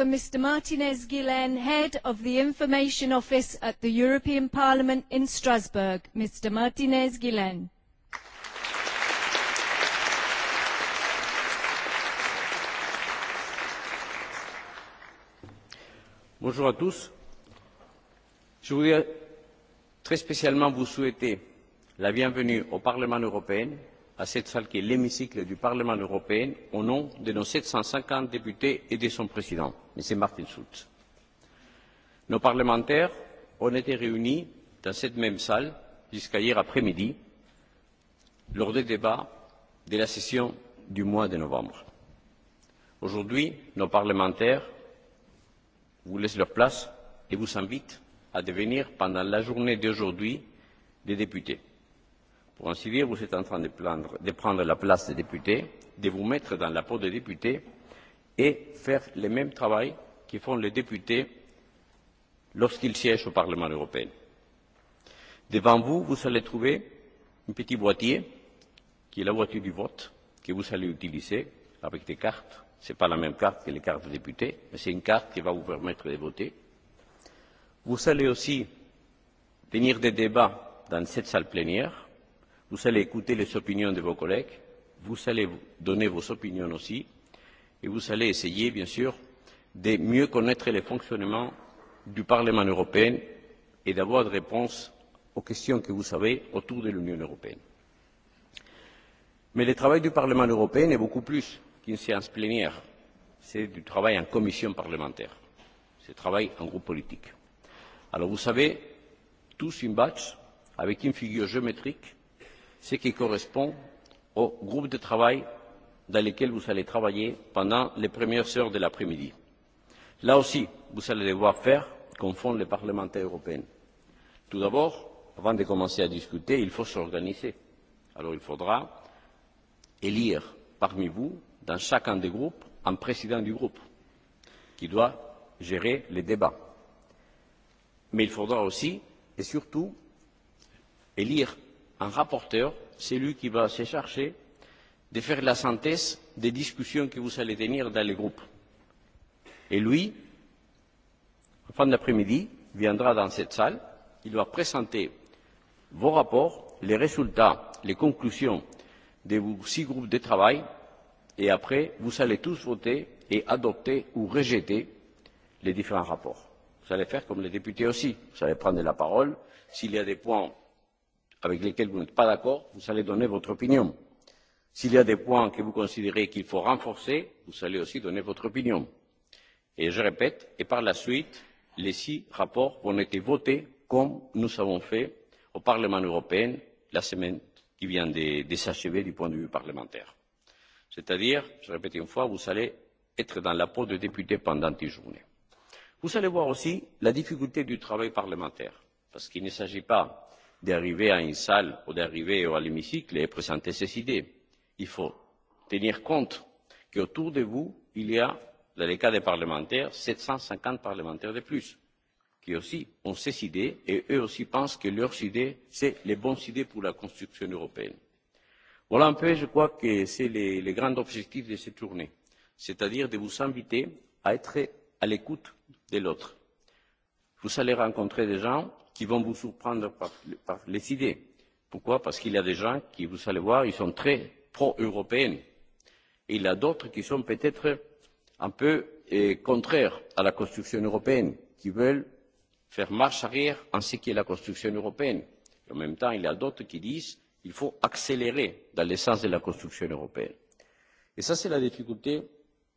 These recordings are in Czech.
welcome Mr Martinez Guilén, Head of the Information Office at the European Parliament in Strasbourg. Mr Martinez Guilén. Bonjour à tous. Je voudrais très spécialement vous souhaiter la bienvenue au Parlement européen à cette salle qui est l'hémicycle du Parlement européen au nom de nos 750 députés et de son président, M. Martin Schulz. Nos parlementaires ont été réunis dans cette même salle jusqu'à hier après-midi lors des débats de la session du mois de novembre. Aujourd'hui, nos parlementaires vous laissent leur place et vous invitent à devenir pendant la journée d'aujourd'hui des députés. Pour ainsi dire, vous êtes en train de, plaindre, de prendre la place des députés, de vous mettre dans la peau des députés et faire le même travail que font les députés lorsqu'ils siègent au Parlement européen. Devant vous, vous allez trouver un petit boîtier qui est la voiture du vote que vous allez utiliser avec des cartes. Ce n'est pas la même carte que les cartes des députés, mais c'est une carte qui va vous permettre de voter. Vous allez aussi tenir des débats dans cette salle plénière Vous allez écouter les opinions de vos collègues, vous allez donner vos opinions aussi, et vous allez essayer, bien sûr, de mieux connaître le fonctionnement du Parlement européen et d'avoir des réponses aux questions que vous avez autour de l'Union européenne. Mais le travail du Parlement européen est beaucoup plus qu'une séance plénière. C'est du travail en commission parlementaire. C'est du travail en groupe politique. Alors vous savez, tous une batch avec une figure géométrique ce qui correspond au groupe de travail dans lequel vous allez travailler pendant les premières heures de l'après midi. là aussi vous allez devoir faire comme font les parlementaires européens. tout d'abord avant de commencer à discuter il faut s'organiser. alors il faudra élire parmi vous dans chacun des groupes un président du groupe qui doit gérer les débats. mais il faudra aussi et surtout élire un rapporteur, c'est lui qui va se charger de faire la synthèse des discussions que vous allez tenir dans les groupes. Et lui, en fin d'après-midi, viendra dans cette salle, il va présenter vos rapports, les résultats, les conclusions de vos six groupes de travail, et après, vous allez tous voter et adopter ou rejeter les différents rapports. Vous allez faire comme les députés aussi. Vous allez prendre la parole. S'il y a des points avec lesquels vous n'êtes pas d'accord, vous allez donner votre opinion. S'il y a des points que vous considérez qu'il faut renforcer, vous allez aussi donner votre opinion. Et je répète, et par la suite, les six rapports vont être votés comme nous avons fait au Parlement européen la semaine qui vient de, de s'achever du point de vue parlementaire. C'est-à-dire, je répète une fois, vous allez être dans la peau de député pendant une journée. Vous allez voir aussi la difficulté du travail parlementaire, parce qu'il ne s'agit pas d'arriver à une salle ou d'arriver à l'hémicycle et présenter ses idées. Il faut tenir compte qu'autour de vous, il y a, dans les cas des parlementaires, 750 parlementaires de plus, qui aussi ont ces idées et eux aussi pensent que leurs idées, c'est les bonnes idées pour la construction européenne. Voilà un peu, je crois, que c'est les, les grands objectifs de cette journée, c'est-à-dire de vous inviter à être à l'écoute de l'autre. Vous allez rencontrer des gens qui vont vous surprendre par, par les idées. Pourquoi Parce qu'il y a des gens qui, vous allez voir, ils sont très pro-européens. Et il y a d'autres qui sont peut-être un peu eh, contraires à la construction européenne, qui veulent faire marche arrière en ce qui est la construction européenne. Et en même temps, il y a d'autres qui disent qu'il faut accélérer dans le sens de la construction européenne. Et ça, c'est la difficulté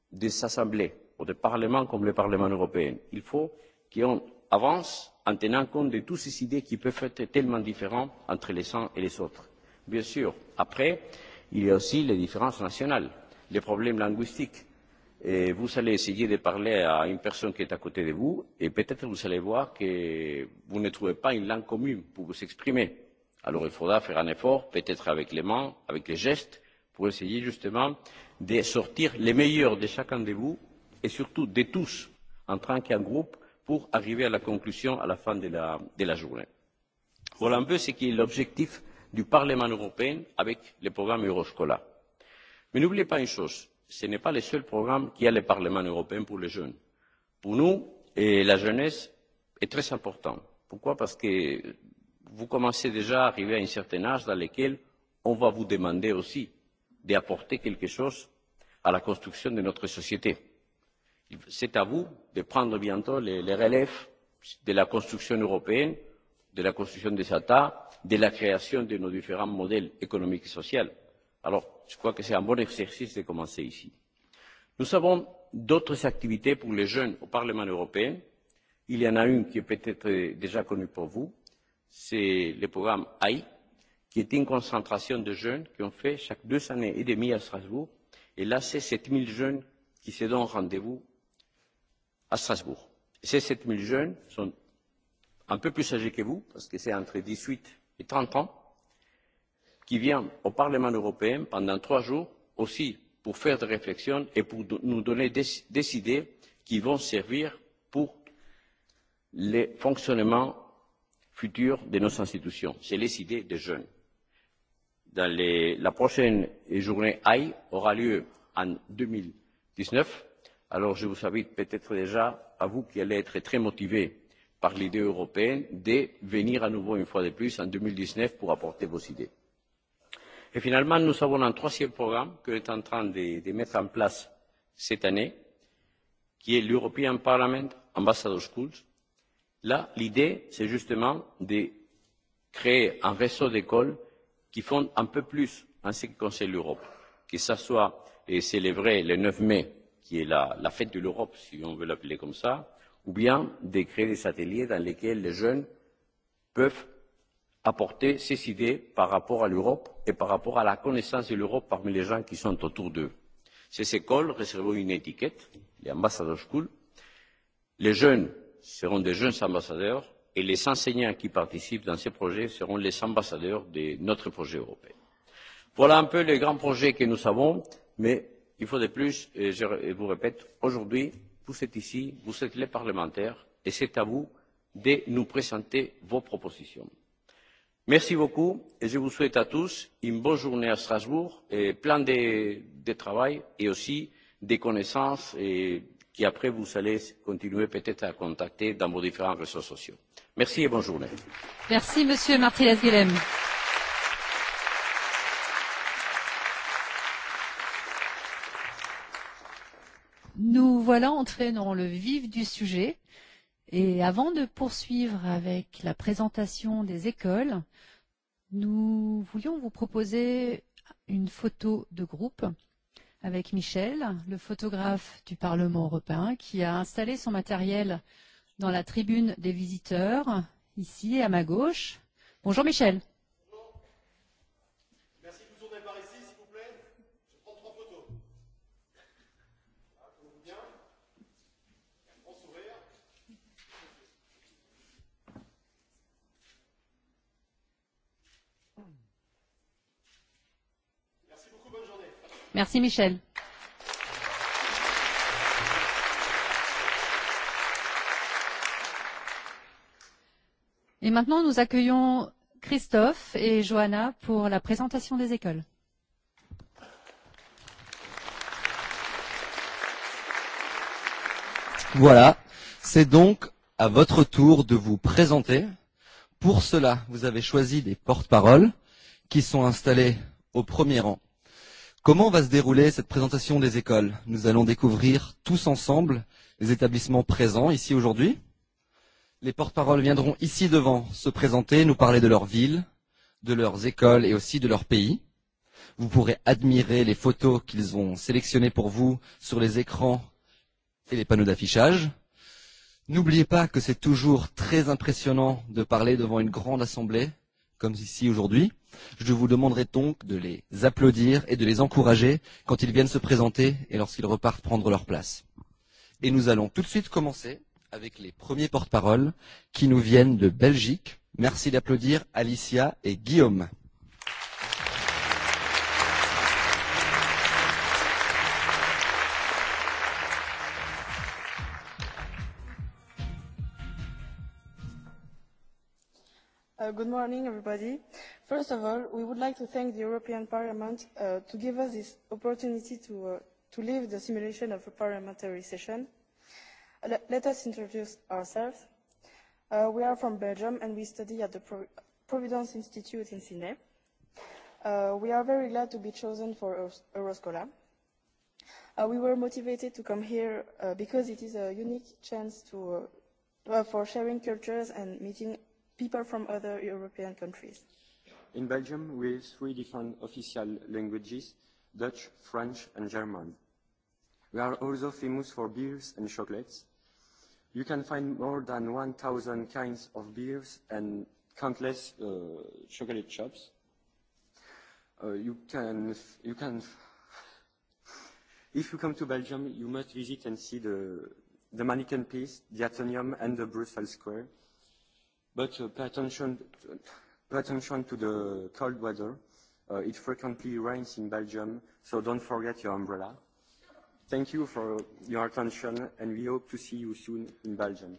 des assemblées, ou des parlements comme le Parlement européen. Il faut qu'on avance en tenant compte de toutes ces idées qui peuvent être tellement différentes entre les uns et les autres. Bien sûr, après, il y a aussi les différences nationales, les problèmes linguistiques. Et vous allez essayer de parler à une personne qui est à côté de vous et peut-être vous allez voir que vous ne trouvez pas une langue commune pour vous exprimer. Alors il faudra faire un effort, peut-être avec les mains, avec les gestes, pour essayer justement de sortir les meilleurs de chacun de vous et surtout de tous en tant qu'un groupe pour arriver à la conclusion à la fin de la, de la journée. Voilà un peu ce qui est l'objectif du Parlement européen avec le programme Euroscola. Mais n'oubliez pas une chose, ce n'est pas le seul programme qui a le Parlement européen pour les jeunes. Pour nous, et la jeunesse est très importante. Pourquoi Parce que vous commencez déjà à arriver à un certain âge dans lequel on va vous demander aussi d'apporter quelque chose à la construction de notre société c'est à vous de prendre bientôt les, les relèves de la construction européenne, de la construction des États, de la création de nos différents modèles économiques et sociaux. Alors, je crois que c'est un bon exercice de commencer ici. Nous avons d'autres activités pour les jeunes au Parlement européen. Il y en a une qui est peut-être déjà connue pour vous. C'est le programme AI, qui est une concentration de jeunes qui ont fait chaque deux années et demie à Strasbourg. Et là, c'est 7000 jeunes qui se donnent rendez-vous à Strasbourg. Ces sept zéro jeunes sont un peu plus âgés que vous, parce que c'est entre dix huit et trente ans, qui viennent au Parlement européen pendant trois jours aussi pour faire des réflexions et pour nous donner des, des idées qui vont servir pour le fonctionnement futur de nos institutions. C'est les idées des jeunes. Dans les, la prochaine journée AI aura lieu en 2019 Alors je vous invite peut-être déjà, à vous qui allez être très motivés par l'idée européenne, de venir à nouveau une fois de plus en 2019 pour apporter vos idées. Et finalement, nous avons un troisième programme que est en train de, de mettre en place cette année, qui est l'European Parliament Ambassador Schools. Là, l'idée, c'est justement de créer un réseau d'écoles qui font un peu plus en ce qui concerne l'Europe, que ce soit célébré le 9 mai qui est la, la fête de l'Europe, si on veut l'appeler comme ça, ou bien de créer des ateliers dans lesquels les jeunes peuvent apporter ces idées par rapport à l'Europe et par rapport à la connaissance de l'Europe parmi les gens qui sont autour d'eux. Ces écoles recevront une étiquette, les Ambassador School. Les jeunes seront des jeunes ambassadeurs et les enseignants qui participent dans ces projets seront les ambassadeurs de notre projet européen. Voilà un peu les grands projets que nous avons, mais Une fois de plus, je vous répète, aujourd'hui, vous êtes ici, vous êtes les parlementaires, et c'est à vous de nous présenter vos propositions. Merci beaucoup et je vous souhaite à tous une bonne journée à Strasbourg, et plein de, de travail et aussi des connaissances et qui après vous allez continuer peut-être à contacter dans vos différents réseaux sociaux. Merci et bonne journée. Merci Monsieur Martínez Guilhem. nous voilà entrés dans le vif du sujet. Et avant de poursuivre avec la présentation des écoles, nous voulions vous proposer une photo de groupe avec Michel, le photographe du Parlement européen, qui a installé son matériel dans la tribune des visiteurs, ici à ma gauche. Bonjour Michel. Merci Michel. Et maintenant, nous accueillons Christophe et Johanna pour la présentation des écoles. Voilà, c'est donc à votre tour de vous présenter. Pour cela, vous avez choisi des porte-paroles qui sont installés au premier rang Comment va se dérouler cette présentation des écoles Nous allons découvrir tous ensemble les établissements présents ici aujourd'hui. Les porte-paroles viendront ici devant se présenter, nous parler de leur ville, de leurs écoles et aussi de leur pays. Vous pourrez admirer les photos qu'ils ont sélectionnées pour vous sur les écrans et les panneaux d'affichage. N'oubliez pas que c'est toujours très impressionnant de parler devant une grande assemblée comme ici aujourd'hui, je vous demanderai donc de les applaudir et de les encourager quand ils viennent se présenter et lorsqu'ils repartent prendre leur place. Et nous allons tout de suite commencer avec les premiers porte-paroles qui nous viennent de Belgique. Merci d'applaudir Alicia et Guillaume. Uh, good morning, everybody. First of all, we would like to thank the European Parliament uh, to give us this opportunity to, uh, to leave the simulation of a parliamentary session. Uh, L let us introduce ourselves. Uh, we are from Belgium and we study at the Pro Providence Institute in Sydney. Uh, we are very glad to be chosen for Euroscola. Uh, we were motivated to come here uh, because it is a unique chance to, uh, for sharing cultures and meeting people from other European countries. In Belgium, we have three different official languages, Dutch, French and German. We are also famous for beers and chocolates. You can find more than 1,000 kinds of beers and countless uh, chocolate shops. Uh, you can, you can, if you come to Belgium, you must visit and see the, the mannequin piece, the Atonium and the Brussels Square. But uh, pay, attention, pay attention to the cold weather. Uh, it frequently rains in Belgium, so don't forget your umbrella. Thank you for your attention, and we hope to see you soon in Belgium.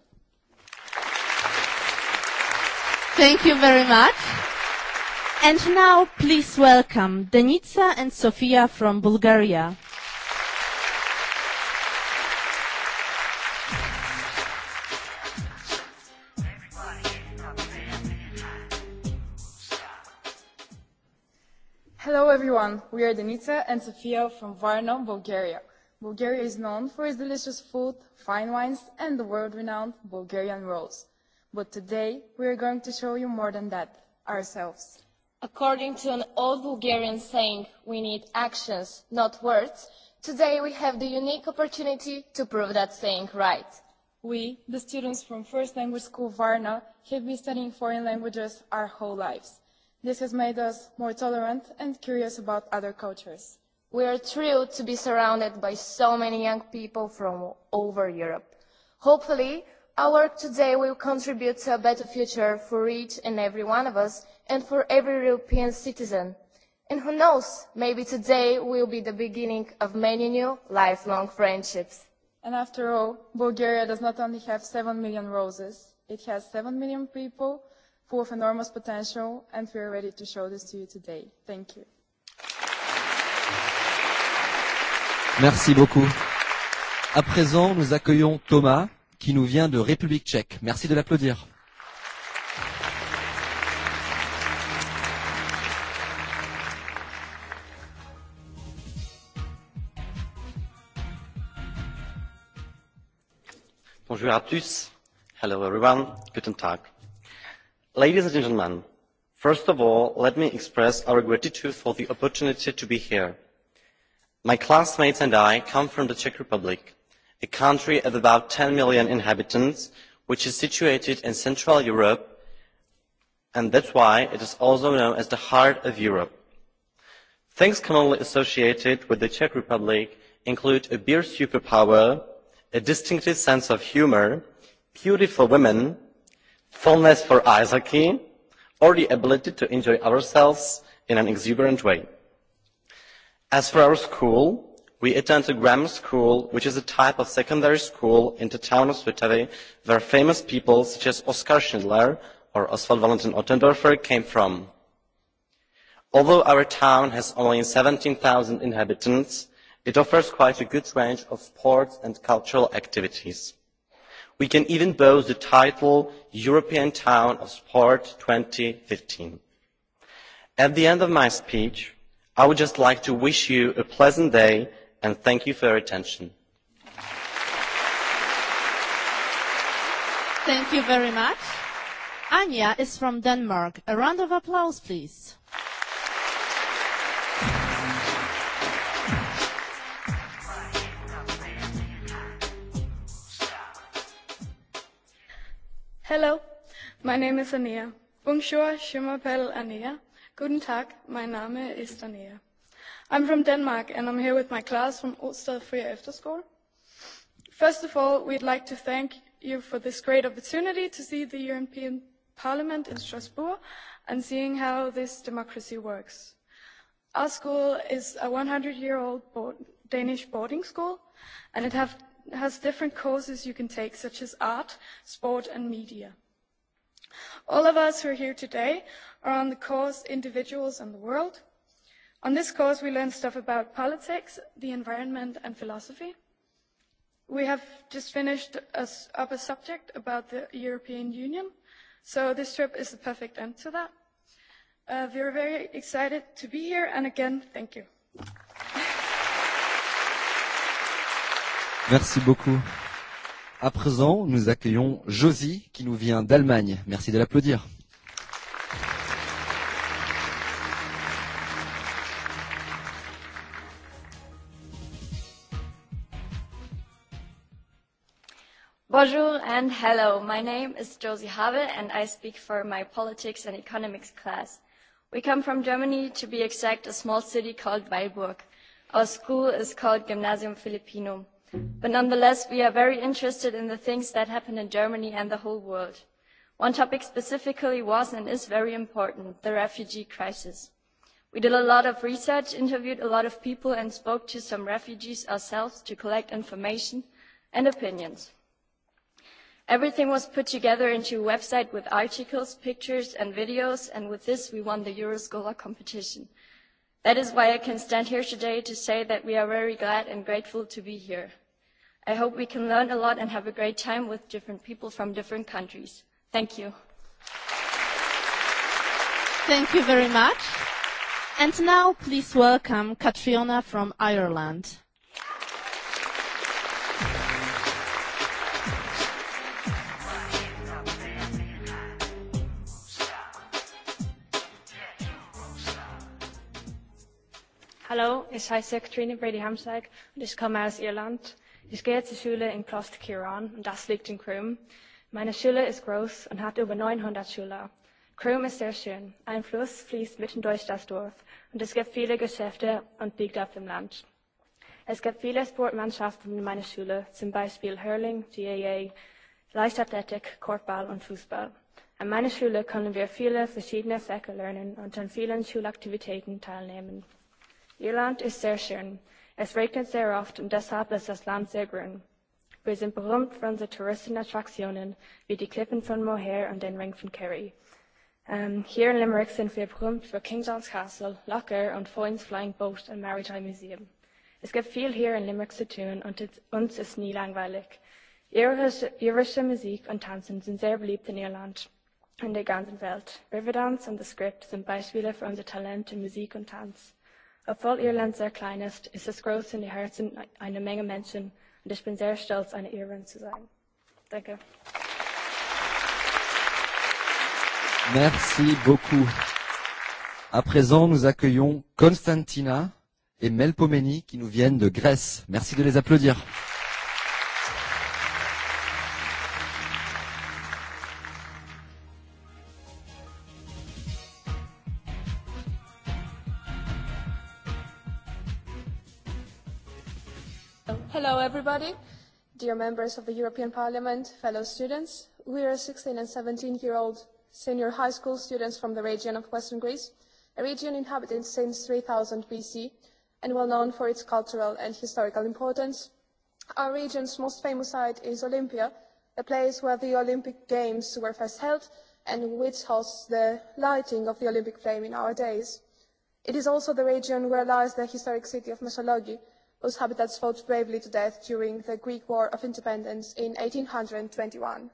Thank you very much. And now please welcome Denica and Sofia from Bulgaria. everyone. We are Danica and Sofia from Varna, Bulgaria. Bulgaria is known for its delicious food, fine wines, and the world-renowned Bulgarian rolls. But today, we are going to show you more than that, ourselves. According to an old Bulgarian saying, we need actions, not words, today we have the unique opportunity to prove that saying right. We, the students from First Language School Varna, have been studying foreign languages our whole lives This has made us more tolerant and curious about other cultures. We are thrilled to be surrounded by so many young people from over Europe. Hopefully, our work today will contribute to a better future for each and every one of us and for every European citizen. And who knows, maybe today will be the beginning of many new lifelong friendships. And after all, Bulgaria does not only have 7 million roses, it has 7 million people full of enormous potential, and we are ready to show this to you today. Thank you. Merci beaucoup. À présent, nous accueillons Thomas, qui nous vient de République tchèque. Merci de l'applaudir. Bonjour à tous. Hello everyone. Guten Tag. Ladies and gentlemen, first of all, let me express our gratitude for the opportunity to be here. My classmates and I come from the Czech Republic, a country of about 10 million inhabitants, which is situated in Central Europe, and that's why it is also known as the heart of Europe. Things commonly associated with the Czech Republic include a beer superpower, a distinctive sense of humor, beautiful women, fondness for ice hockey, or the ability to enjoy ourselves in an exuberant way. As for our school, we attend a grammar school, which is a type of secondary school in the town of Svitavy, where famous people such as Oskar Schindler or Oswald Valentin Ottendorfer came from. Although our town has only 17,000 inhabitants, it offers quite a good range of sports and cultural activities we can even boast the title European Town of Sport 2015. At the end of my speech, I would just like to wish you a pleasant day and thank you for your attention. Thank you very much. Anja is from Denmark. A round of applause, please. Hello, my name is Ania. Bonjour, je m'appelle Ania. Guten Tag, mein Name ist Ania. I'm from Denmark and I'm here with my class from Oster Free After School. First of all, we'd like to thank you for this great opportunity to see the European Parliament in Strasbourg and seeing how this democracy works. Our school is a 100-year-old Danish boarding school, and it, have, has different courses you can take, such as art, sport, and media. All of us who are here today are on the course Individuals and the World. On this course, we learn stuff about politics, the environment, and philosophy. We have just finished a, up a subject about the European Union, so this trip is the perfect end to that. Uh, we are very excited to be here, and again, thank you. Merci beaucoup. À présent, nous accueillons Josie qui nous vient d'Allemagne. Merci de l'applaudir. Bonjour and hello. My name is Josie Havel and I speak for my politics and economics class. We come from Germany, to be exact, a small city called Weilburg. Our school is called Gymnasium Philippinum. But nonetheless, we are very interested in the things that happen in Germany and the whole world. One topic specifically was and is very important, the refugee crisis. We did a lot of research, interviewed a lot of people and spoke to some refugees ourselves to collect information and opinions. Everything was put together into a website with articles, pictures and videos and with this we won the Euroscholar competition. That is why I can stand here today to say that we are very glad and grateful to be here. I hope we can learn a lot and have a great time with different people from different countries. Thank you. Thank you very much. And now please welcome Catriona from Ireland. Hello, it's Isaac Trini Brady Hamsack. I just come as Ireland. Ich gehe zur Schule in Prost Kiran und das liegt in Krum. Meine Schule ist groß und hat über 900 Schüler. Krum ist sehr schön. Ein Fluss fließt mitten durch das Dorf und es gibt viele Geschäfte und liegt auf dem Land. Es gibt viele Sportmannschaften in meiner Schule, zum Beispiel Hurling, GAA, Leichtathletik, Korbball und Fußball. An meiner Schule können wir viele verschiedene Fächer lernen und an vielen Schulaktivitäten teilnehmen. Irland ist sehr schön. Es regnet sehr oft und deshalb ist das Land sehr grün. Wir sind berühmt für unsere Touristenattraktionen wie die Klippen von Moher und den Ring von Kerry. Um, hier in Limerick sind wir berühmt für King John's Castle, Loch und Foyn's Flying Boat und Maritime Museum. Es gibt viel hier in Limerick zu tun und es, uns ist nie langweilig. Irische, irische Musik und Tanzen sind sehr beliebt in Irland und der ganzen Welt. Riverdance und The Script sind Beispiele für unser Talent in Musik und Tanz. Obwohl Irland sehr klein ist, ist es groß in den Herzen einer Menge Menschen und ich bin sehr stolz, eine Irin zu sein. Danke. Merci beaucoup. À présent, nous accueillons Constantina et Melpomeni qui nous viennent de Grèce. Merci de les applaudir. Applaudissements Hello, everybody. Dear members of the European Parliament, fellow students, we are 16 and 17-year-old senior high school students from the region of Western Greece, a region inhabited since 3000 BC and well known for its cultural and historical importance. Our region's most famous site is Olympia, a place where the Olympic Games were first held and which hosts the lighting of the Olympic flame in our days. It is also the region where lies the historic city of Mesologi, whose habitats fought bravely to death during the Greek War of Independence in 1821.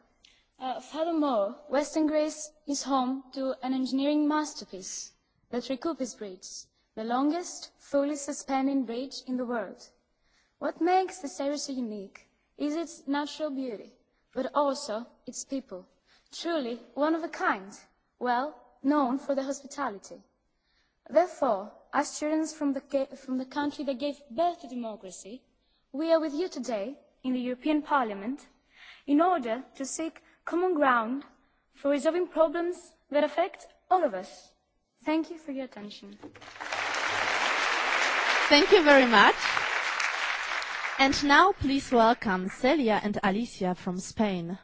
Uh, furthermore, Western Greece is home to an engineering masterpiece, the Trikoupis Bridge, the longest fully suspending bridge in the world. What makes this area so unique is its natural beauty, but also its people, truly one of a kind, well known for their hospitality. Therefore, as students from the, from the country that gave birth to democracy, we are with you today in the European Parliament in order to seek common ground for resolving problems that affect all of us. Thank you for your attention. Thank you very much. And now please welcome Celia and Alicia from Spain.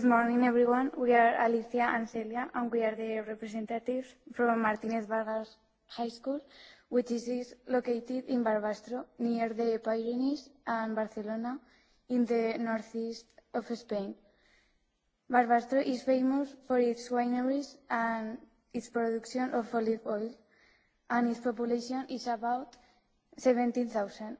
Good morning, everyone. We are Alicia and Celia, and we are the representatives from Martinez Vargas High School, which is located in Barbastro, near the Pyrenees and Barcelona, in the northeast of Spain. Barbastro is famous for its wineries and its production of olive oil, and its population is about 17,000.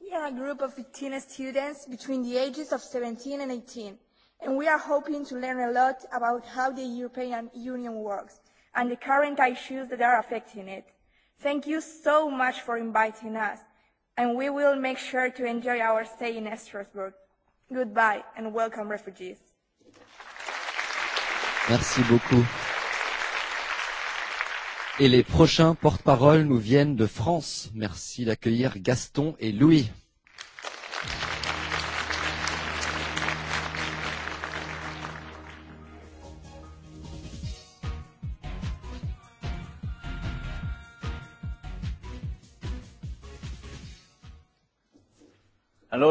We are a group of 15 students between the ages of 17 and 18 and we are hoping to learn a lot about how the European Union works and the current issues that are affecting it. Thank you so much for inviting us, and we will make sure to enjoy our stay in Strasbourg. Goodbye and welcome refugees. Merci beaucoup. Et les prochains porte-parole nous viennent de France. Merci d'accueillir Gaston et Louis.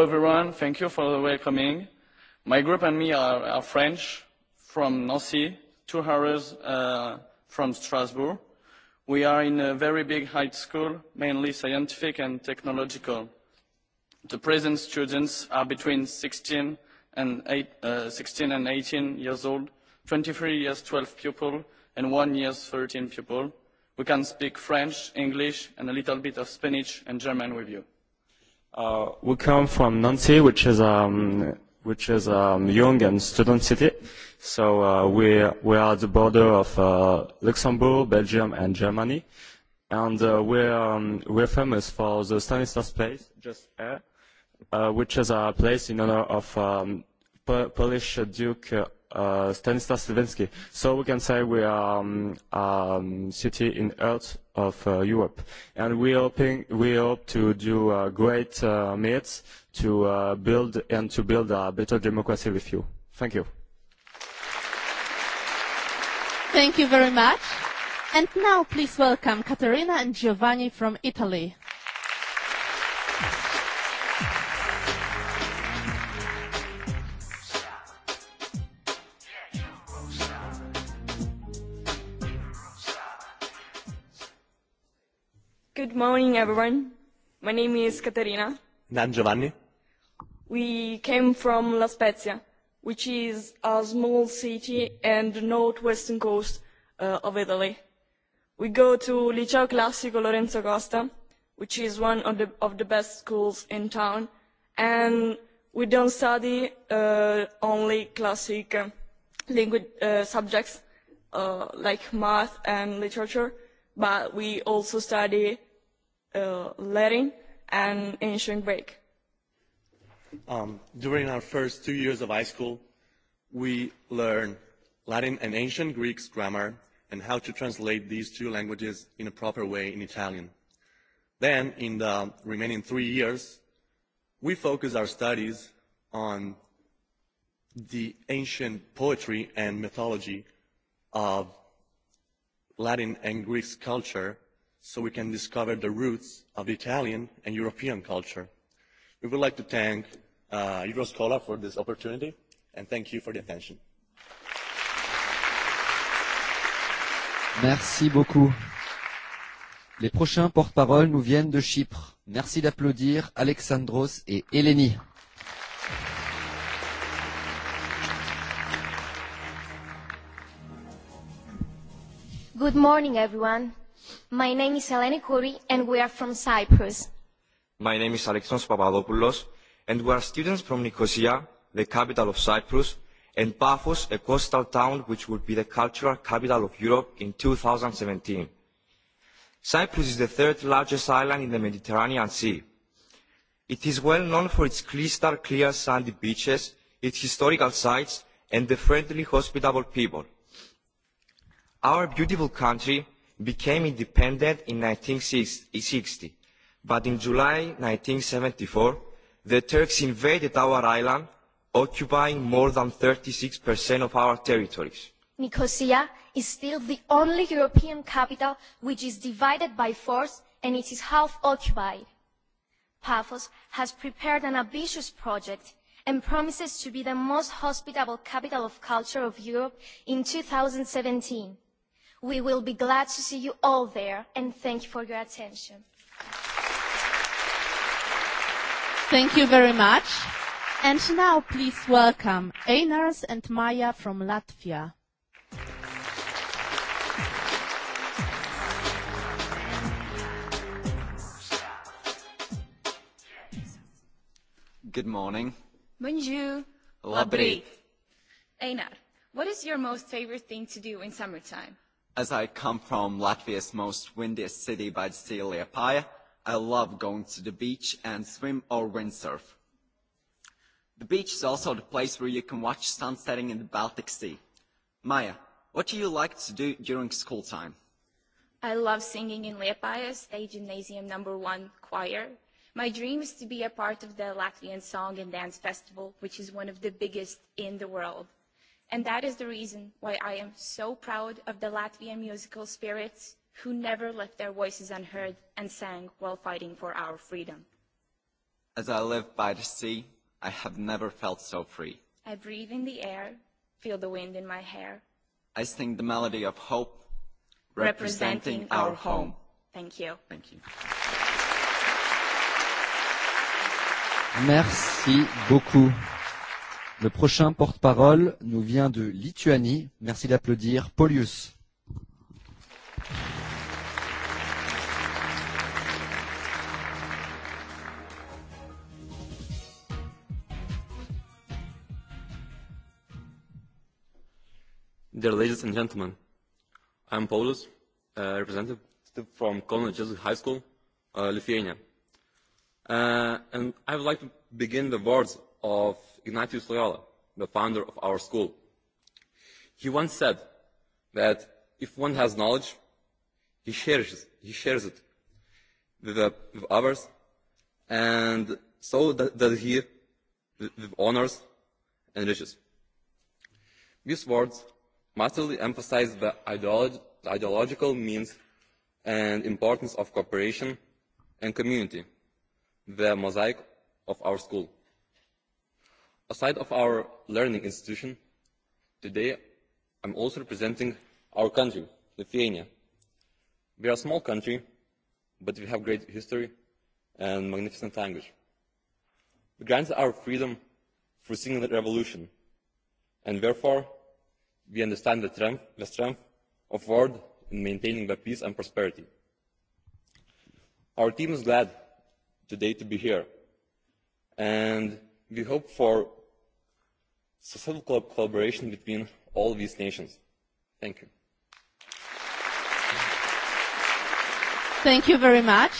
everyone. Thank you for the welcoming. My group and me are, are French from Nancy, two hours uh, from Strasbourg. We are in a very big high school, mainly scientific and technological. The present students are between 16 and, eight, uh, 16 and 18 years old, 23 years 12 pupil, and one year 13 pupil. We can speak French, English, and a little bit of Spanish and German with you. Uh, we come from Nancy, which is um, which is um, young and student city. So uh, we we are at the border of uh, Luxembourg, Belgium, and Germany, and uh, are um, we're famous for the Stanislas Place, just here, uh, which is a place in honor of um, Polish Duke. Uh, uh, Stanislas Levensky. So we can say we are um, um, city in heart of uh, Europe, and we hoping we hope to do uh, great uh, meets to uh, build and to build a better democracy with you. Thank you. Thank you very much. And now please welcome Caterina and Giovanni from Italy. morning, everyone. My name is Caterina. And I'm Giovanni. We came from La Spezia, which is a small city and the northwestern coast uh, of Italy. We go to Liceo Classico Lorenzo Costa, which is one of the, of the best schools in town, and we don't study uh, only classic uh, language uh, subjects uh, like math and literature, but we also study uh, Latin and ancient break. Um, during our first two years of high school, we learn Latin and ancient Greek grammar and how to translate these two languages in a proper way in Italian. Then, in the remaining three years, we focus our studies on the ancient poetry and mythology of Latin and Greek culture so we can discover the roots of the Italian and European culture. We would like to thank uh, Euroscola for this opportunity, and thank you for the attention. Merci beaucoup. Les prochains porte-parole nous viennent de Chypre. Merci d'applaudir Alexandros et Eleni. Good morning, everyone. My name is Eleni Kouri and we are from Cyprus. My name is Alexandros Papadopoulos and we are students from Nicosia, the capital of Cyprus, and Paphos, a coastal town which will be the cultural capital of Europe in 2017. Cyprus is the third largest island in the Mediterranean Sea. It is well known for its crystal clear sandy beaches, its historical sites, and the friendly, hospitable people. Our beautiful country became independent in 1960. But in July 1974, the Turks invaded our island, occupying more than 36% of our territories. Nicosia is still the only European capital which is divided by force and it is half occupied. Paphos has prepared an ambitious project and promises to be the most hospitable capital of culture of Europe in 2017. We will be glad to see you all there, and thank you for your attention. Thank you very much. And now please welcome Einars and Maya from Latvia. Good morning. Bonjour. Labrīt. Einar, what is your most favorite thing to do in summertime? As I come from Latvia's most windiest city by the sea Liepāja, I love going to the beach and swim or windsurf. The beach is also the place where you can watch sun setting in the Baltic Sea. Maya, what do you like to do during school time? I love singing in Liepāja State Gymnasium number one choir. My dream is to be a part of the Latvian Song and Dance Festival, which is one of the biggest in the world. And that is the reason why I am so proud of the Latvian musical spirits who never left their voices unheard and sang while fighting for our freedom. As I live by the sea, I have never felt so free. I breathe in the air, feel the wind in my hair. I sing the melody of hope, representing, representing our, our home. home. Thank you. Thank you. Merci beaucoup. Le prochain porte-parole nous vient de Lituanie. Merci d'applaudir Paulius. Dear ladies and gentlemen, I'm Paulus, a uh, representative from Kauno Jesuit High School, uh, Lithuania. Uh, and I would like to begin the words of Ignatius Loyola, the founder of our school. He once said that if one has knowledge, he shares, he shares it with, uh, with others, and so does he with, with honors and riches. These words massively emphasize the ideolog ideological means and importance of cooperation and community, the mosaic of our school. Aside of our learning institution, today I'm also representing our country, Lithuania. We are a small country, but we have great history and magnificent language. We granted our freedom through single revolution, and therefore we understand the strength, the strength of word in maintaining the peace and prosperity. Our team is glad today to be here, and we hope for successful collaboration between all these nations. Thank you. Thank you very much.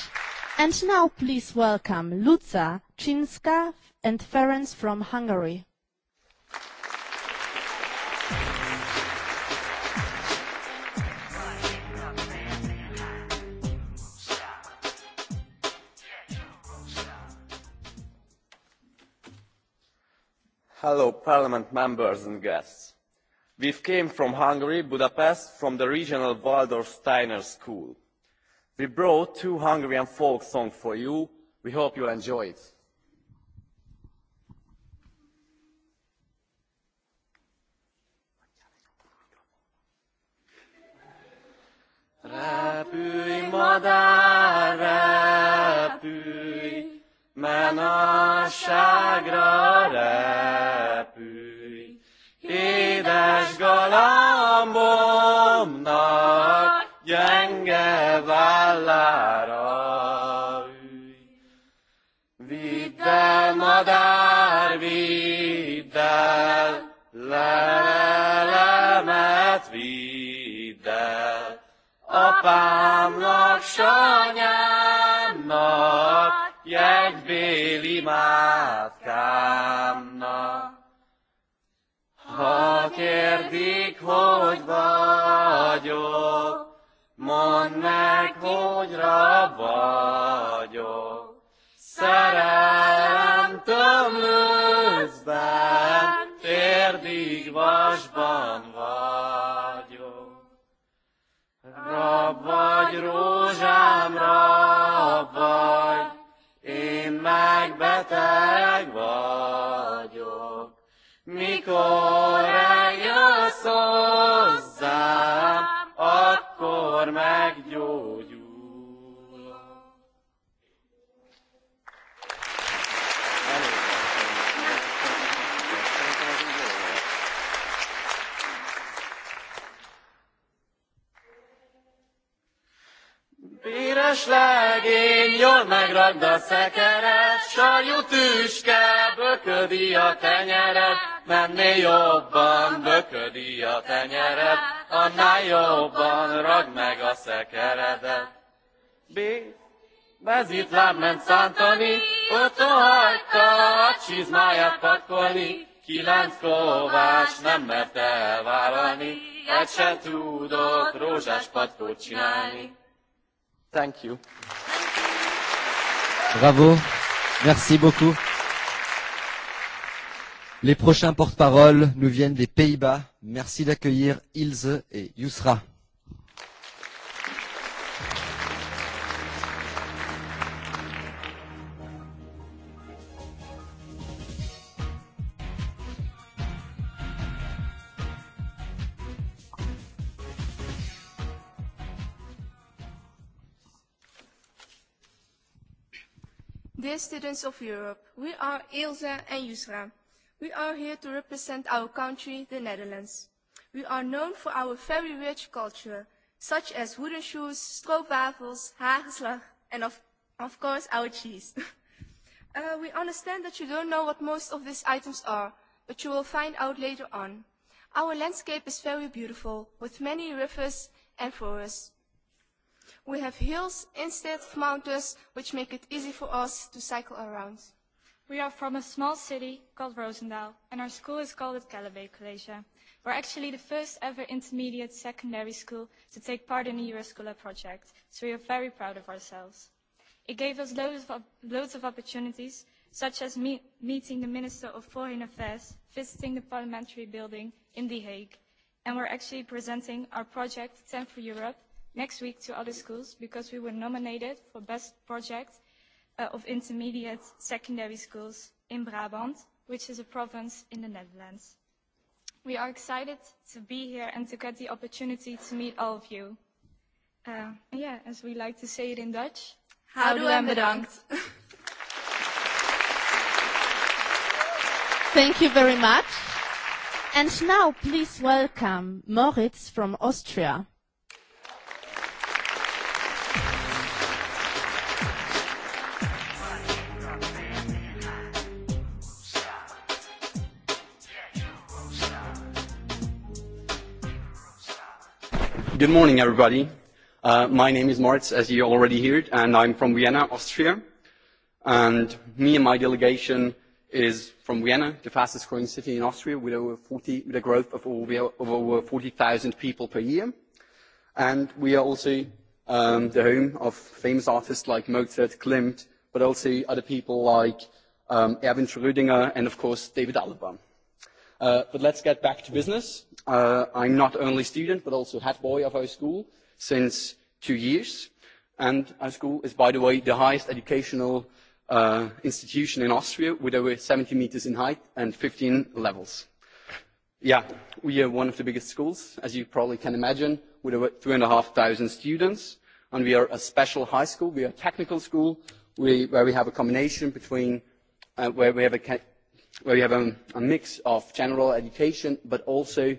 And now please welcome Luca Cinska and Ferenc from Hungary. Hello, Parliament members and guests. We came from Hungary, Budapest, from the regional Waldorf Steiner School. We brought two Hungarian folk songs for you. We hope you enjoy it. Repülj, madár, repülj men repülj. Édes galambomnak no, gyenge vállára ülj. Vidd el, madár, vidd el, lelemet vidd el, apámnak, sanyámnak, no, jak byli mátkámnak. No. Ha kérdik, hogy vagyok, mondd meg, hogy rab vagyok. Szerelem tömlőcben, térdig vasban vagyok. Rab vagy, rózsám, rab vagy, beteg vagyok. Mikor eljössz hozzám, akkor meggyógyulok. legény, jól megragd a szekeret, Sajú tüske, böködi a tenyeret, Mennél jobban, böködi a tenyeret, Annál jobban, ragd meg a szekeredet. B. Bezit lábment szántani, Otthon hagyta a csizmáját pakolni, Kilenc kovács nem merte elvállalni, Egy se tudott rózsás patkót csinálni. Thank you. Bravo. Merci beaucoup. Les prochains porte-parole nous viennent des Pays-Bas. Merci d'accueillir Ilse et Yusra. students of Europe. We are Ilse and Yusra. We are here to represent our country, the Netherlands. We are known for our very rich culture, such as wooden shoes, stroopwafels, hagelslag, and of, of course our cheese. uh, we understand that you don't know what most of these items are, but you will find out later on. Our landscape is very beautiful, with many rivers and forests. We have hills instead of mountains, which make it easy for us to cycle around. We are from a small city called Rosendal, and our school is called the Calabay College. We're actually the first ever intermediate secondary school to take part in the Euroscola project, so we are very proud of ourselves. It gave us loads of, loads of opportunities, such as me meeting the Minister of Foreign Affairs, visiting the parliamentary building in The Hague, and we're actually presenting our project 10 for Europe next week to other schools because we were nominated for Best Project uh, of Intermediate Secondary Schools in Brabant, which is a province in the Netherlands. We are excited to be here and to get the opportunity to meet all of you. Uh, yeah, as we like to say it in Dutch. Houdoe en bedankt. Thank you very much. And now please welcome Moritz from Austria. Good morning, everybody. Uh, my name is Moritz, as you already heard, and I'm from Vienna, Austria. And me and my delegation is from Vienna, the fastest growing city in Austria, with over 40, with a growth of over, of over 40,000 people per year. And we are also um, the home of famous artists like Mozart, Klimt, but also other people like um, Erwin Schrödinger and, of course, David Alaba. Uh, but let's get back to business. Uh, I'm not only student, but also head boy of our school since two years. And our school is, by the way, the highest educational uh, institution in Austria with over 70 meters in height and 15 levels. Yeah, we are one of the biggest schools, as you probably can imagine, with over 3,500 students. And we are a special high school. We are a technical school we, where we have a combination between, uh, where we have a where you have a, mix of general education but also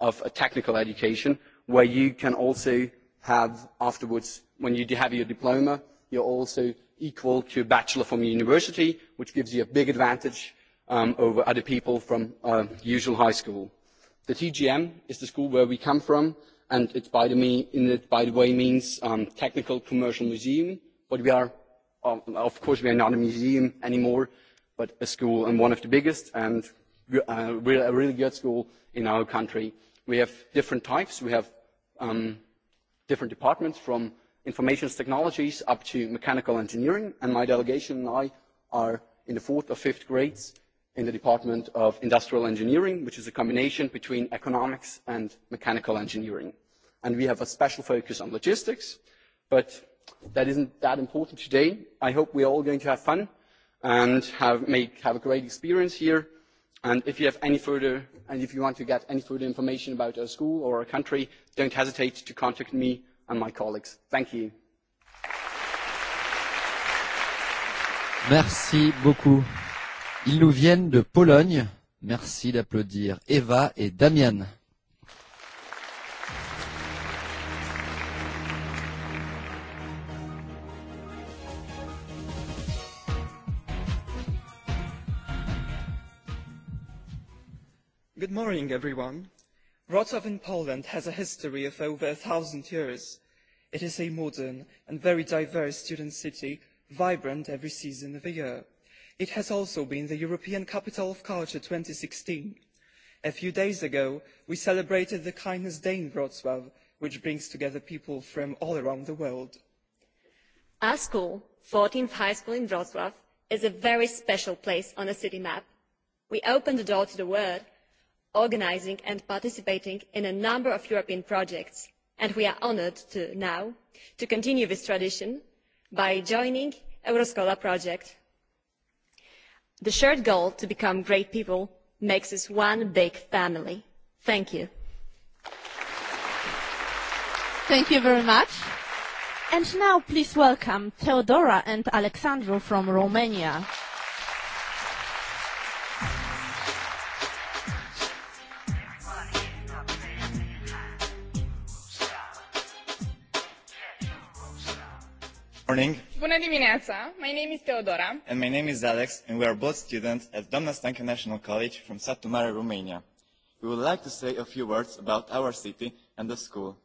of a technical education where you can also have afterwards, when you have your diploma, you're also equal to a bachelor from university, which gives you a big advantage um, over other people from uh, usual high school. The TGM is the school where we come from, and it by the, mean, it, by the way means um, Technical Commercial Museum, but we are, of course, we are not a museum anymore but a school and one of the biggest and uh, a really good school in our country. We have different types. We have um, different departments from information technologies up to mechanical engineering, and my delegation and I are in the fourth or fifth grades in the Department of Industrial Engineering, which is a combination between economics and mechanical engineering. And we have a special focus on logistics, but that isn't that important today. I hope we're all going to have fun and have, make, have a great experience here. And if you have any further, and if you want to get any further information about our school or our country, don't hesitate to contact me and my colleagues. Thank you. Merci beaucoup. Ils nous viennent de Pologne. Merci d'applaudir Eva et Damian. Good morning, everyone. Wrocław in Poland has a history of over a thousand years. It is a modern and very diverse student city, vibrant every season of the year. It has also been the European Capital of Culture 2016. A few days ago, we celebrated the Kindness Day in Wrocław, which brings together people from all around the world. Our school, 14th High School in Wrocław, is a very special place on the city map. We open the door to the world organising and participating in a number of European projects, and we are honoured now to continue this tradition by joining Euroscola project. The shared goal to become great people makes us one big family. Thank you. Thank you very much. And now please welcome Theodora and Alexandru from Romania. morning. Bună dimineața. My name is Teodora. And my name is Alex, and we are both students at Doamna Stanca National College from Satu Mare, Romania. We would like to say a few words about our city and the school.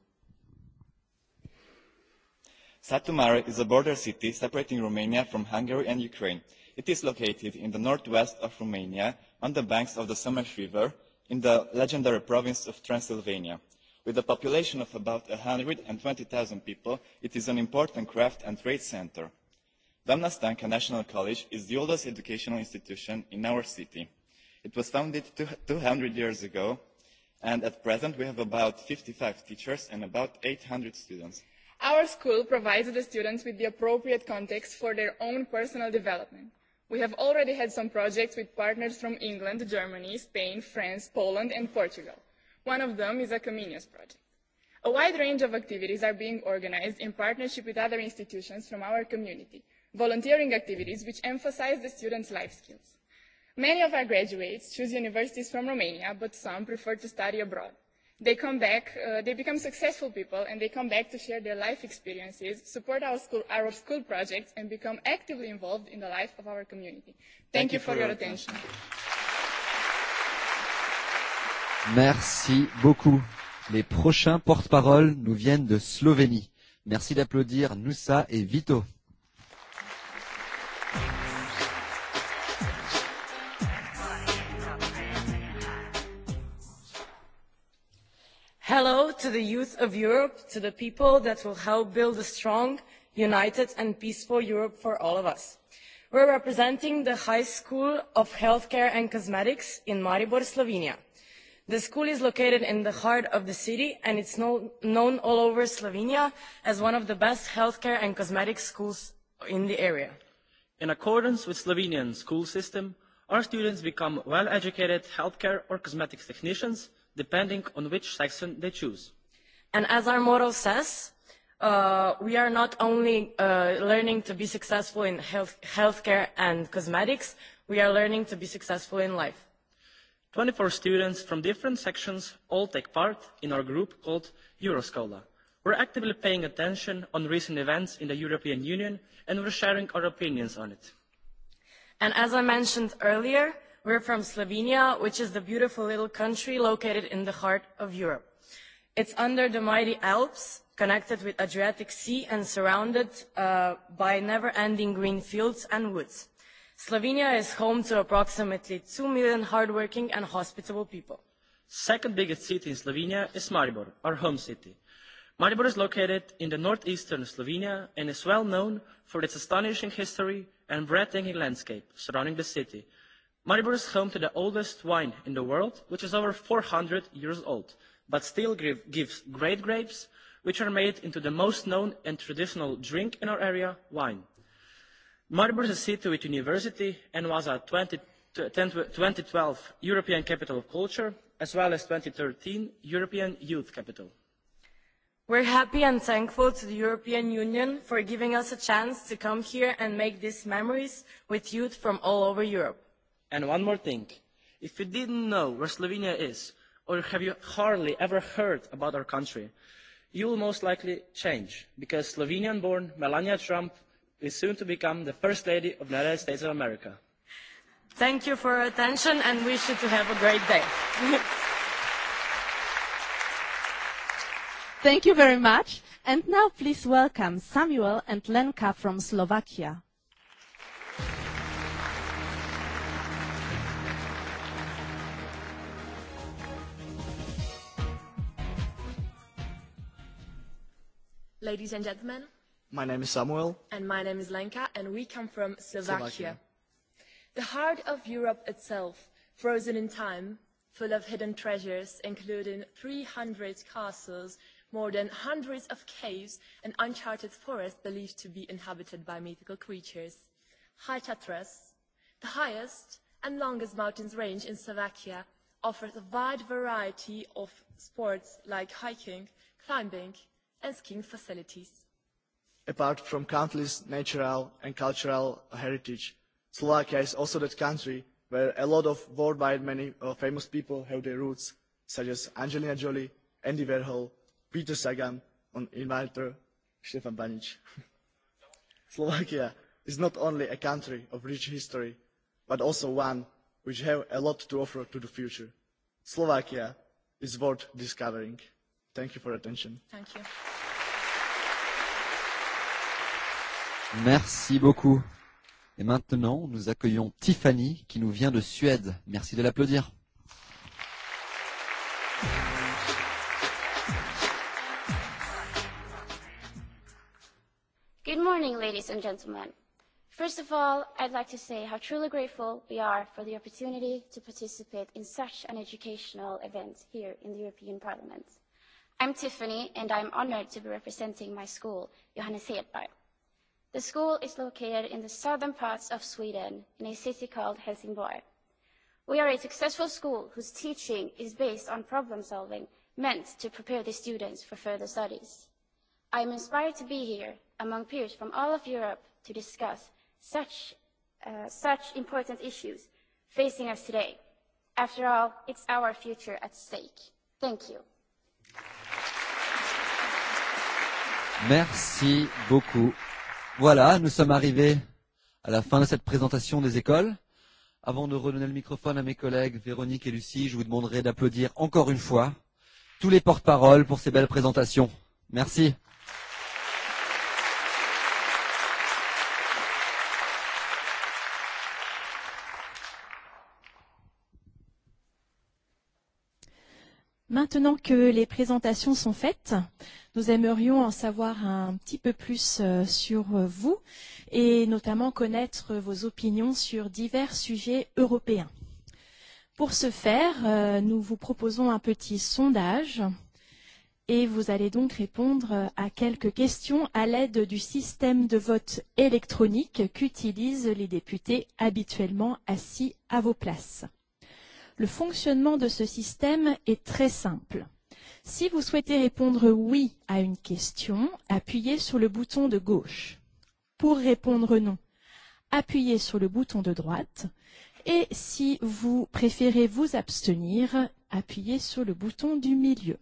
Satu Mare is a border city separating Romania from Hungary and Ukraine. It is located in the northwest of Romania on the banks of the Somes River in the legendary province of Transylvania with a population of about one hundred and twenty zero people it is an important craft and trade centre. damlasztanka national college is the oldest educational institution in our city. it was founded two hundred years ago and at present we have about fifty five teachers and about eight hundred students. our school provides the students with the appropriate context for their own personal development. we have already had some projects with partners from england germany spain france poland and portugal One of them is a Comenius project. A wide range of activities are being organized in partnership with other institutions from our community, volunteering activities which emphasize the students' life skills. Many of our graduates choose universities from Romania, but some prefer to study abroad. They come back, uh, they become successful people, and they come back to share their life experiences, support our school, our school projects, and become actively involved in the life of our community. Thank, Thank you, you for your attention. attention. Merci beaucoup. Les prochains porte parole nous viennent de Slovénie. Merci d'applaudir Nusa et Vito. Hello to the youth of Europe, to the people that will help build a strong, united and peaceful Europe for all of us. We're representing the High School of Healthcare and Cosmetics in Maribor, Slovenia The school is located in the heart of the city and it's known, known all over Slovenia as one of the best healthcare and cosmetic schools in the area. In accordance with Slovenian school system, our students become well-educated healthcare or cosmetics technicians depending on which section they choose. And as our motto says, uh, we are not only uh, learning to be successful in health, healthcare and cosmetics, we are learning to be successful in life. 24 students from different sections all take part in our group called Euroscola. We're actively paying attention on recent events in the European Union and we're sharing our opinions on it. And as I mentioned earlier, we're from Slovenia, which is the beautiful little country located in the heart of Europe. It's under the mighty Alps, connected with Adriatic Sea and surrounded uh, by never-ending green fields and woods. Slovenia is home to approximately 2 million hardworking and hospitable people. Second biggest city in Slovenia is Maribor, our home city. Maribor is located in the northeastern Slovenia and is well known for its astonishing history and breathtaking landscape surrounding the city. Maribor is home to the oldest wine in the world, which is over 400 years old, but still give, gives great grapes, which are made into the most known and traditional drink in our area, wine maribor is a city with university and was a two thousand and twelve European Capital of Culture, as well as two thousand and thirteen European Youth Capital. we are happy and thankful to the European Union for giving us a chance to come here and make these memories with youth from all over Europe. And one more thing. If you did not know where Slovenia is, or have you hardly ever heard about our country, you will most likely change, because Slovenian-born Melania Trump is soon to become the First Lady of the United States of America. Thank you for your attention and wish you to have a great day. Thank you very much. And now please welcome Samuel and Lenka from Slovakia. Ladies and gentlemen, my name is Samuel. And my name is Lenka, and we come from Slovakia. Slovakia. The heart of Europe itself, frozen in time, full of hidden treasures, including 300 castles, more than hundreds of caves, and uncharted forests believed to be inhabited by mythical creatures. High Tatras, the highest and longest mountains range in Slovakia, offers a wide variety of sports like hiking, climbing, and skiing facilities apart from countless natural and cultural heritage. Slovakia is also that country where a lot of worldwide many uh, famous people have their roots, such as Angelina Jolie, Andy Warhol, Peter Sagan, and inventor Stefan Banic. Slovakia is not only a country of rich history, but also one which has a lot to offer to the future. Slovakia is worth discovering. Thank you for attention. Thank you. Merci beaucoup. Et maintenant, nous accueillons Tiffany qui nous vient de Suède. Merci de l'applaudir. Good morning, ladies and gentlemen. First of all, I'd like to say how truly grateful we are for the opportunity to participate in such an educational event here in the European Parliament. I'm Tiffany, and I'm honored to be representing my school, Johannes Hedberg. The school is located in the southern parts of Sweden in a city called Helsingborg. We are a successful school whose teaching is based on problem solving meant to prepare the students for further studies. I am inspired to be here among peers from all of Europe to discuss such, uh, such important issues facing us today. After all, it's our future at stake. Thank you. Merci beaucoup. Voilà, nous sommes arrivés à la fin de cette présentation des écoles. Avant de redonner le microphone à mes collègues Véronique et Lucie, je vous demanderai d'applaudir encore une fois tous les porte-paroles pour ces belles présentations. Merci. Maintenant que les présentations sont faites, Nous aimerions en savoir un petit peu plus euh, sur euh, vous et notamment connaître vos opinions sur divers sujets européens. Pour ce faire, euh, nous vous proposons un petit sondage et vous allez donc répondre à quelques questions à l'aide du système de vote électronique qu'utilisent les députés habituellement assis à vos places. Le fonctionnement de ce système est très simple. Si vous souhaitez répondre oui à une question, appuyez sur le bouton de gauche. Pour répondre non, appuyez sur le bouton de droite. Et si vous préférez vous abstenir, appuyez sur le bouton du milieu.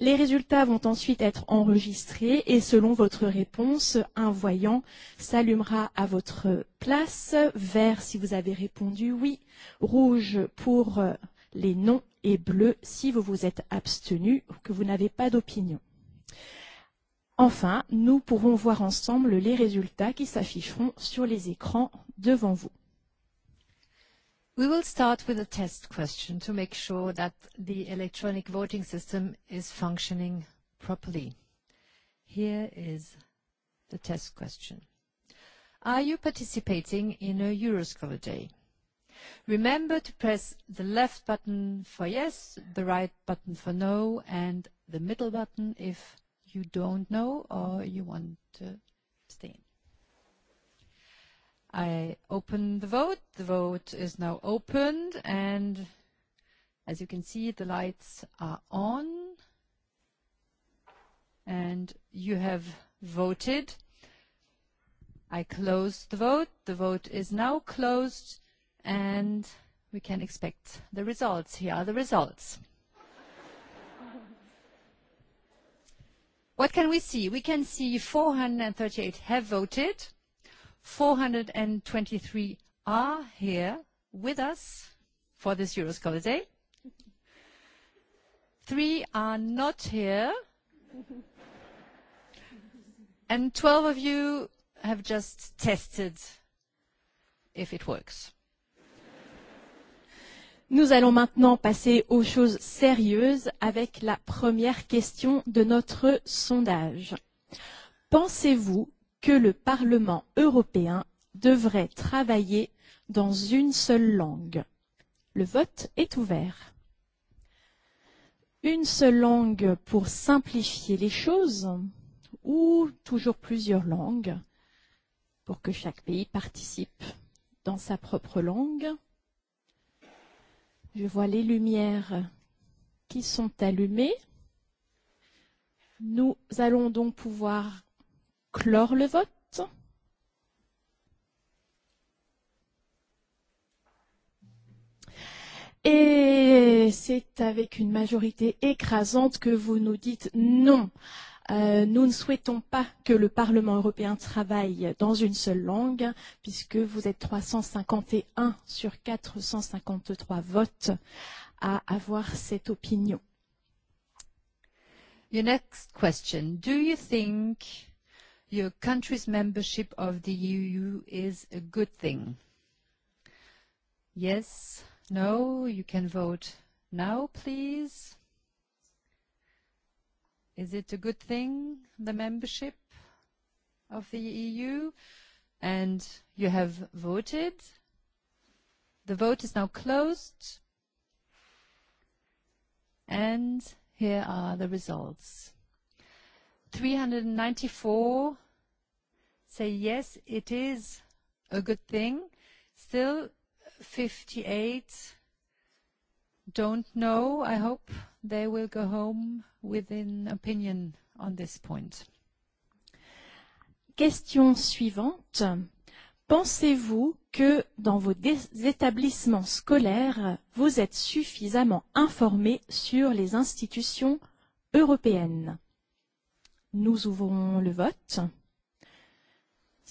Les résultats vont ensuite être enregistrés et selon votre réponse, un voyant s'allumera à votre place, vert si vous avez répondu oui, rouge pour euh, les noms et bleu si vous vous êtes abstenu ou que vous n'avez pas d'opinion. Enfin, nous pourrons voir ensemble les résultats qui s'afficheront sur les écrans devant vous. We will start with a test question to make sure that the electronic voting system is functioning properly. Here is the test question. Are you participating in a Euroscholar Day? Remember to press the left button for yes, the right button for no, and the middle button if you don't know or you want to abstain. I open the vote. The vote is now opened, and as you can see, the lights are on, and you have voted. I close the vote. The vote is now closed and we can expect the results. Here are the results. What can we see? We can see 438 have voted, 423 are here with us for this Euroscholar Day. Three are not here. and 12 of you have just tested if it works. Nous allons maintenant passer aux choses sérieuses avec la première question de notre sondage. Pensez-vous que le Parlement européen devrait travailler dans une seule langue Le vote est ouvert. Une seule langue pour simplifier les choses ou toujours plusieurs langues pour que chaque pays participe dans sa propre langue je vois les lumières qui sont allumées. Nous allons donc pouvoir clore le vote. Et c'est avec une majorité écrasante que vous nous dites non Euh, nous ne souhaitons pas que le Parlement européen travaille dans une seule langue, puisque vous êtes 351 sur 453 votes à avoir cette opinion. Your next question. Do you think your country's membership of the EU is a good thing? Yes, no, you can vote now, please. Is it a good thing, the membership of the EU? And you have voted. The vote is now closed. And here are the results. 394 say yes, it is a good thing. Still 58 don't know. I hope they will go home with an opinion on this point. Question suivante. Pensez-vous que dans vos établissements scolaires, vous êtes suffisamment informés sur les institutions européennes Nous ouvrons le vote.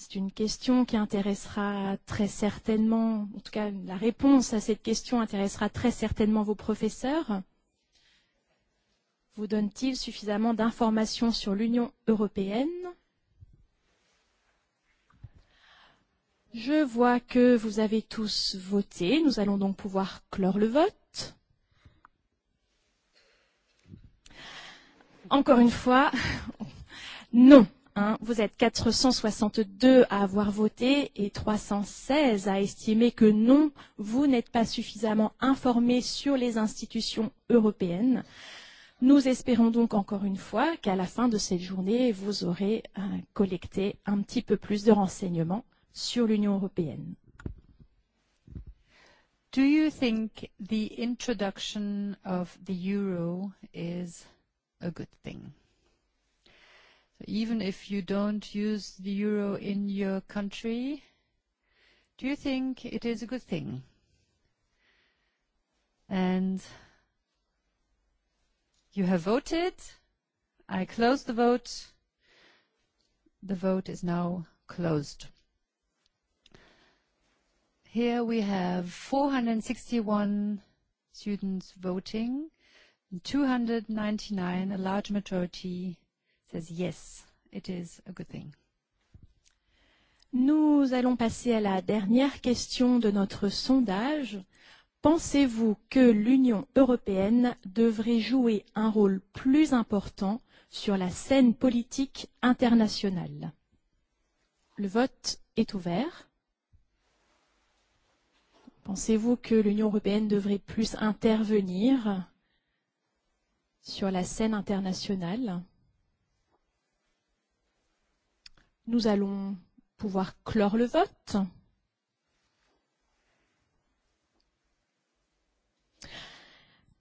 C'est une question qui intéressera très certainement, en tout cas la réponse à cette question intéressera très certainement vos professeurs. Vous donne-t-il suffisamment d'informations sur l'Union européenne Je vois que vous avez tous voté. Nous allons donc pouvoir clore le vote. Encore une fois, non. Hein, vous êtes 462 à avoir voté et 316 à estimer que non, vous n'êtes pas suffisamment informé sur les institutions européennes. Nous espérons donc encore une fois qu'à la fin de cette journée, vous aurez euh, collecté un petit peu plus de renseignements sur l'Union européenne. Do you think the introduction of the euro is a good thing? even if you don't use the euro in your country? Do you think it is a good thing? And you have voted. I close the vote. The vote is now closed. Here we have 461 students voting, 299, a large majority says yes, it is a good thing. Nous allons passer à la dernière question de notre sondage. Pensez-vous que l'Union européenne devrait jouer un rôle plus important sur la scène politique internationale Le vote est ouvert. Pensez-vous que l'Union européenne devrait plus intervenir sur la scène internationale Nous allons pouvoir clore le vote.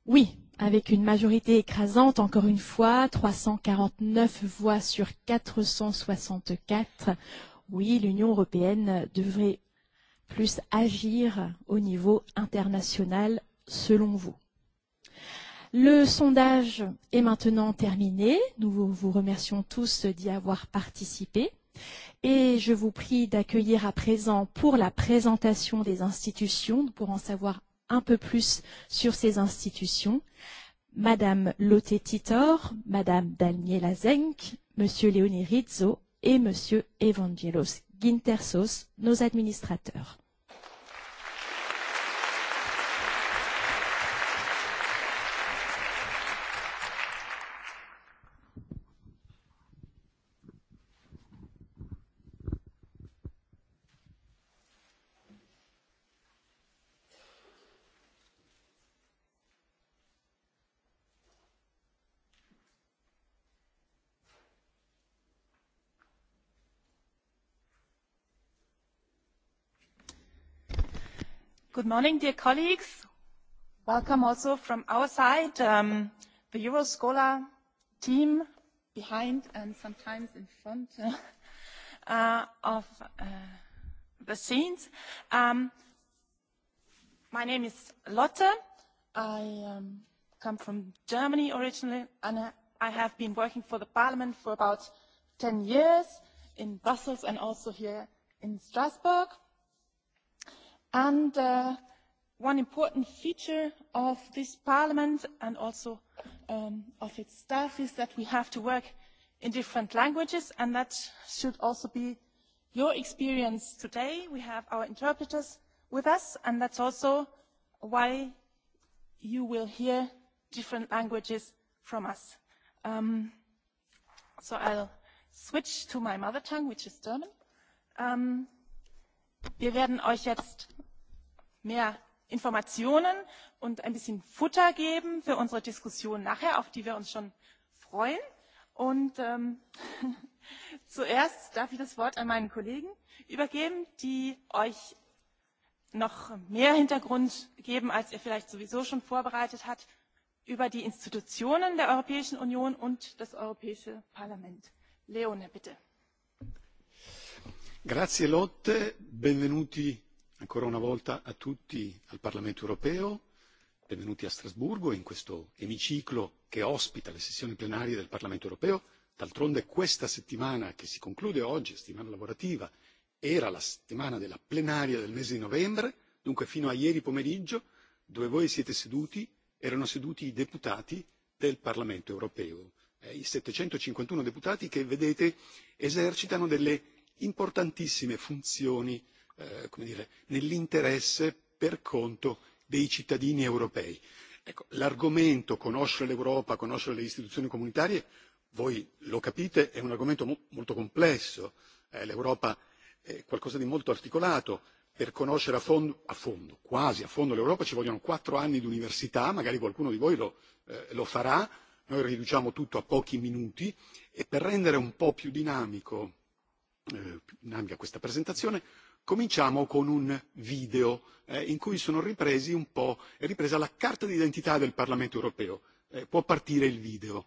Oui, avec une majorité écrasante, encore une fois, 349 voix sur 464. Oui, l'Union européenne devrait plus agir au niveau international, selon vous. Le sondage est maintenant terminé. Nous vous remercions tous d'y avoir participé et je vous prie d'accueillir à présent pour la présentation des institutions, pour en savoir un peu plus sur ces institutions, Madame Lotte Titor, Madame Daniela Zenk, Monsieur Leonie Rizzo et Monsieur Evangelos Gintersos, nos administrateurs. Good morning, dear colleagues. Welcome also from our side, um, the Euroscholar team behind and sometimes in front uh, uh of uh, the scenes. Um, my name is Lotte. I um, come from Germany originally, and I have been working for the Parliament for about 10 years in Brussels and also here in Strasbourg. And uh, one important feature of this parliament and also um, of its staff is that we have to work in different languages and that should also be your experience today. We have our interpreters with us and that's also why you will hear different languages from us. Um, so I'll switch to my mother tongue, which is German. Um, wir werden euch jetzt mehr Informationen und ein bisschen Futter geben für unsere Diskussion nachher, auf die wir uns schon freuen. Und ähm, zuerst darf ich das Wort an meinen Kollegen übergeben, die euch noch mehr Hintergrund geben, als ihr vielleicht sowieso schon vorbereitet habt, über die Institutionen der Europäischen Union und das Europäische Parlament. Leone, bitte. Grazie Lotte, benvenuti ancora una volta a tutti al Parlamento europeo, benvenuti a Strasburgo in questo emiciclo che ospita le sessioni plenarie del Parlamento europeo. D'altronde questa settimana che si conclude oggi, settimana lavorativa, era la settimana della plenaria del mese di novembre, dunque fino a ieri pomeriggio, dove voi siete seduti, erano seduti i deputati del Parlamento europeo, eh, i 751 deputati che, vedete, esercitano delle importantissime funzioni Eh, come dire, nell'interesse per conto dei cittadini europei. Ecco, l'argomento conoscere l'Europa, conoscere le istituzioni comunitarie, voi lo capite, è un argomento mo- molto complesso. Eh, L'Europa è qualcosa di molto articolato. Per conoscere a fondo, a fondo, quasi a fondo l'Europa ci vogliono quattro anni di università, magari qualcuno di voi lo, eh, lo farà, noi riduciamo tutto a pochi minuti e per rendere un po' più dinamico, eh, dinamica questa presentazione Cominciamo con un video eh, in cui sono ripresi un po', è ripresa la carta d'identità del Parlamento europeo. Eh, può partire il video.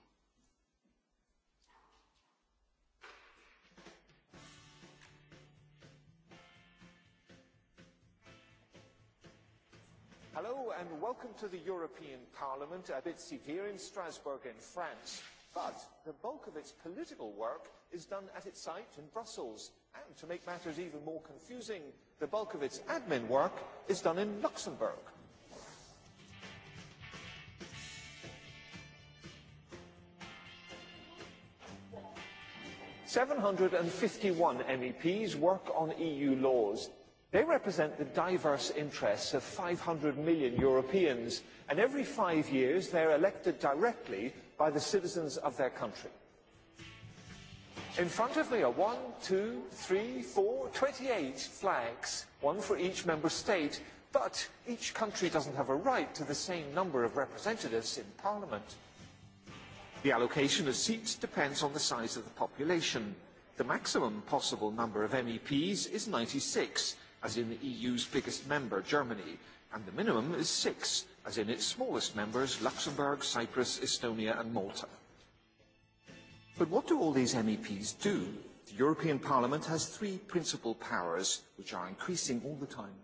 Hello and welcome to the European Parliament at its seat here in Strasbourg in France. But the bulk of its political work is done at its site in Brussels And to make matters even more confusing, the bulk of its admin work is done in Luxembourg. Seven hundred and fifty-one MEPs work on EU laws. They represent the diverse interests of 500 million Europeans, and every five years they're elected directly by the citizens of their country in front of me are one, two, three, four, 28 flags, one for each member state, but each country doesn't have a right to the same number of representatives in Parliament. The allocation of seats depends on the size of the population. The maximum possible number of MEPs is 96, as in the EU's biggest member, Germany, and the minimum is six, as in its smallest members, Luxembourg, Cyprus, Estonia and Malta. But what do all these MEPs do? The European Parliament has three principal powers, which are increasing all the time.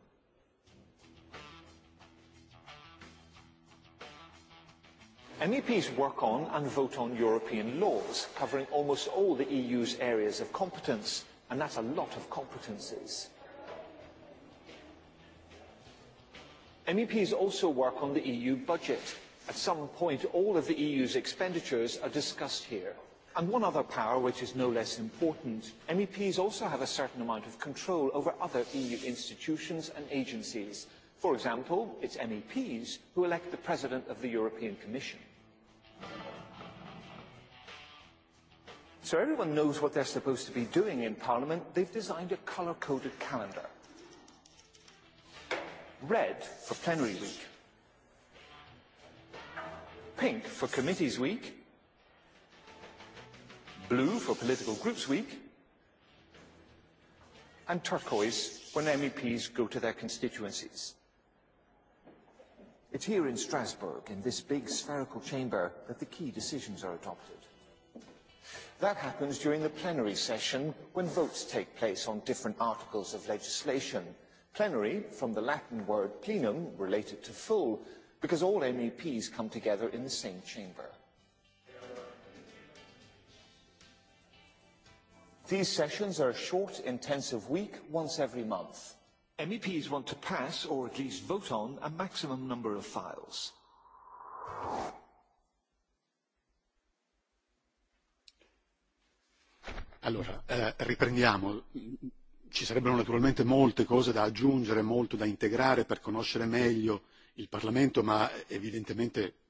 MEPs work on and vote on European laws, covering almost all the EU's areas of competence, and that's a lot of competences. MEPs also work on the EU budget. At some point, all of the EU's expenditures are discussed here. And one other power, which is no less important, MEPs also have a certain amount of control over other EU institutions and agencies. For example, it's MEPs who elect the President of the European Commission. So everyone knows what they're supposed to be doing in Parliament. They've designed a colour-coded calendar. Red for plenary week. Pink for committees week blue for political groups week, and turquoise when MEPs go to their constituencies. It's here in Strasbourg, in this big spherical chamber, that the key decisions are adopted. That happens during the plenary session when votes take place on different articles of legislation. Plenary, from the Latin word plenum, related to full, because all MEPs come together in the same chamber. These sessions are a short, intensive week, once every month. MEPs want to pass, or at least vote on, a maximum number of files. Allora, eh, riprendiamo. Ci sarebbero naturalmente molte cose da aggiungere, molto da integrare per conoscere meglio il Parlamento, ma evidentemente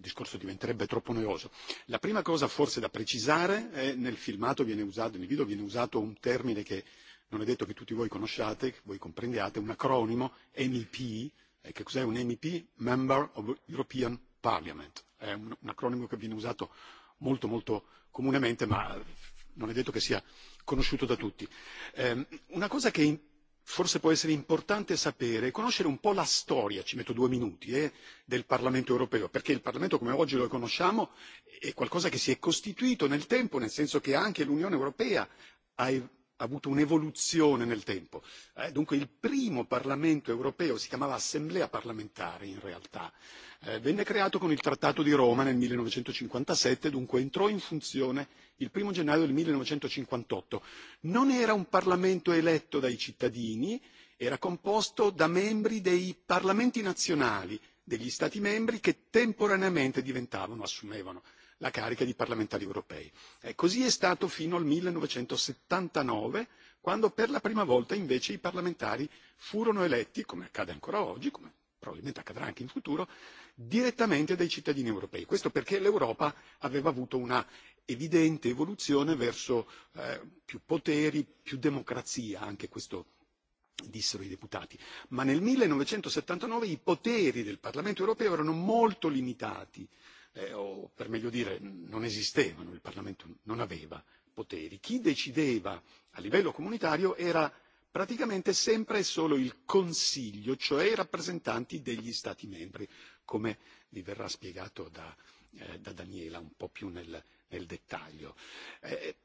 il discorso diventerebbe troppo noioso. La prima cosa forse da precisare è nel filmato viene usato, nel video viene usato un termine che non è detto che tutti voi conosciate, che voi comprendiate, un acronimo MEP, eh, che cos'è un MEP? Member of European Parliament. È un, un acronimo che viene usato molto molto comunemente, ma non è detto che sia conosciuto da tutti. Eh, una cosa che forse può essere importante sapere, conoscere un po' la storia, ci metto due minuti, eh, del Parlamento europeo, perché il Parlamento come oggi lo conosciamo è qualcosa che si è costituito nel tempo, nel senso che anche l'Unione europea ha ha avuto un'evoluzione nel tempo. Eh, dunque il primo Parlamento europeo, si chiamava Assemblea parlamentare in realtà, eh, venne creato con il Trattato di Roma nel 1957, dunque entrò in funzione il 1 gennaio del 1958. Non era un Parlamento eletto dai cittadini, era composto da membri dei Parlamenti nazionali degli Stati membri che temporaneamente diventavano, assumevano la carica di parlamentari europei. E così è stato fino al 1979, quando per la prima volta invece i parlamentari furono eletti, come accade ancora oggi, come probabilmente accadrà anche in futuro, direttamente dai cittadini europei. Questo perché l'Europa aveva avuto una evidente evoluzione verso eh, più poteri, più democrazia, anche questo dissero i deputati. Ma nel 1979 i poteri del Parlamento europeo erano molto limitati eh, o per meglio dire non esistevano, il Parlamento non aveva poteri. Chi decideva a livello comunitario era praticamente sempre e solo il Consiglio, cioè i rappresentanti degli Stati membri, come vi verrà spiegato da, eh, da Daniela un po' più nel, nel dettaglio. Eh,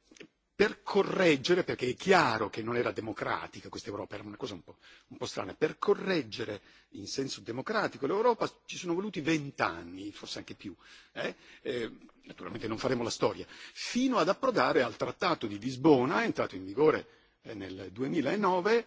per correggere, perché è chiaro che non era democratica questa Europa, era una cosa un po', un po' strana, per correggere in senso democratico l'Europa ci sono voluti vent'anni, forse anche più, eh? Eh, naturalmente non faremo la storia, fino ad approdare al Trattato di Lisbona, entrato in vigore eh, nel 2009,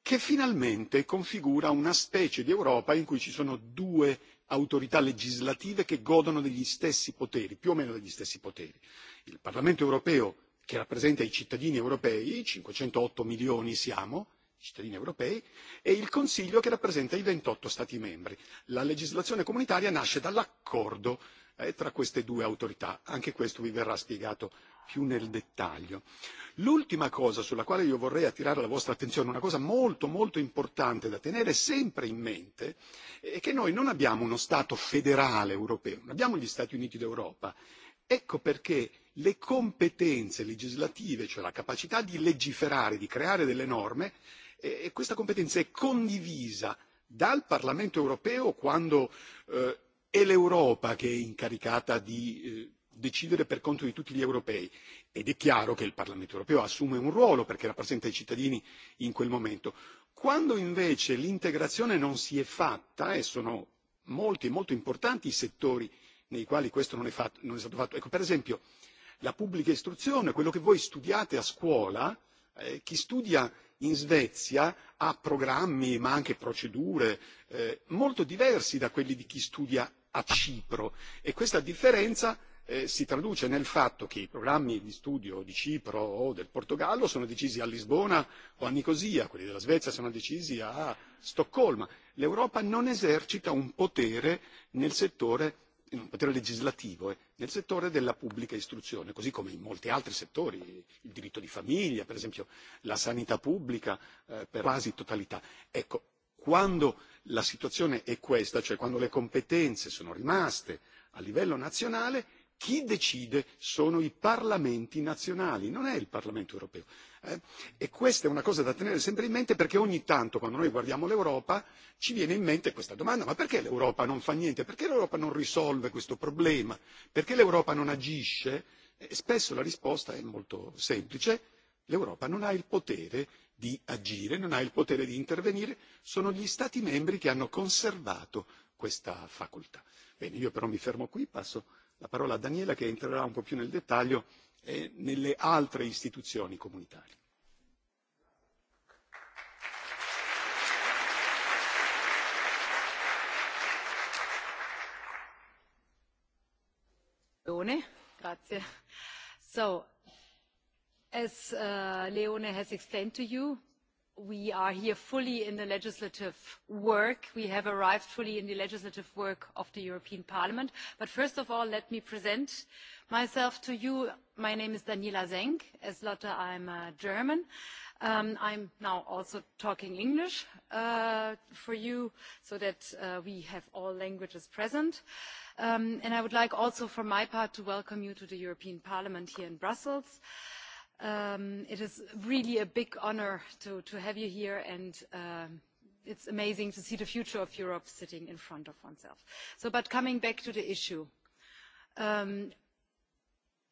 che finalmente configura una specie di Europa in cui ci sono due autorità legislative che godono degli stessi poteri, più o meno degli stessi poteri. Il Parlamento europeo che rappresenta i cittadini europei, 508 milioni siamo, cittadini europei, e il Consiglio che rappresenta i 28 Stati membri. La legislazione comunitaria nasce dall'accordo eh, tra queste due autorità. Anche questo vi verrà spiegato più nel dettaglio. L'ultima cosa sulla quale io vorrei attirare la vostra attenzione, una cosa molto molto importante da tenere sempre in mente, è che noi non abbiamo uno Stato federale europeo, non abbiamo gli Stati Uniti d'Europa. Ecco perché le competenze legislative, cioè la capacità di legiferare, di creare delle norme, e, e questa competenza è condivisa dal Parlamento europeo quando eh, è l'Europa che è incaricata di eh, decidere per conto di tutti gli europei ed è chiaro che il Parlamento europeo assume un ruolo perché rappresenta i cittadini in quel momento. Quando invece l'integrazione non si è fatta e sono molti e molto importanti i settori nei quali questo non è, fatto, non è stato fatto, ecco per esempio la pubblica istruzione, quello che voi studiate a scuola, eh, chi studia in Svezia ha programmi ma anche procedure eh, molto diversi da quelli di chi studia a Cipro e questa differenza eh, si traduce nel fatto che i programmi di studio di Cipro o del Portogallo sono decisi a Lisbona o a Nicosia, quelli della Svezia sono decisi a Stoccolma. L'Europa non esercita un potere nel settore in un potere legislativo eh, nel settore della pubblica istruzione, così come in molti altri settori, il diritto di famiglia, per esempio la sanità pubblica eh, per quasi totalità. Ecco, quando la situazione è questa, cioè quando le competenze sono rimaste a livello nazionale, chi decide sono i parlamenti nazionali, non è il Parlamento europeo. Eh? E questa è una cosa da tenere sempre in mente perché ogni tanto quando noi guardiamo l'Europa ci viene in mente questa domanda, ma perché l'Europa non fa niente? Perché l'Europa non risolve questo problema? Perché l'Europa non agisce? E spesso la risposta è molto semplice, l'Europa non ha il potere di agire, non ha il potere di intervenire, sono gli Stati membri che hanno conservato questa facoltà. Bene, io però mi fermo qui, passo la parola a Daniela che entrerà un po' più nel dettaglio e nelle altre istituzioni comunitarie. Grazie. So, as uh, Leone has explained to you, we are here fully in the legislative work. We have arrived fully in the legislative work of the European Parliament. But first of all, let me present myself to you. My name is Daniela Senk. As Lotte, i am uh, German. i am um, now also talking English uh, for you so that uh, we have all languages present. Um, and I would like also, for my part, to welcome you to the European Parliament here in Brussels. Um, it is really a big honor to, to have you here, and um, it's amazing to see the future of Europe sitting in front of oneself. So, but coming back to the issue, um,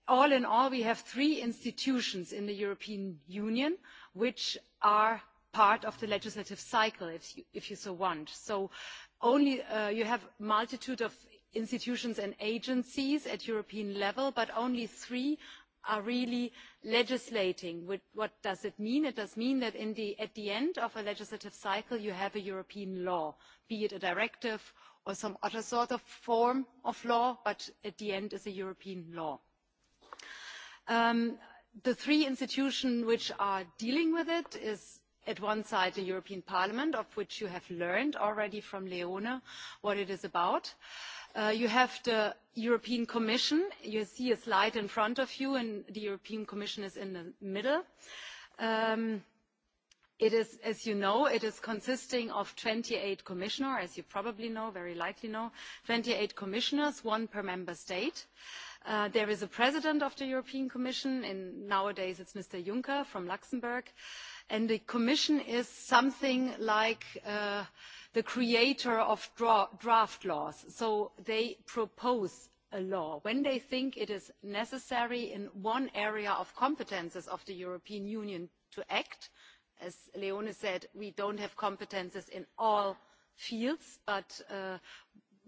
all in all, we have three institutions in the European Union which are part of the legislative cycle, if you, if you so want. So only uh, you have multitude of institutions and agencies at European level, but only three are really legislating. What does it mean? It does mean that in the, at the end of a legislative cycle, you have a European law, be it a directive or some other sort of form of law, but at the end is a European law. Um, the three institutions which are dealing with it is at one side the European Parliament, of which you have learned already from Leone what it is about. Uh, you have the European Commission. You see a slide in front of you, and the European Commission is in the middle. Um, it is, as you know, it is consisting of 28 commissioners, as you probably know, very likely know, 28 commissioners, one per member state. Uh, there is a president of the European Commission, and nowadays it's Mr. Juncker from Luxembourg. And the Commission is something like uh, the creator of draft laws. So they propose a law when they think it is necessary in one area of competences of the European Union to act. As Leone said, we don't have competences in all fields, but uh,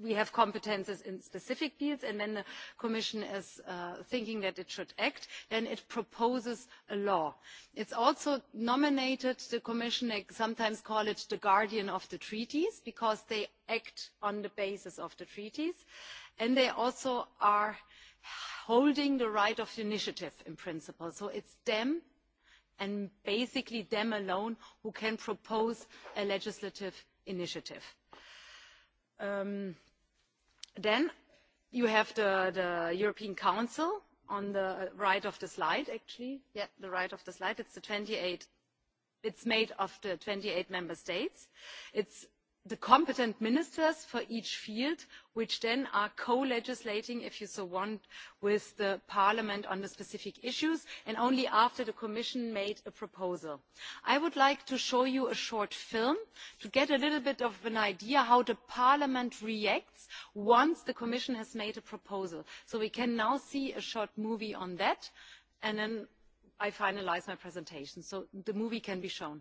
we have competences in specific fields and then the commission is uh, thinking that it should act then it proposes a law. it's also nominated the commission they sometimes call it the guardian of the treaties because they act on the basis of the treaties and they also are holding the right of initiative in principle so it's them and basically them alone who can propose a legislative initiative. Um, Then you have the, the European Council on the right of the slide, actually. Yeah, the right of the slide. It's the 28. It's made of the 28 member states. It's the competent ministers for each field, which then are co-legislating, if you so want, with the parliament on the specific issues, and only after the commission has made a proposal. I would like to show you a short film to get a little bit of an idea how the parliament reacts once the commission has made a proposal. So we can now see a short movie on that, and then I finalise my presentation so the movie can be shown.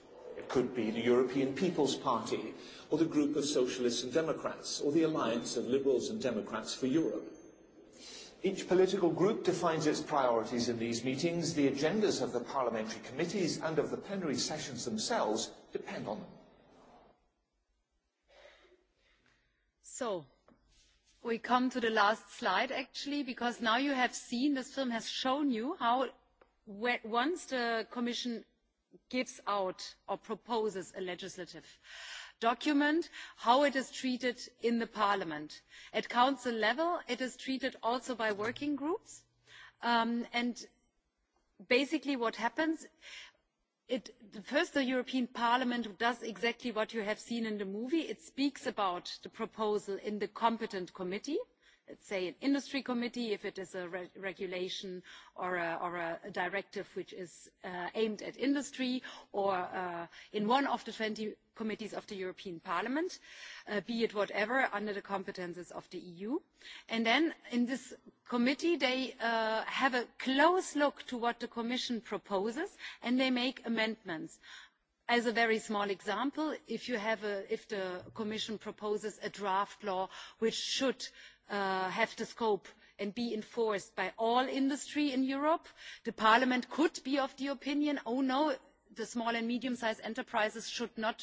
could be the European People's Party, or the group of Socialists and Democrats, or the Alliance of Liberals and Democrats for Europe. Each political group defines its priorities in these meetings. The agendas of the parliamentary committees and of the plenary sessions themselves depend on them. So, we come to the last slide actually, because now you have seen, this film has shown you how once the Commission gives out or proposes a legislative document how it is treated in the parliament. at council level it is treated also by working groups um, and basically what happens it, first the european parliament does exactly what you have seen in the movie it speaks about the proposal in the competent committee say an industry committee if it is a re regulation or a, or a directive which is uh, aimed at industry or uh, in one of the 20 committees of the European Parliament, uh, be it whatever, under the competences of the EU. And then in this committee, they uh, have a close look to what the Commission proposes and they make amendments as a very small example if, a, if the commission proposes a draft law which should uh, have the scope and be enforced by all industry in Europe. The Parliament could be of the opinion, oh no, the small and medium-sized enterprises should not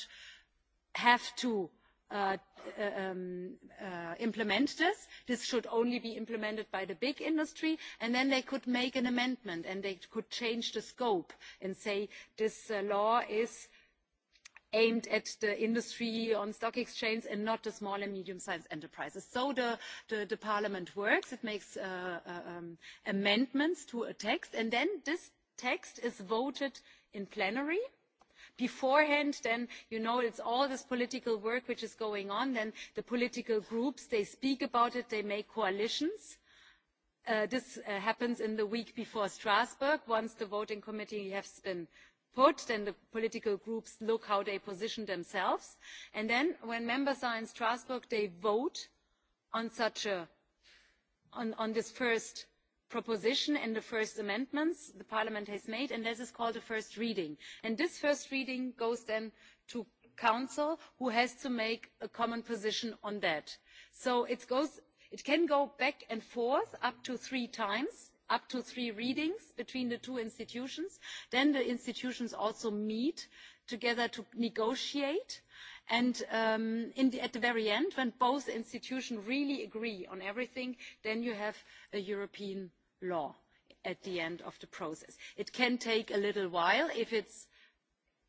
have to uh, uh, um, uh, implement this. This should only be implemented by the big industry, and then they could make an amendment and they could change the scope and say this uh, law is aimed at the industry on stock exchange and not the small and medium-sized enterprises. So the, the, the parliament works. It makes uh, uh, um, amendments to a text, and then this text is voted in plenary beforehand then you know it's all this political work which is going on then the political groups they speak about it they make coalitions uh, this uh, happens in the week before strasbourg once the voting committee has been uh, put, then the political groups look how they position themselves. And then when members are in Strasbourg, they vote on such a, on, on this first proposition and the first amendments the parliament has made, and this is called a first reading. And this first reading goes then to council, who has to make a common position on that. So it goes, it can go back and forth up to three times up to three readings between the two institutions. Then the institutions also meet together to negotiate. And um, in the, at the very end, when both institutions really agree on everything, then you have a European law at the end of the process. It can take a little while if it's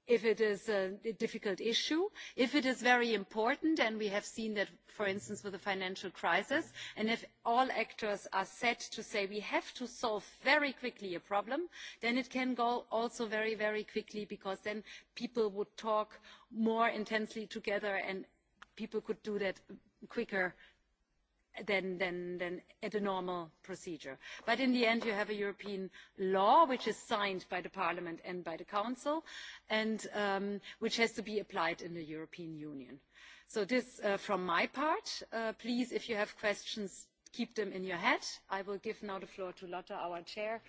if it is a difficult issue, if it is very important, and we have seen that, for instance, with the financial crisis, and if all actors are set to say we have to solve very quickly a problem, then it can go also very, very quickly because then people would talk more intensely together and people could do that quicker than, than, than at a normal procedure. But in the end, you have a European law which is signed by the Parliament and by the Council, and um, which has to be applied in the European Union. So this uh, from my part. Uh, please, if you have questions, keep them in your head. I will give now the floor to Lotta, our chair,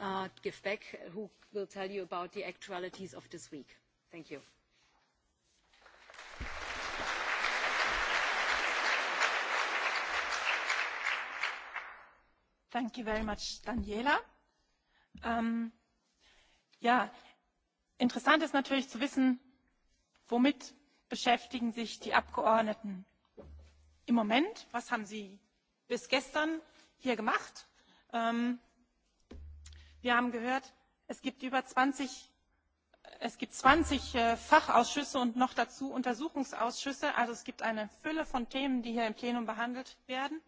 uh, give back, who will tell you about the actualities of this week. Thank you. Thank you very much, Daniela. Ähm, ja, interessant ist natürlich zu wissen, womit beschäftigen sich die Abgeordneten im Moment? Was haben sie bis gestern hier gemacht? Ähm, wir haben gehört, es gibt über 20, es gibt 20 äh, Fachausschüsse und noch dazu Untersuchungsausschüsse. Also es gibt eine Fülle von Themen, die hier im Plenum behandelt werden.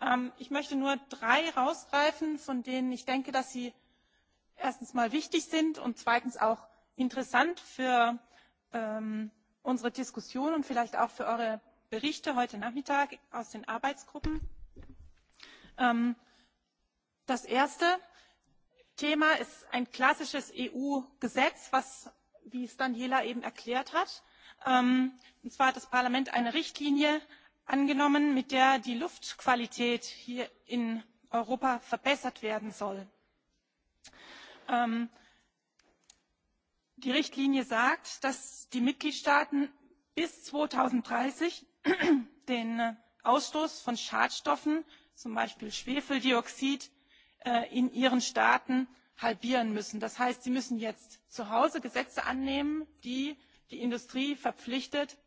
Ähm, ich möchte nur drei herausgreifen, von denen ich denke, dass sie erstens mal wichtig sind und zweitens auch interessant für ähm, unsere Diskussion und vielleicht auch für eure Berichte heute Nachmittag aus den Arbeitsgruppen. Ähm, das erste Thema ist ein klassisches EU-Gesetz, was, wie es Daniela eben erklärt hat, ähm, und zwar hat das Parlament eine Richtlinie angenommen mit der die luftqualität hier in europa verbessert werden soll. Ähm, die richtlinie sagt dass die mitgliedstaaten bis zweitausenddreißig den äh, ausstoß von schadstoffen zum beispiel schwefeldioxid äh, in ihren staaten halbieren müssen. das heißt sie müssen jetzt zu hause gesetze annehmen die die industrie verpflichtet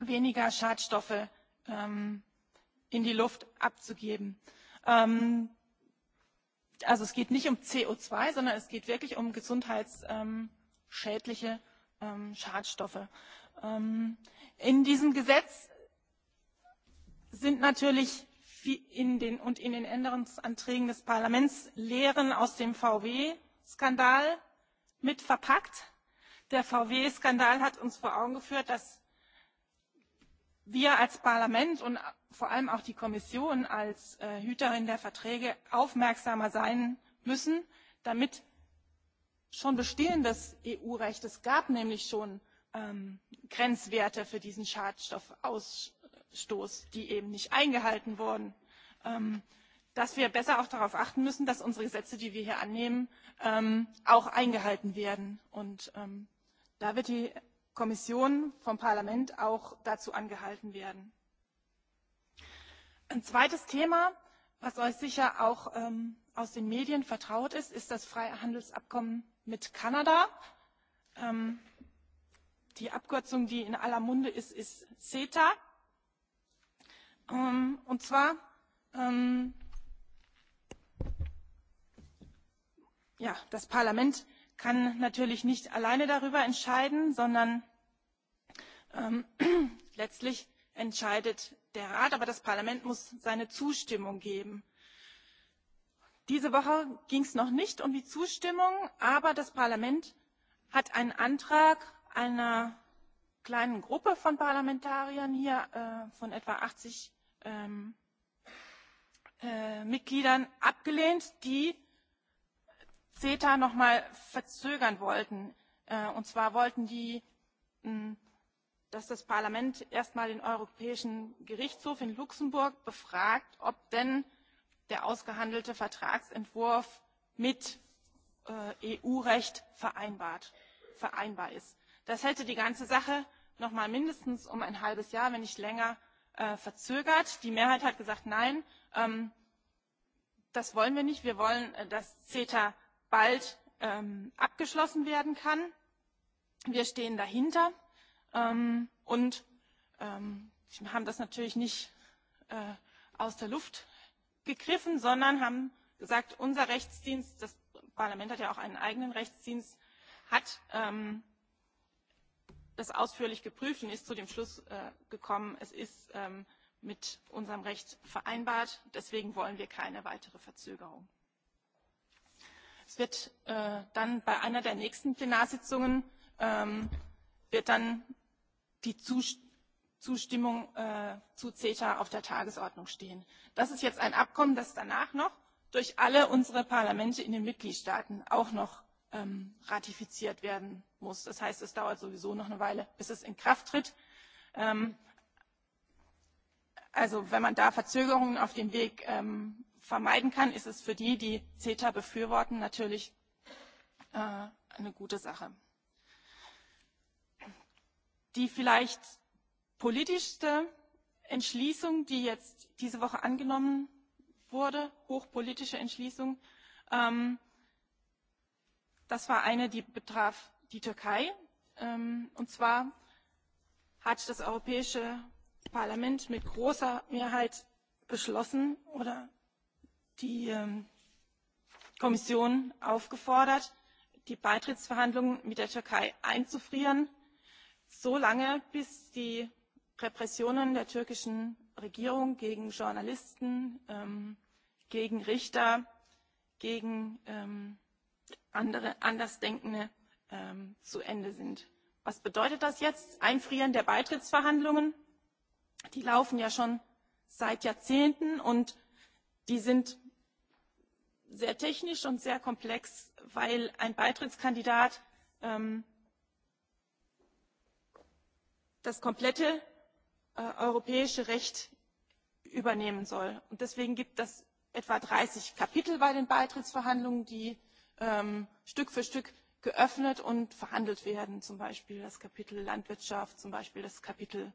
weniger Schadstoffe ähm, in die Luft abzugeben. Ähm, also es geht nicht um co zwei sondern es geht wirklich um gesundheitsschädliche ähm, Schadstoffe. in diesem Gesetz sind natürlich in den, und in den Änderungsanträgen des Parlaments Lehren aus dem VW-Skandal mit verpackt. Der VW-Skandal hat uns vor Augen geführt, dass wir als Parlament und vor allem auch die Kommission als äh, Hüterin der Verträge aufmerksamer sein müssen, damit schon bestehendes EU-Recht, es gab nämlich schon ähm, Grenzwerte für diesen Schadstoffausstoß, die eben nicht eingehalten wurden, ähm, dass wir besser auch darauf achten müssen, dass unsere Gesetze, die wir hier annehmen, ähm, auch eingehalten werden. Und ähm, da wird die Kommission, vom Parlament auch dazu angehalten werden. Ein zweites Thema, was euch sicher auch ähm, aus den Medien vertraut ist, ist das Freihandelsabkommen mit Kanada. Ähm, die Abkürzung, die in aller Munde ist, ist CETA. Ähm, und zwar ähm, ja, das Parlament kann natürlich nicht alleine darüber entscheiden, sondern Ähm, letztlich entscheidet der Rat, aber das Parlament muss seine Zustimmung geben. Diese Woche ging es noch nicht um die Zustimmung, aber das Parlament hat einen Antrag einer kleinen Gruppe von Parlamentariern hier, äh, von etwa achtzig ähm, äh, Mitgliedern, abgelehnt, die CETA noch einmal verzögern wollten. Äh, und zwar wollten die hm, dass das Parlament erstmal den Europäischen Gerichtshof in Luxemburg befragt, ob denn der ausgehandelte Vertragsentwurf mit äh, EU-Recht vereinbar ist. Das hätte die ganze Sache noch mal mindestens um ein halbes Jahr, wenn nicht länger, äh, verzögert. Die Mehrheit hat gesagt, nein, ähm, das wollen wir nicht. Wir wollen, äh, dass CETA bald ähm, abgeschlossen werden kann. Wir stehen dahinter Ähm, und ähm, haben das natürlich nicht äh, aus der Luft gegriffen, sondern haben gesagt, unser Rechtsdienst, das Parlament hat ja auch einen eigenen Rechtsdienst, hat ähm, das ausführlich geprüft und ist zu dem Schluss äh, gekommen, es ist ähm, mit unserem Recht vereinbart. Deswegen wollen wir keine weitere Verzögerung. Es wird äh, dann bei einer der nächsten Plenarsitzungen ähm, wird dann die Zustimmung äh, zu CETA auf der Tagesordnung stehen. Das ist jetzt ein Abkommen, das danach noch durch alle unsere Parlamente in den Mitgliedstaaten auch noch ähm, ratifiziert werden muss. Das heißt, es dauert sowieso noch eine Weile, bis es in Kraft tritt. Ähm, also wenn man da Verzögerungen auf dem Weg ähm, vermeiden kann, ist es für die, die CETA befürworten, natürlich äh, eine gute Sache die vielleicht politischste Entschließung, die jetzt diese Woche angenommen wurde, hochpolitische Entschließung, ähm, das war eine, die betraf die Türkei. Ähm, und zwar hat das Europäische Parlament mit großer Mehrheit beschlossen oder die ähm, Kommission aufgefordert, die Beitrittsverhandlungen mit der Türkei einzufrieren so lange, bis die Repressionen der türkischen Regierung gegen Journalisten, ähm, gegen Richter, gegen ähm, andere Andersdenkende ähm, zu Ende sind. Was bedeutet das jetzt? Einfrieren der Beitrittsverhandlungen. Die laufen ja schon seit Jahrzehnten und die sind sehr technisch und sehr komplex, weil ein Beitrittskandidat ähm, das komplette äh, europäische Recht übernehmen soll. Und deswegen gibt es etwa 30 Kapitel bei den Beitrittsverhandlungen, die ähm, Stück für Stück geöffnet und verhandelt werden. Zum Beispiel das Kapitel Landwirtschaft, zum Beispiel das Kapitel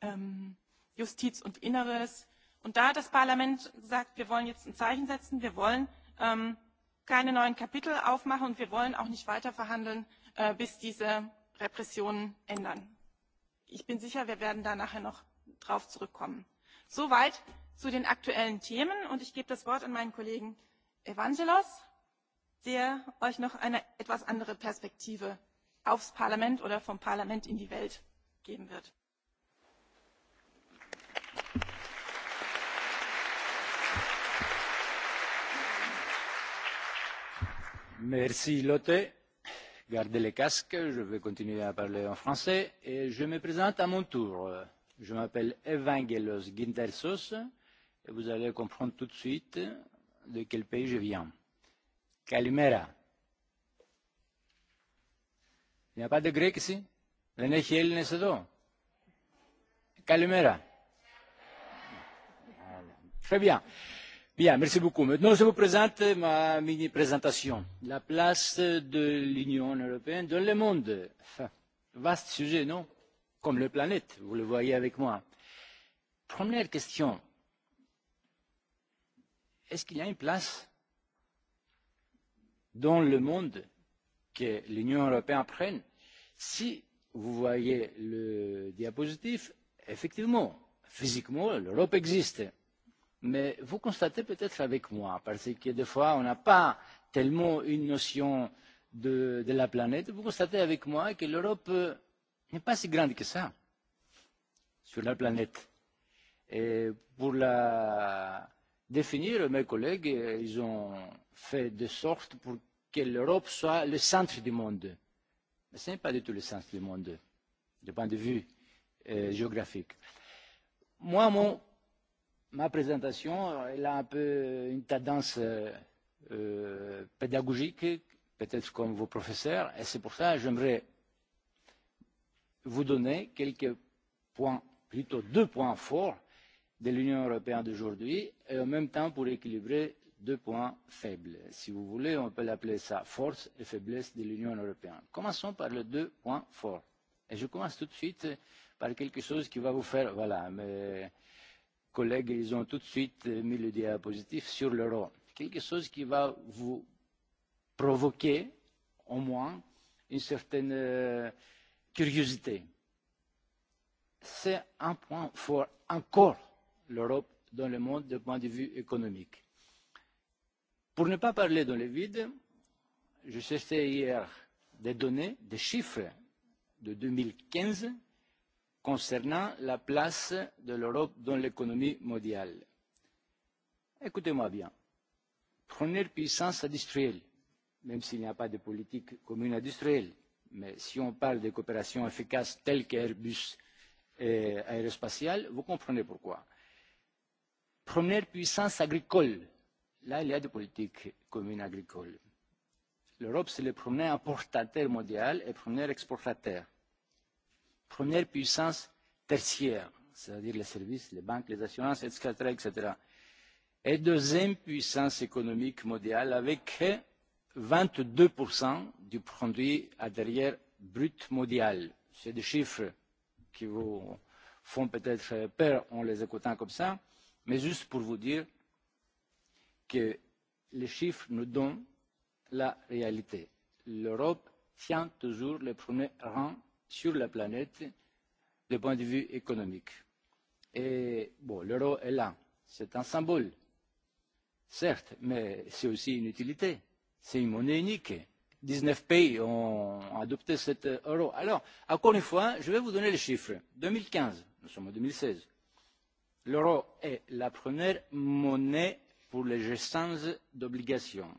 ähm, Justiz und Inneres. Und da hat das Parlament gesagt, wir wollen jetzt ein Zeichen setzen, wir wollen ähm, keine neuen Kapitel aufmachen und wir wollen auch nicht weiter verhandeln, äh, bis diese Repressionen ändern ich bin sicher wir werden da nachher noch drauf zurückkommen. soweit zu den aktuellen themen und ich gebe das wort an meinen kollegen evangelos der euch noch eine etwas andere perspektive aufs parlament oder vom parlament in die welt geben wird. merci lotte. Gardez les casques, je vais continuer à parler en français et je me présente à mon tour. Je m'appelle Evangelos Gintersos et vous allez comprendre tout de suite de quel pays je viens. Kalimera. Il n'y a pas de grec ici Δεν έχει Έλληνες εδώ. Καλημέρα. Très bien. Bien, merci beaucoup. Maintenant, je vous présente ma mini-présentation. La place de l'Union européenne dans le monde. Enfin, vaste sujet, non Comme les planètes, vous le voyez avec moi. Première question. Est-ce qu'il y a une place dans le monde que l'Union européenne prenne Si vous voyez le diapositive, effectivement, physiquement, l'Europe existe mais vous constatez peut-être avec moi, parce que des fois on n'a pas tellement une notion de, de la planète, vous constatez avec moi que l'Europe n'est pas si grande que ça sur la planète. Et pour la définir, mes collègues, ils ont fait de sorte pour que l'Europe soit le centre du monde. Mais ce n'est pas du tout le centre du monde, du point de vue euh, géographique. Moi, mon ma présentation euh, elle a un peu une tendance euh, euh, pédagogique, peut-être comme vos professeurs, et c'est pour ça que j'aimerais vous donner quelques points, plutôt deux points forts de l'Union européenne d'aujourd'hui, et en même temps pour équilibrer deux points faibles. Si vous voulez, on peut l'appeler ça force et faiblesse de l'Union européenne. Commençons par les deux points forts. Et je commence tout de suite par quelque chose qui va vous faire, voilà, mais collègues, ils ont tout de suite euh, mis le diapositive sur l'euro. Quelque chose qui va vous provoquer, au moins, une certaine euh, curiosité. C'est un point fort encore l'Europe dans le monde du point de vue économique. Pour ne pas parler dans le vide, je cherchais hier des données, des chiffres de 2015 concernant la place de l'Europe dans l'économie mondiale. Écoutez-moi bien. Première puissance industrielle, même s'il n'y a pas de politique commune industrielle, mais si on parle de coopération efficace telle qu'Airbus et aérospatiale, vous comprenez pourquoi. Première puissance agricole, là il y a des politiques communes agricoles. L'Europe, c'est le premier importateur mondial et premier exportateur première puissance tertiaire, c'est-à-dire les services, les banques, les assurances, etc., etc. Et deuxième puissance économique mondiale avec 22% du produit intérieur brut mondial. C'est des chiffres qui vous font peut-être peur en les écoutant comme ça, mais juste pour vous dire que les chiffres nous donnent la réalité. L'Europe tient toujours le premier rang sur la planète du point de vue économique. Et bon, l'euro est là, c'est un symbole, certes, mais c'est aussi une utilité. C'est une monnaie unique. 19 pays ont adopté cet euro. Alors, encore une fois, je vais vous donner les chiffres. 2015, nous sommes en 2016. L'euro est la première monnaie pour les gestions d'obligations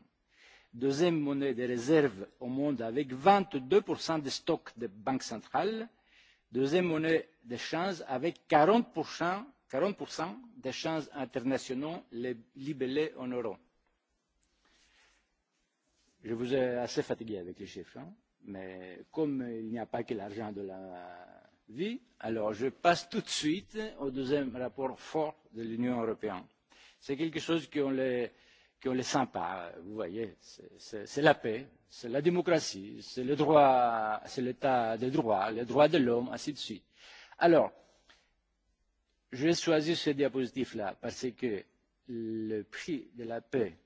deuxième monnaie de réserve au monde avec vingt deux des stocks des banques centrales deuxième monnaie d'échange avec quarante d'échanges internationaux libellés en euros. je vous ai assez fatigué avec les chiffres hein, mais comme il n'y a pas que l'argent de la vie alors je passe tout de suite au deuxième rapport fort de l'union européenne. c'est quelque chose qu'on les que les sympas. Vous voyez, c'est la paix, c'est la démocratie, c'est le droit, c'est l'état des droits, les droits de l'homme, ainsi de suite. Alors, j'ai choisi ce diapositive-là parce que le prix de la paix,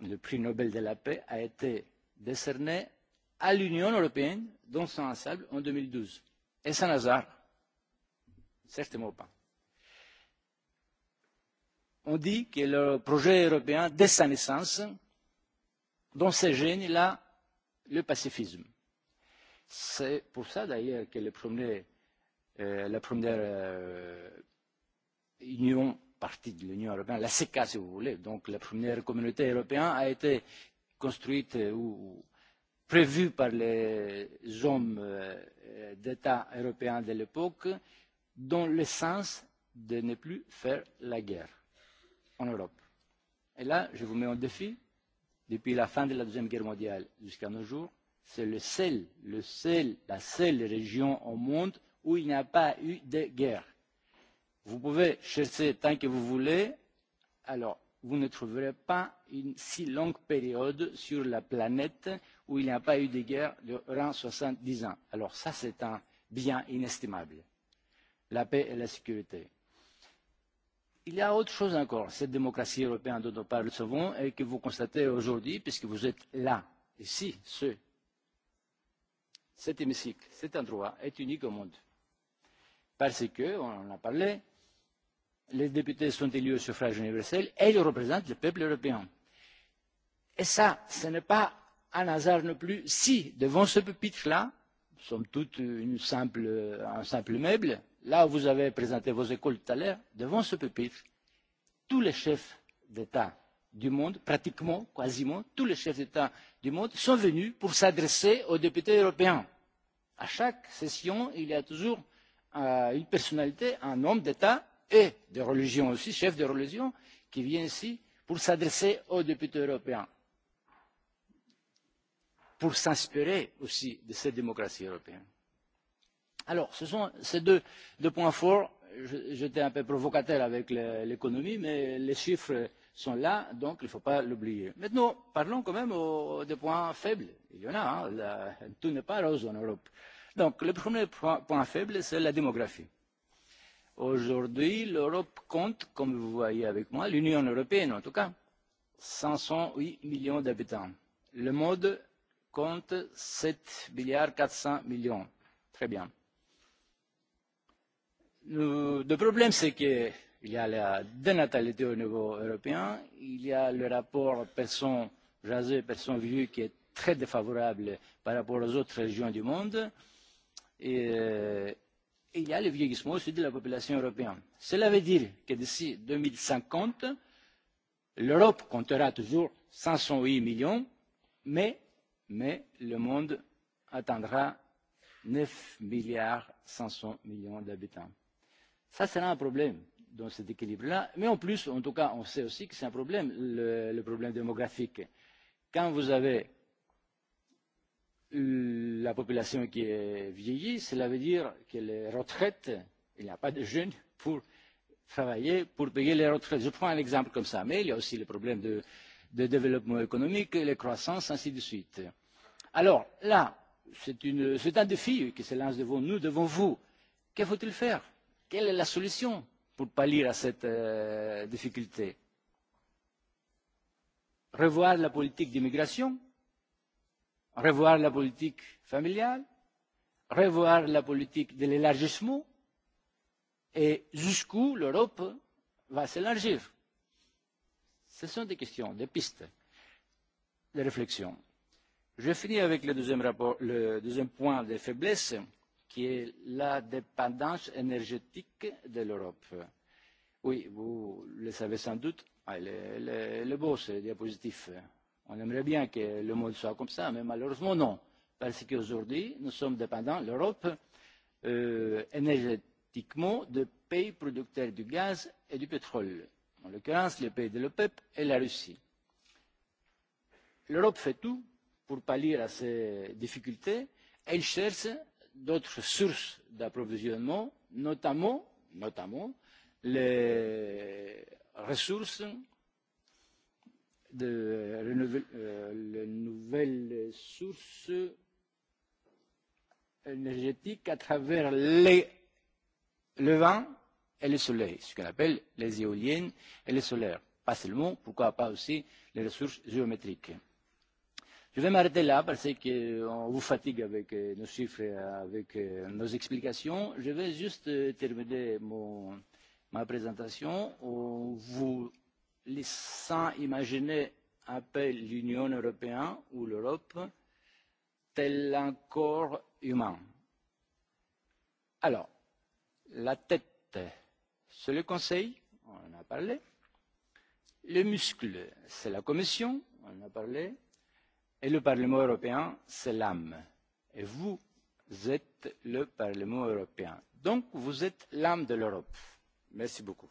le prix Nobel de la paix, a été décerné à l'Union européenne dans son ensemble en 2012. Et c'est un hasard Certainement pas on dit que le projet européen, dès sa naissance, dans ses gènes, il a le pacifisme. C'est pour ça d'ailleurs que le premier, euh, la première euh, union, partie de l'Union européenne, la CECA si vous voulez, donc la première communauté européenne a été construite euh, ou prévue par les hommes euh, d'État européens de l'époque dans le sens de ne plus faire la guerre en Europe. Et là, je vous mets en défi, depuis la fin de la Deuxième Guerre mondiale jusqu'à nos jours, c'est le seul, le seul, la seule région au monde où il n'y a pas eu de guerre. Vous pouvez chercher tant que vous voulez, alors vous ne trouverez pas une si longue période sur la planète où il n'y a pas eu de guerre durant 70 ans. Alors ça, c'est un bien inestimable, la paix et la sécurité Il y a autre chose encore. Cette démocratie européenne dont nous parlons et que vous constatez aujourd'hui, puisque vous êtes là, ici, ce, cet hémicycle, cet endroit est unique au monde. Parce que, on en a parlé, les députés sont élus au suffrage universel et ils représentent le peuple européen. Et ça, ce n'est pas un hasard non plus si, devant ce pupitre-là, nous sommes tous une simple, un simple meuble, là où vous avez présenté vos écoles tout à l'heure, devant ce pupitre, tous les chefs d'État du monde, pratiquement, quasiment, tous les chefs d'État du monde sont venus pour s'adresser aux députés européens. À chaque session, il y a toujours euh, une personnalité, un homme d'État et de religion aussi, chef de religion, qui vient ici pour s'adresser aux députés européens, pour s'inspirer aussi de cette démocratie européenne. Alors, ce sont ces deux, deux points forts. J'étais un peu provocateur avec l'économie, mais les chiffres sont là, donc il ne faut pas l'oublier. Maintenant, parlons quand même aux, des points faibles. Il y en a, hein, la, tout n'est pas rose en Europe. Donc, le premier point, point faible, c'est la démographie. Aujourd'hui, l'Europe compte, comme vous voyez avec moi, l'Union européenne en tout cas, 508 millions d'habitants. Le monde compte 7 milliards 400 millions. Très bien Le, problème, c'est qu'il y a la dénatalité au niveau européen, il y a le rapport personnes âgées personnes vieilles qui est très défavorable par rapport aux autres régions du monde, et, et euh, il y a le vieillissement aussi de la population européenne. Cela veut dire que d'ici 2050, l'Europe comptera toujours 508 millions, mais, mais le monde atteindra 9 milliards 500 millions d'habitants Ça, c'est un problème dans cet équilibre-là. Mais en plus, en tout cas, on sait aussi que c'est un problème, le, le problème démographique. Quand vous avez la population qui est vieillie, cela veut dire que les retraites, il n'y a pas de jeunes pour travailler, pour payer les retraites. Je prends un exemple comme ça, mais il y a aussi le problème de, de développement économique, les croissances, ainsi de suite. Alors là, c'est un défi qui se lance devant nous, devant vous. Que faut-il faire quelle est la solution pour pallier à cette euh, difficulté Revoir la politique d'immigration Revoir la politique familiale Revoir la politique de l'élargissement Et jusqu'où l'Europe va s'élargir Ce sont des questions, des pistes de réflexion. Je finis avec le deuxième, rapport, le deuxième point de faiblesse qui est la dépendance énergétique de l'Europe. Oui, vous le savez sans doute, ah, le, le, le beau c'est le diapositif. On aimerait bien que le monde soit comme ça, mais malheureusement non, parce qu'aujourd'hui, nous sommes dépendants, l'Europe, euh, énergétiquement, de pays producteurs du gaz et du pétrole, en l'occurrence les pays de l'OPEP e et la Russie. L'Europe fait tout pour pallier à ces difficultés. Elle cherche d'autres sources d'approvisionnement, notamment, notamment les ressources de euh, les nouvelles sources énergétiques à travers les, le vent et le soleil, ce qu'on appelle les éoliennes et les solaires. Pas seulement, pourquoi pas aussi les ressources géométriques. Je vais m'arrêter là parce qu'on euh, vous fatigue avec euh, nos chiffres et euh, avec nos explications. Je vais juste terminer mon, ma présentation en vous laissant imaginer un peu l'Union européenne ou l'Europe tel un corps humain. Alors, la tête, c'est le Conseil, on en a parlé. Le muscle, c'est la Commission, on en a parlé Et le Parlement européen, c'est l'âme. Et vous êtes le Parlement européen. Donc, vous êtes l'âme de l'Europe. Merci beaucoup.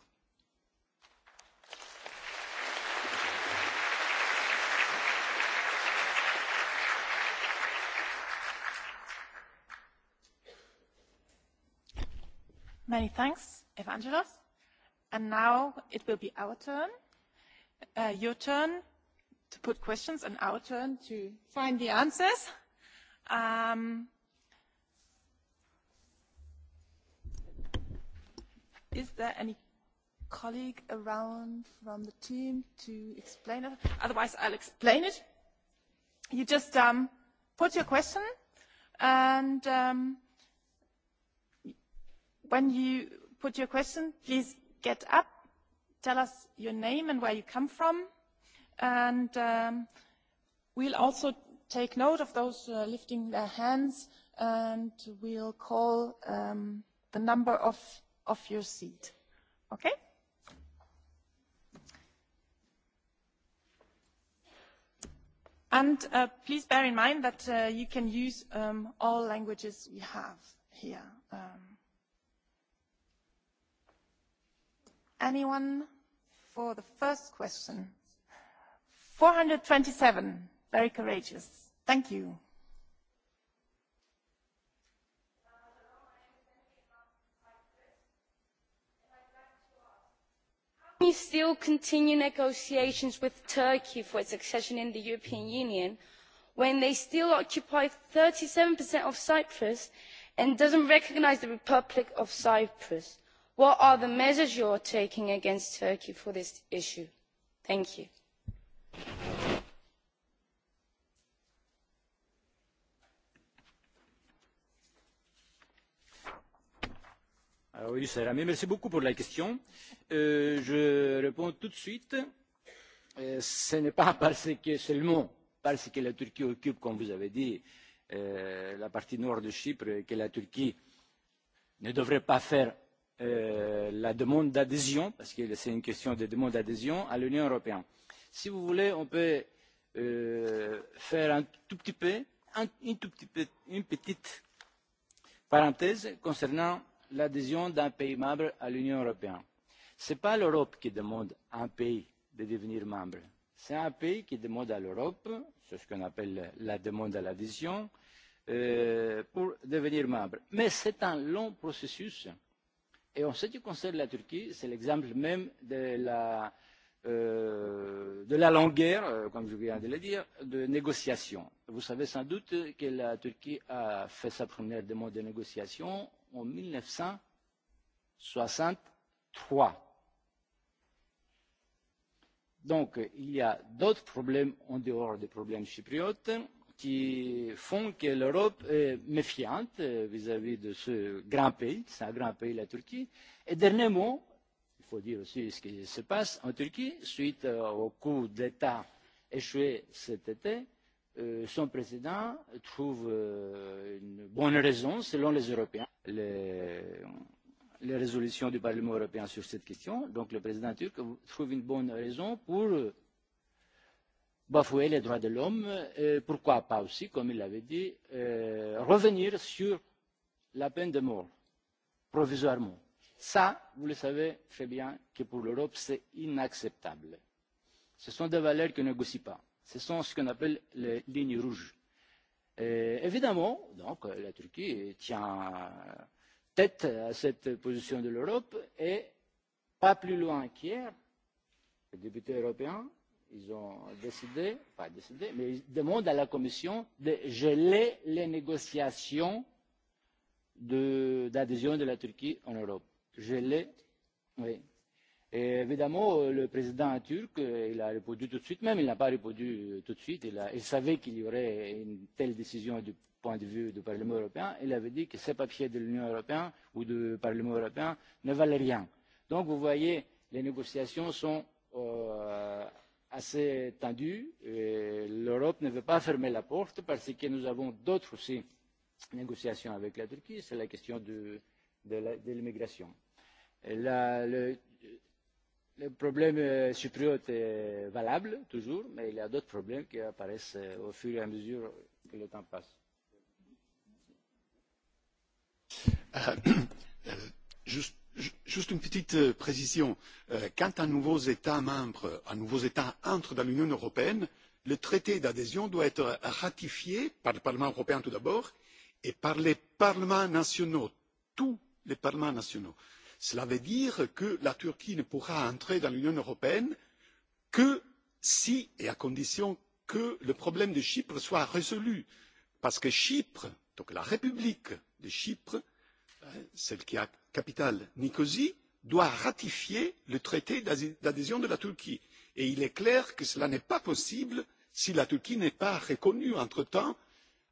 Many thanks, Evangelos. And now it will be our turn, uh, your turn to put questions and our turn to find the answers. Um, is there any colleague around from the team to explain it? Otherwise, I'll explain it. You just um, put your question, and um, when you put your question, please get up, tell us your name and where you come from And um, we'll also take note of those uh, lifting their hands and we'll call um, the number of, of your seat. Okay? And uh, please bear in mind that uh, you can use um, all languages we have here. Um, anyone for the first question? 427. Very courageous. Thank you. Can you still continue negotiations with Turkey for its accession in the European Union when they still occupy 37% of Cyprus and doesn't recognize the Republic of Cyprus? What are the measures you are taking against Turkey for this issue? Thank you. Ah oui, c'est Rami. Merci beaucoup pour la question. Euh, je réponds tout de suite. Euh, ce n'est pas parce que seulement parce que la Turquie occupe, comme vous avez dit, euh, la partie nord de Chypre que la Turquie ne devrait pas faire euh, la demande d'adhésion, parce que c'est une question de demande d'adhésion à l'Union européenne. Si vous voulez, on peut euh, faire un tout petit peu, un, une, tout petit peu, une petite parenthèse concernant l'adhésion d'un pays membre à l'Union européenne. Ce n'est pas l'Europe qui demande à un pays de devenir membre. C'est un pays qui demande à l'Europe, c'est ce qu'on appelle la demande à l'adhésion, euh, pour devenir membre. Mais c'est un long processus. Et en ce qui concerne la Turquie, c'est l'exemple même de la, euh, de la longueur, euh, comme je viens de le dire, de négociation. Vous savez sans doute que la Turquie a fait sa première demande de négociation en 1963. Donc, il y a d'autres problèmes en dehors des problèmes chypriotes qui font que l'Europe est méfiante vis-à-vis -vis de ce grand pays, c'est un grand pays, la Turquie. Et dernier mot, il faut dire aussi ce qui se passe en Turquie, suite au coup d'État échoué cet été, Euh, son président trouve euh, une bonne raison, selon les Européens, les, les résolutions du Parlement européen sur cette question. Donc le président turc trouve une bonne raison pour euh, bafouer les droits de l'homme. Pourquoi pas aussi, comme il l'avait dit, euh, revenir sur la peine de mort, provisoirement. Ça, vous le savez très bien que pour l'Europe, c'est inacceptable. Ce sont des valeurs qui ne négocient pas Ce sont ce qu'on appelle les lignes rouges. Et évidemment, donc, la Turquie tient tête à cette position de l'Europe et pas plus loin qu'hier, les députés européens, ils ont décidé, pas décidé, mais ils demandent à la Commission de geler les négociations d'adhésion de, de la Turquie en Europe. Geler, oui, Et euh, évidemment, euh, le président turc, euh, il a répondu tout de suite, même il n'a pas répondu tout de suite, il, a, il savait qu'il y aurait une telle décision du point de vue du Parlement européen, il avait dit que ces papiers de l'Union européenne ou du Parlement européen ne valaient rien. Donc vous voyez, les négociations sont euh, assez tendues. L'Europe ne veut pas fermer la porte parce que nous avons d'autres aussi négociations avec la Turquie, c'est la question de, de l'immigration. La, le, le problème euh, chypriote est valable toujours, mais il y a d'autres problèmes qui apparaissent euh, au fur et à mesure que le temps passe. Euh, juste, juste une petite précision. Quand un nouveau État membre, un nouveau État entre dans l'Union européenne, le traité d'adhésion doit être ratifié par le Parlement européen tout d'abord et par les parlements nationaux, tous les parlements nationaux. Euh, cela veut dire que la turquie ne pourra entrer dans l'union européenne que si et à condition que le problème de chypre soit résolu parce que chypre donc la république de chypre celle qui a pour capitale nicosie doit ratifier le traité d'adhésion de la turquie et il est clair que cela n'est pas possible si la turquie n'a pas reconnu entre temps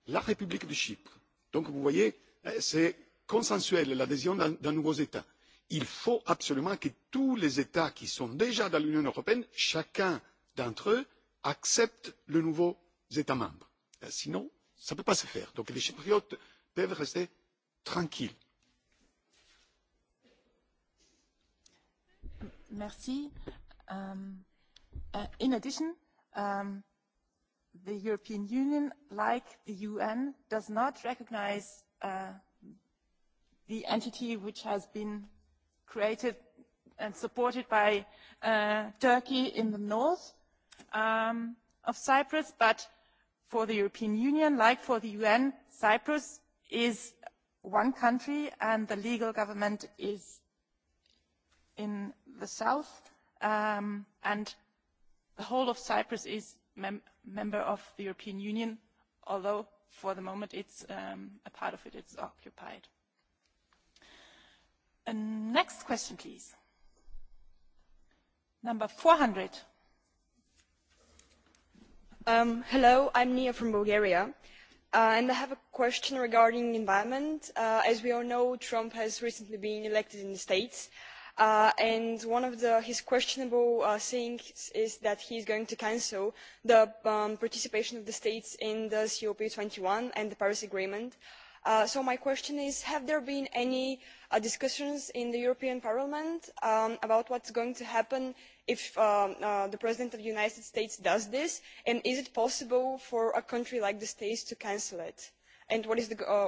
la république de chypre. donc vous voyez c'est consensuel l'adhésion d'un nouveau état il faut absolument que tous les États qui sont déjà dans l'Union européenne, chacun d'entre eux, acceptent les nouveaux états membres euh, Sinon, cela ne peut pas se faire. Donc les Chypriotes peuvent rester tranquilles. en Um, uh, in addition, um, the European Union, like the UN, created and supported by uh, Turkey in the north um, of Cyprus, but for the European Union, like for the UN, Cyprus is one country and the legal government is in the south um, and the whole of Cyprus is mem member of the European Union, although for the moment it's um, a part of it is occupied next question, please. Number 400. Um, hello, I'm Nia from Bulgaria. Uh, and I have a question regarding the environment. Uh, as we all know, Trump has recently been elected in the States. Uh, and one of his questionable things is that he is going to cancel the um, participation of the states in the COP21 and the Paris Agreement. Uh, so my question is have there been any uh, discussions in the european parliament um, about what is going to happen if um, uh, the president of the united states does this and is it possible for a country like the states to cancel it and what is,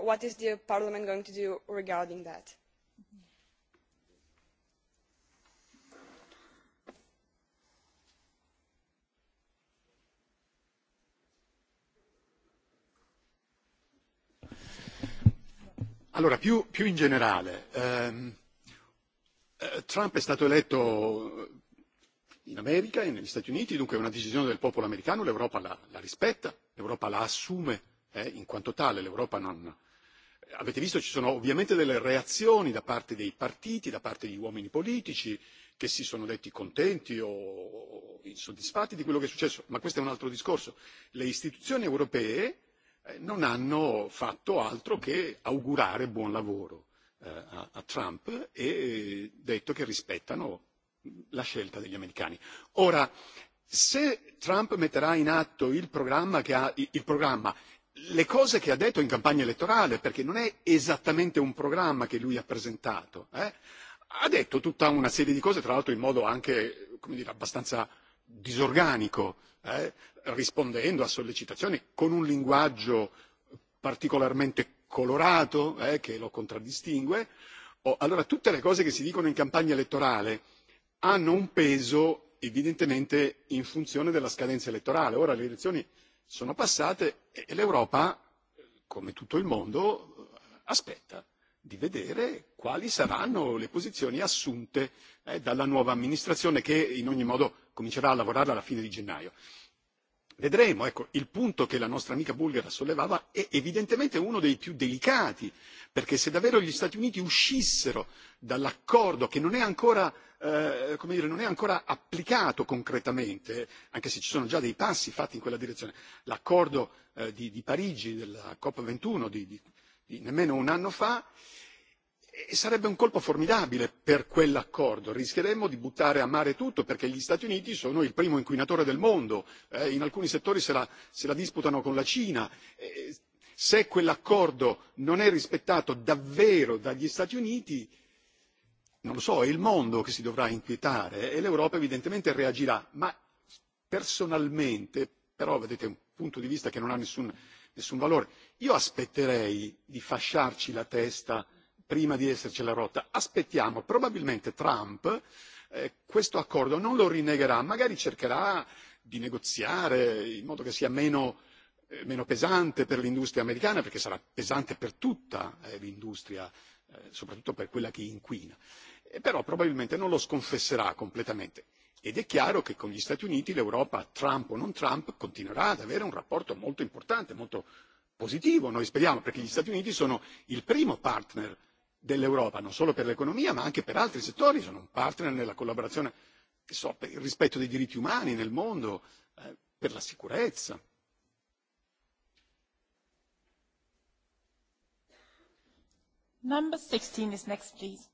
what is the parliament going to do regarding that? Allora, più, più in generale, ehm, eh, Trump è stato eletto in America e negli Stati Uniti, dunque è una decisione del popolo americano, l'Europa la, la rispetta, l'Europa la assume eh, in quanto tale, l'Europa non... Eh, avete visto ci sono ovviamente delle reazioni da parte dei partiti, da parte di uomini politici che si sono detti contenti o insoddisfatti di quello che è successo, ma questo è un altro discorso. Le istituzioni europee Eh, non hanno fatto altro che augurare buon lavoro eh, a, a Trump e detto che rispettano la scelta degli americani. Ora, se Trump metterà in atto il programma che ha il programma le cose che ha detto in campagna elettorale, perché non è esattamente un programma che lui ha presentato, eh? ha detto tutta una serie di cose, tra l'altro in modo anche come dire, abbastanza disorganico, eh, rispondendo a sollecitazioni con un linguaggio particolarmente colorato eh, che lo contraddistingue. Oh, allora tutte le cose che si dicono in campagna elettorale hanno un peso evidentemente in funzione della scadenza elettorale. Ora le elezioni sono passate e l'Europa, come tutto il mondo, aspetta di vedere quali saranno le posizioni assunte eh, dalla nuova amministrazione che in ogni modo comincerà a lavorare alla fine di gennaio. Vedremo, ecco, il punto che la nostra amica bulgara sollevava è evidentemente uno dei più delicati, perché se davvero gli Stati Uniti uscissero dall'accordo che non è ancora eh, come dire, non è ancora applicato concretamente, anche se ci sono già dei passi fatti in quella direzione, l'accordo eh, di, di Parigi, della COP21 di, di, nemmeno un anno fa e sarebbe un colpo formidabile per quell'accordo rischieremmo di buttare a mare tutto perché gli stati uniti sono il primo inquinatore del mondo eh, in alcuni settori se la, se la disputano con la cina eh, se quell'accordo non è rispettato davvero dagli stati uniti non lo so è il mondo che si dovrà inquietare e l'europa evidentemente reagirà ma personalmente però vedete è un punto di vista che non ha nessun nessun valore. Io aspetterei di fasciarci la testa prima di essercela rotta. Aspettiamo, probabilmente Trump eh, questo accordo non lo rinnegherà, magari cercherà di negoziare in modo che sia meno, eh, meno pesante per l'industria americana, perché sarà pesante per tutta eh, l'industria, eh, soprattutto per quella che inquina. Eh, però probabilmente non lo sconfesserà completamente. Ed è chiaro che con gli Stati Uniti l'Europa, Trump o non Trump, continuerà ad avere un rapporto molto importante, molto positivo, noi speriamo, perché gli Stati Uniti sono il primo partner dell'Europa, non solo per l'economia ma anche per altri settori, sono un partner nella collaborazione che so, per il rispetto dei diritti umani nel mondo, eh, per la sicurezza. Number 16 is next, please.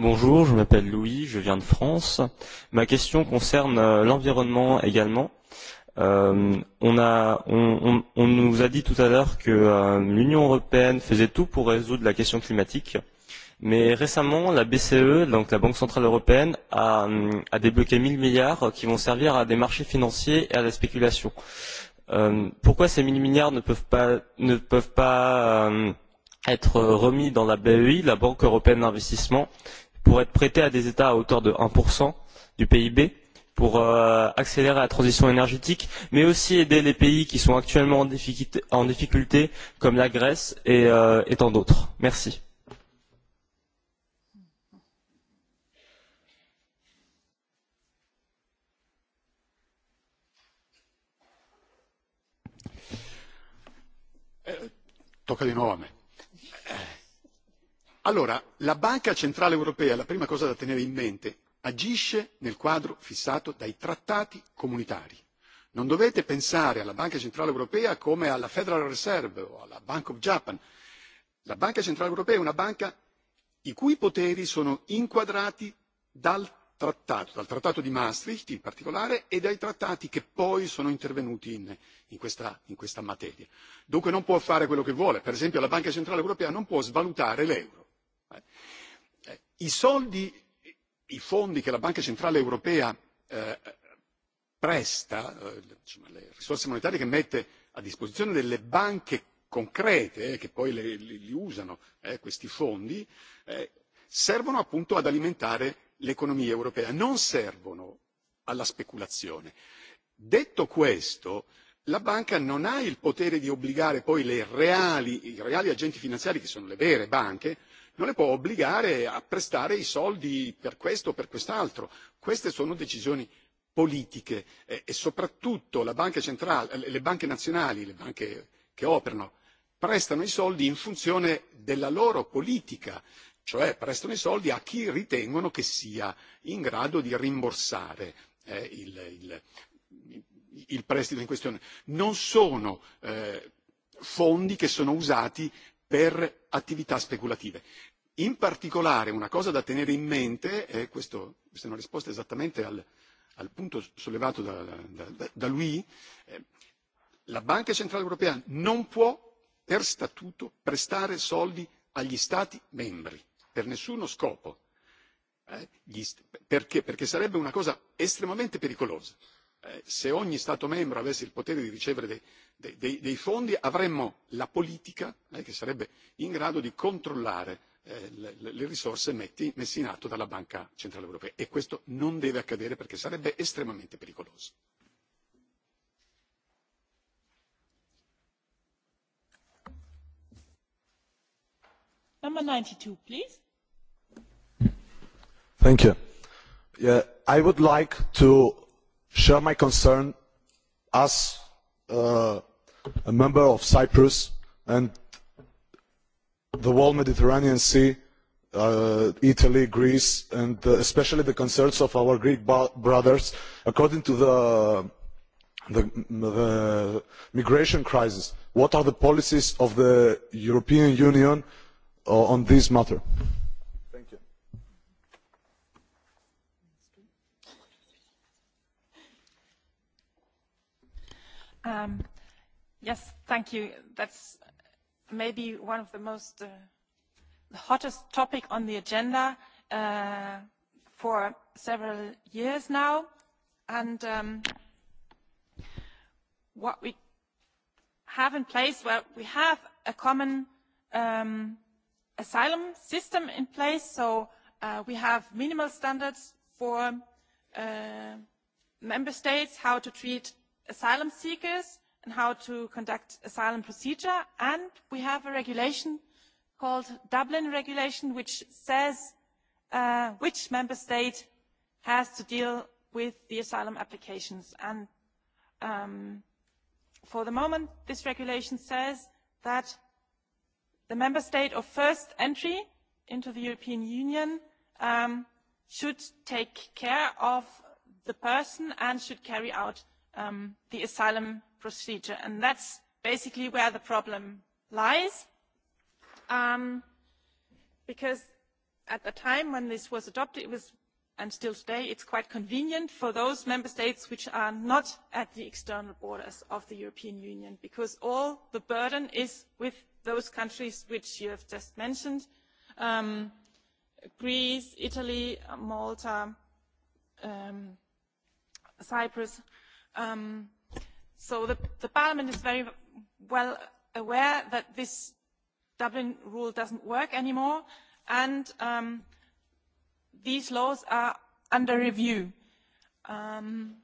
Bonjour, je m'appelle Louis, je viens de France. Ma question concerne euh, l'environnement également. Euh, on, a, on, on, on nous a dit tout à l'heure que euh, l'Union européenne faisait tout pour résoudre la question climatique, mais récemment, la BCE, donc la Banque centrale européenne, a, euh, a débloqué 1000 milliards qui vont servir à des marchés financiers et à la spéculation. Euh, pourquoi ces 1000 milliards ne peuvent pas, ne peuvent pas euh, être remis dans la BEI, la Banque européenne d'investissement, pour être prêtée à des États à hauteur de 1% du PIB pour euh, accélérer la transition énergétique, mais aussi aider les pays qui sont actuellement en difficulté, en difficulté comme la Grèce et, euh, et tant d'autres. Merci. Eh, toca di nuovo a me. Allora, la Banca Centrale Europea, la prima cosa da tenere in mente, agisce nel quadro fissato dai trattati comunitari. Non dovete pensare alla Banca Centrale Europea come alla Federal Reserve o alla Bank of Japan. La Banca Centrale Europea è una banca i cui poteri sono inquadrati dal trattato, dal trattato di Maastricht in particolare e dai trattati che poi sono intervenuti in, in, questa, in questa materia. Dunque non può fare quello che vuole. Per esempio la Banca Centrale Europea non può svalutare l'euro Eh, I soldi, i fondi che la Banca Centrale Europea eh, presta, eh, diciamo, le risorse monetarie che mette a disposizione delle banche concrete eh, che poi le, li, li usano eh, questi fondi, eh, servono appunto ad alimentare l'economia europea, non servono alla speculazione. Detto questo, la banca non ha il potere di obbligare poi le reali, i reali agenti finanziari, che sono le vere banche, non le può obbligare a prestare i soldi per questo o per quest'altro. Queste sono decisioni politiche eh, e, soprattutto la banca centrale, le banche nazionali, le banche che operano, prestano i soldi in funzione della loro politica, cioè prestano i soldi a chi ritengono che sia in grado di rimborsare eh, il, il, il prestito in questione. Non sono eh, fondi che sono usati per attività speculative. In particolare una cosa da tenere in mente, e questo, questa è una risposta esattamente al, al punto sollevato da, da, da, da lui, eh, la Banca Centrale Europea non può per statuto prestare soldi agli Stati membri, per nessuno scopo. Eh, gli, perché? Perché sarebbe una cosa estremamente pericolosa. Eh, se ogni Stato membro avesse il potere di ricevere dei, dei, dei, dei fondi, avremmo la politica eh, che sarebbe in grado di controllare eh, le, le risorse metti, messe in atto dalla Banca Centrale Europea. E questo non deve accadere perché sarebbe estremamente pericoloso. Number 92, please. Thank you. Yeah, I would like to share my concern as uh, a member of Cyprus and the whole Mediterranean Sea, uh, Italy, Greece, and uh, especially the concerns of our Greek brothers according to the, the, the, migration crisis. What are the policies of the European Union uh, on this matter? Um, yes, thank you. That's maybe one of the most uh, the hottest topic on the agenda uh, for several years now. And um, what we have in place, well, we have a common um, asylum system in place, so uh, we have minimal standards for member states, how to treat asylum seekers and how to conduct asylum procedure. And we have a regulation called Dublin Regulation, which says uh, which member state has to deal with the asylum applications. And um, for the moment, this regulation says that the member state of first entry into the European Union um, should take care of the person and should carry out Um, the asylum procedure. And that's basically where the problem lies. Um, because at the time when this was adopted, it was, and still today, it's quite convenient for those member states which are not at the external borders of the European Union, because all the burden is with those countries which you have just mentioned, um, Greece, Italy, Malta, um, Cyprus. Um, so the, the Parliament is very well aware that this Dublin rule doesn't work anymore, and um, these laws are under review. Um,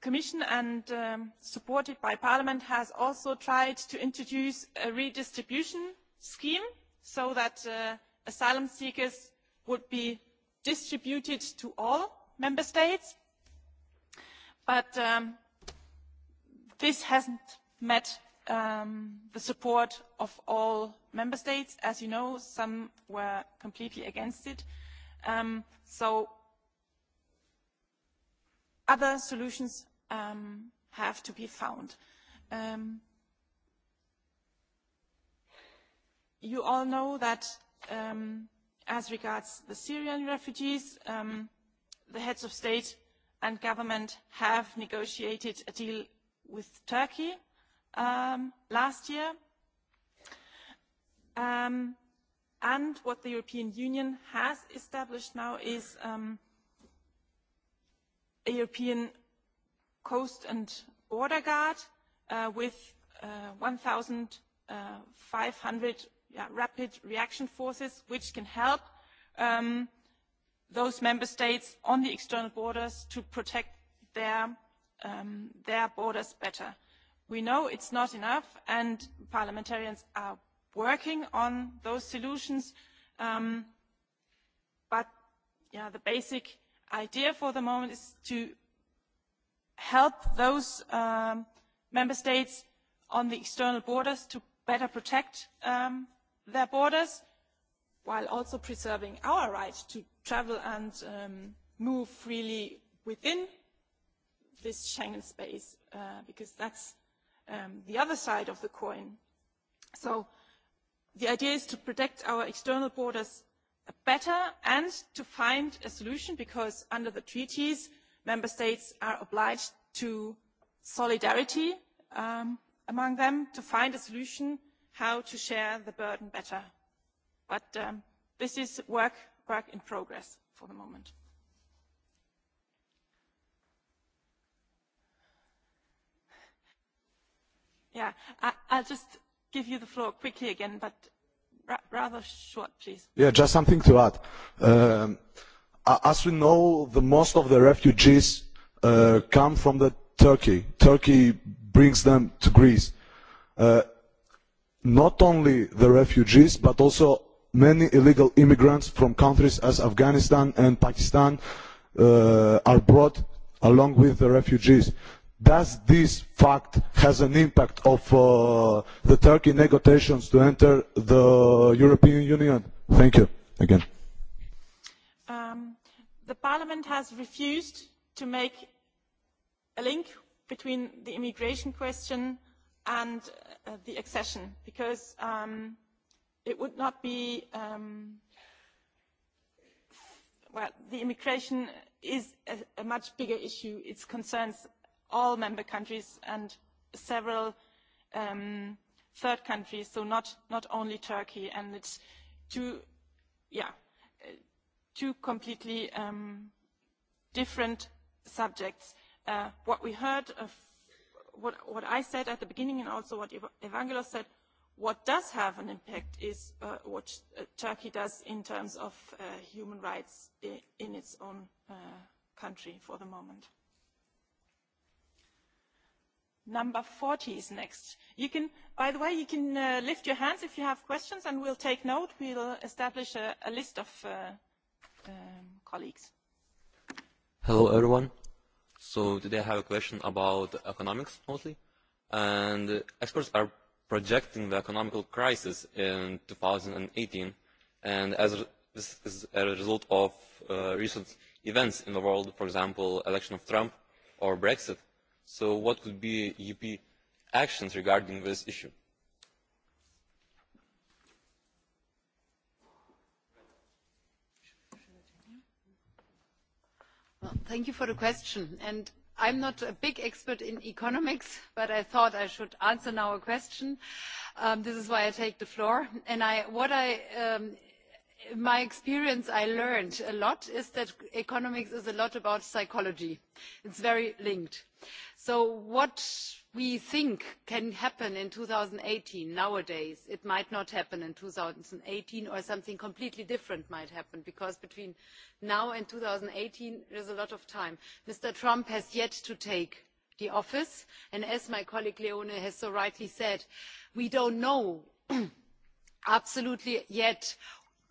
Commission and um, supported by Parliament has also tried to introduce a redistribution scheme so that uh, asylum seekers would be distributed to all member states but um, this hasn't met um, the support of all member states. As you know, some were completely against it. Um, so other solutions um, have to be found. Um, you all know that um, as regards the Syrian refugees, um, the heads of state and government have negotiated a deal with Turkey um, last year. Um, and what the European Union has established now is um, a European Coast and Border Guard uh, with uh, 1,500 uh, yeah, rapid reaction forces, which can help um, – those member states on the external borders to protect um, their, borders better. We know it's not enough, and parliamentarians are working on those solutions. Um, but the basic idea for the moment is to help those um, member states on the external borders to better protect their borders while also preserving our right to travel and um, move freely within this Schengen space, uh, because that's um, the other side of the coin. So the idea is to protect our external borders better and to find a solution because under the treaties, member states are obliged to solidarity um, among them to find a solution how to share the burden better. But um, this is work, work in progress for the moment. Yeah, I, I'll just give you the floor quickly again, but ra rather short, please. Yeah, just something to add. Um, as we know, the most of the refugees uh, come from the Turkey. Turkey brings them to Greece. Uh, not only the refugees, but also many illegal immigrants from countries as Afghanistan and Pakistan uh, are brought along with the refugees. Does this fact has an impact of uh, the Turkey negotiations to enter the European Union? Thank you again. Um, the Parliament has refused to make a link between the immigration question and uh, the accession because um, it would not be um, well the immigration is a, a much bigger issue it concerns all member countries and several um, third countries so not not only turkey and it's two yeah two completely um, different subjects uh, what we heard of what, what I said at the beginning and also what Evangelos said What does have an impact is uh, what uh, Turkey does in terms of uh, human rights I in its own uh, country for the moment. Number 40 is next. You can, by the way, you can uh, lift your hands if you have questions and we'll take note. We'll establish a, a list of uh, um, colleagues. Hello, everyone. So today I have a question about economics mostly. And experts are projecting the economic crisis in 2018, and as this is a result of uh, recent events in the world, for example, election of Trump or Brexit. So what could be EP actions regarding this issue? Well, thank you for the question. And I'm not a big expert in economics, but I thought I should answer now a question. Um, this is why I take the floor. And I, what I, um, my experience I learned a lot is that economics is a lot about psychology. It's very linked. So what we think can happen in two thousand and eighteen nowadays, it might not happen in two thousand and eighteen or something completely different might happen because between now and two thousand and eighteen there is a lot of time. Mr. Trump has yet to take office and as my colleague Leone has so rightly said, we do not know absolutely yet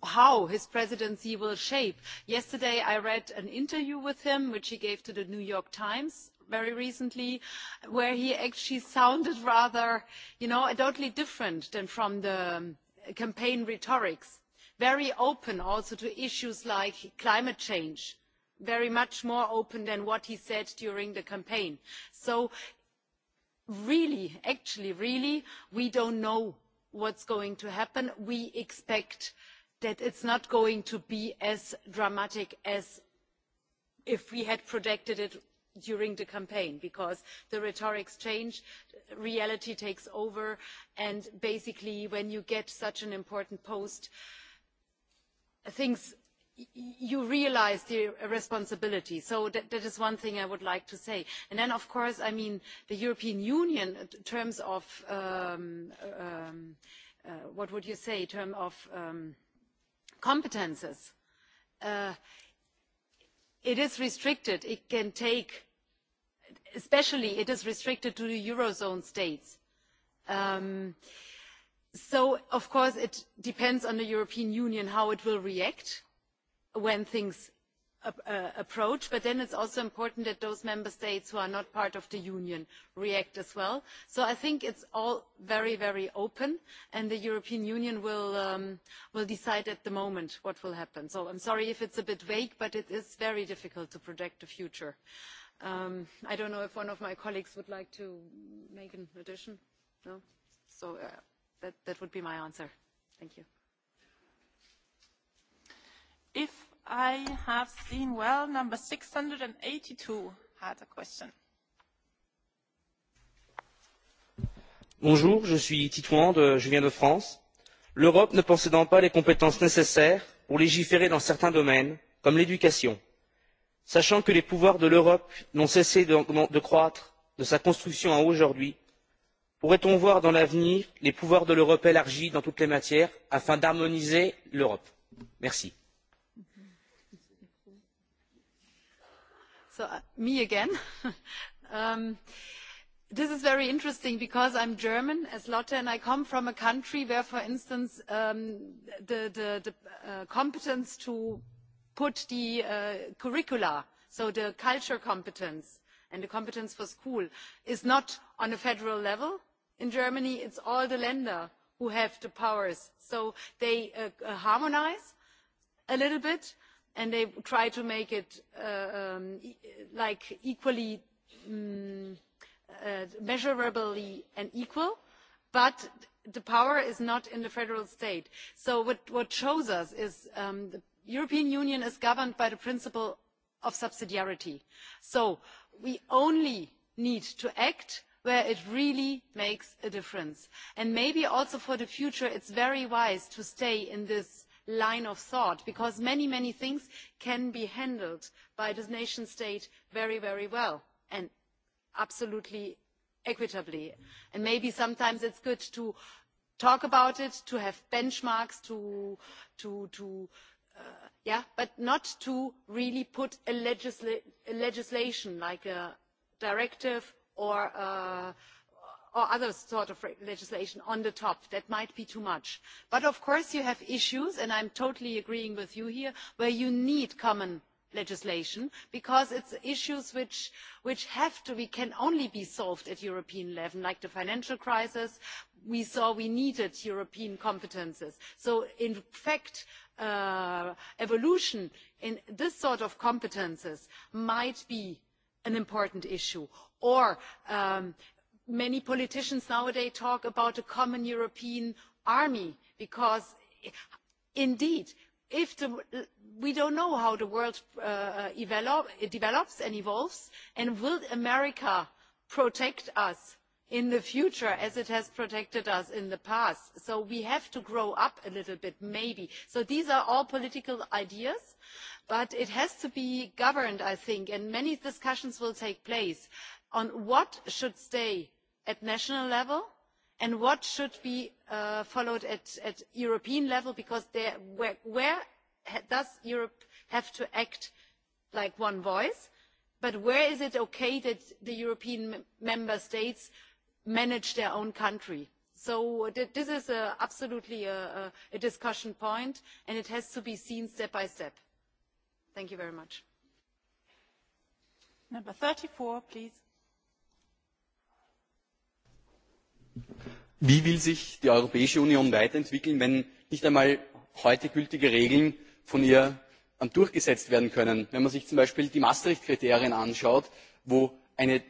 how his presidency will shape. Yesterday I read an interview with him which he gave to the New York Times very recently, where he actually sounded rather, you know, totally different than from the um, campaign rhetorics. Very open also to issues like climate change, very much more open than what he said during the campaign. So really, actually, really, we don't know what's going to happen. We expect that it's not going to be as dramatic as if we had projected it during the campaign because the rhetorics change, reality takes over, and basically when you get such an important post, things you realise the responsibility. So that, that is one thing I would like to say. And then, of course, I mean, the European Union, in terms of, um, um, uh, what would you say, in terms of um, competences, uh, it is restricted. It can take, especially it is restricted to the Eurozone states. Um, so, of course, it depends on the European Union how it will react when things Uh, approach but then it's also important that those member states who are not part of the union react as well so i think it's all very very open and the european union will um, will decide at the moment what will happen so i'm sorry if it's a bit vague but it is very difficult to project the future um, i don't know if one of my colleagues would like to make an addition no so uh, that that would be my answer thank you if i have seen well. Number 682 had a question. Bonjour, je suis Titouan, de, je viens de France. L'Europe ne possédant pas les compétences nécessaires pour légiférer dans certains domaines, comme l'éducation, sachant que les pouvoirs de l'Europe n'ont cessé de, de croître de sa construction à aujourd'hui, pourrait on voir dans l'avenir les pouvoirs de l'europe élargis dans toutes les matières afin d'harmoniser l'europe? merci. so uh, me again. um, this is very interesting because I'm German, as Lotte, and I come from a country where, for instance, um, the, the, the uh, competence to put the uh, curricula, so the culture competence and the competence for school, is not on a federal level. In Germany, it's all the lender who have the powers. So they uh, uh harmonize a little bit, and they try to make it uh, um, e like equally um, uh, measurably and equal but the power is not in the federal state. so what, what shows us is um, the european union is governed by the principle of subsidiarity. so we only need to act where it really makes a difference. and maybe also for the future it's very wise to stay in this line of thought because many, many things can be handled by the nation state very, very well and absolutely equitably. And maybe sometimes it's good to talk about it, to have benchmarks, to, to, to uh, yeah, but not to really put a, legisla a legislation like a directive or a, uh, or other sort of legislation on the top. That might be too much. But of course you have issues, and I'm totally agreeing with you here, where you need common legislation because it's issues which, which have to be, can only be solved at European level, like the financial crisis. We saw we needed European competences. So in fact, uh, evolution in this sort of competences might be an important issue or um, many politicians nowadays talk about a common European army because indeed we don't know how the world uh, develops and evolves and will America protect us in the future as it has protected us in the past. So we have to grow up a little bit, maybe. So these are all political ideas, but it has to be governed, I think, and many discussions will take place on what should stay at national level and what should be uh, followed at, European level because where, does Europe have to act like one voice? But where is it okay that the European member states manage their own country? So this is absolutely a, discussion point and it has to be seen step by step. Thank you very much. Number 34, please. Wie will sich die Europäische Union weiterentwickeln, wenn nicht einmal heute gültige Regeln von ihr ähm, durchgesetzt werden können? Wenn man sich zum Beispiel die Maastricht-Kriterien anschaut, wo eine,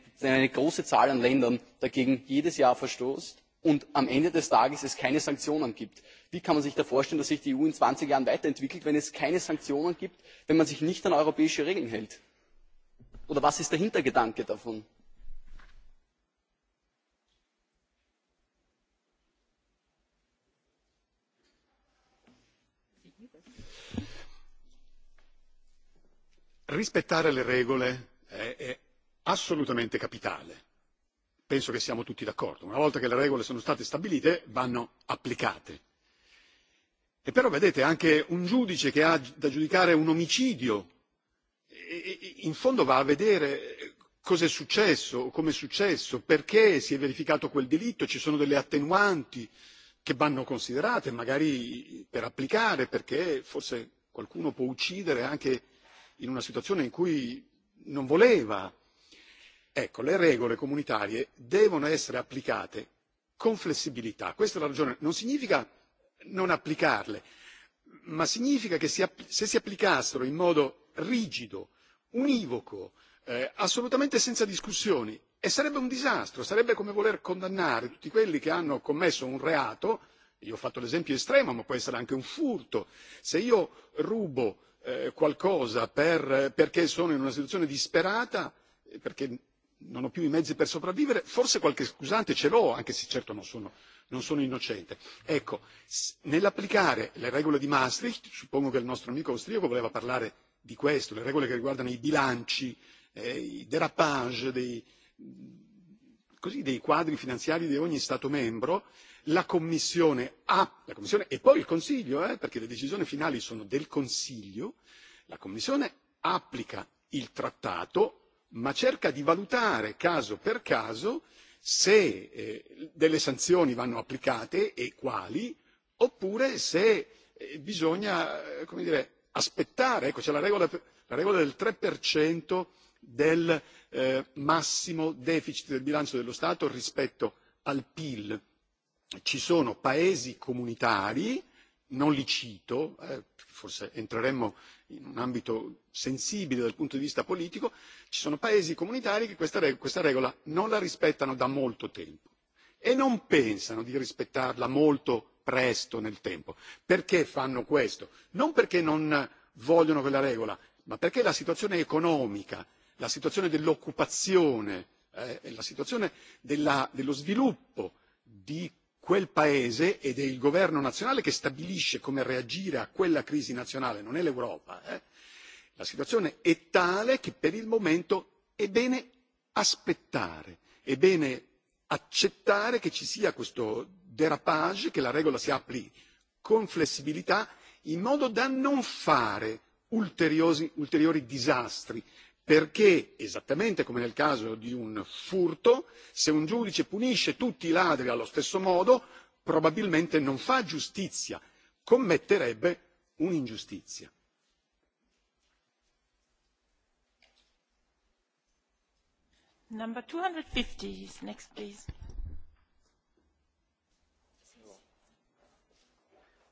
große Zahl an Ländern dagegen jedes Jahr verstoßt und es am Ende des Tages keine Sanktionen gibt. Wie kann man sich da vorstellen, dass sich die EU in zwanzig Jahren weiterentwickelt, wenn es keine Sanktionen gibt, wenn man sich nicht an europäische Regeln hält? Oder was ist der Hintergedanke davon? rispettare le regole è, è assolutamente capitale. Penso che siamo tutti d'accordo. Una volta che le regole sono state stabilite, vanno applicate. E però vedete, anche un giudice che ha da giudicare un omicidio, in fondo va a vedere cosa è successo, come è successo, perché si è verificato quel delitto, ci sono delle attenuanti che vanno considerate, magari per applicare, perché forse qualcuno può uccidere anche in una situazione in cui non voleva. Ecco, le regole comunitarie devono essere applicate con flessibilità. Questa è la ragione. Non significa non applicarle, ma significa che si, se si applicassero in modo rigido, univoco, eh, assolutamente senza discussioni, e sarebbe un disastro, sarebbe come voler condannare tutti quelli che hanno commesso un reato, io ho fatto l'esempio estremo, ma può essere anche un furto, se io rubo Eh, qualcosa per, perché sono in una situazione disperata, perché non ho più i mezzi per sopravvivere, forse qualche scusante ce l'ho, anche se certo non sono, non sono innocente. Ecco, nell'applicare le regole di Maastricht, suppongo che il nostro amico austriaco voleva parlare di questo, le regole che riguardano i bilanci, eh, i derapage dei, così, dei quadri finanziari di ogni Stato membro, la Commissione, ha, la Commissione e poi il Consiglio, eh, perché le decisioni finali sono del Consiglio, la Commissione applica il trattato ma cerca di valutare caso per caso se eh, delle sanzioni vanno applicate e quali, oppure se eh, bisogna eh, come dire, aspettare, ecco c'è la regola, la regola del 3% del eh, massimo deficit del bilancio dello Stato rispetto al PIL ci sono paesi comunitari, non li cito, eh, forse entreremmo in un ambito sensibile dal punto di vista politico, ci sono paesi comunitari che questa, reg- questa regola non la rispettano da molto tempo e non pensano di rispettarla molto presto nel tempo. Perché fanno questo? Non perché non vogliono quella regola, ma perché la situazione economica, la situazione dell'occupazione, eh, e la situazione della, dello sviluppo di quel paese ed è il governo nazionale che stabilisce come reagire a quella crisi nazionale, non è l'Europa. Eh? La situazione è tale che per il momento è bene aspettare, è bene accettare che ci sia questo derapage, che la regola si applichi con flessibilità in modo da non fare ulteriori, ulteriori disastri perché esattamente come nel caso di un furto se un giudice punisce tutti i ladri allo stesso modo probabilmente non fa giustizia commetterebbe un'ingiustizia. Number 250 next, please.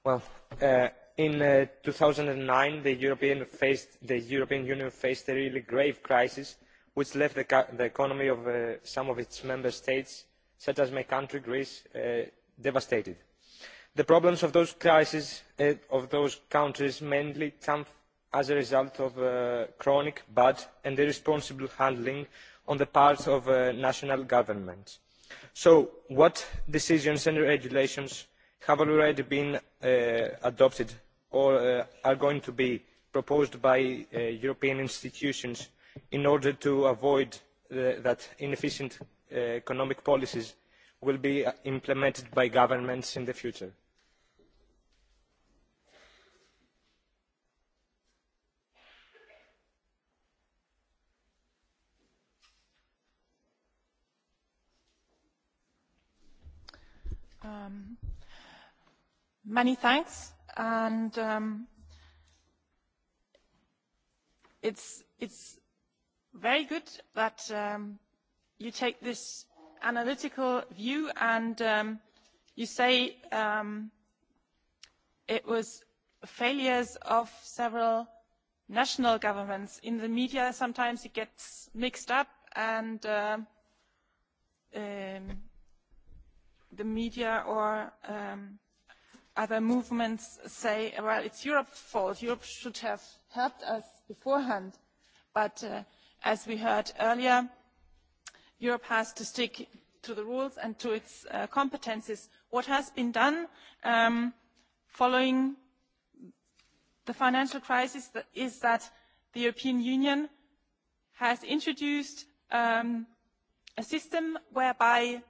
Well, uh, in uh, two thousand and nine the European, faced, the European Union faced a really grave crisis, which left the, economy of uh, some of its member states, such as my country, Greece, uh, devastated. The problems of those crises of those countries mainly come as a result of chronic, bad and irresponsible handling on the part of national governments. So, what decisions and regulations have already been adopted or, uh, are going to be proposed by uh, european institutions in order to avoid uh, that inefficient economic policies will be implemented by governments in the future. Um, many thanks and um, it's it's very good that um, you take this analytical view and um, you say um, it was failures of several national governments. In the media, sometimes it gets mixed up and. Uh, um, the media or um, other movements say, well, it's Europe's fault. Europe should have helped us beforehand. But uh, as we heard earlier, Europe has to stick to the rules and to its uh, competences. What has been done um, following the financial crisis is that the European Union has introduced um, a system whereby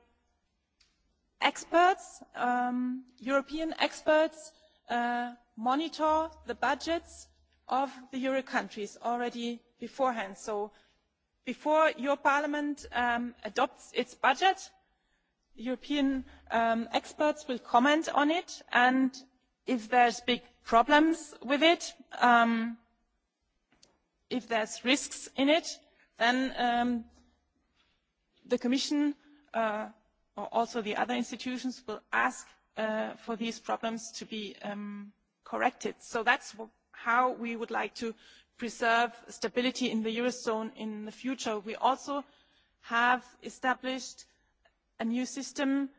experts, um, European experts, uh, monitor the budgets of the euro countries already beforehand. So before your parliament um, adopts its budget, European um, experts will comment on it and if there's big problems with it, um, if there's risks in it, then um, the Commission uh, or also the other institutions will ask uh, for these problems to be um, corrected. So that's how we would like to preserve stability in the Eurozone in the future. We also have established a new system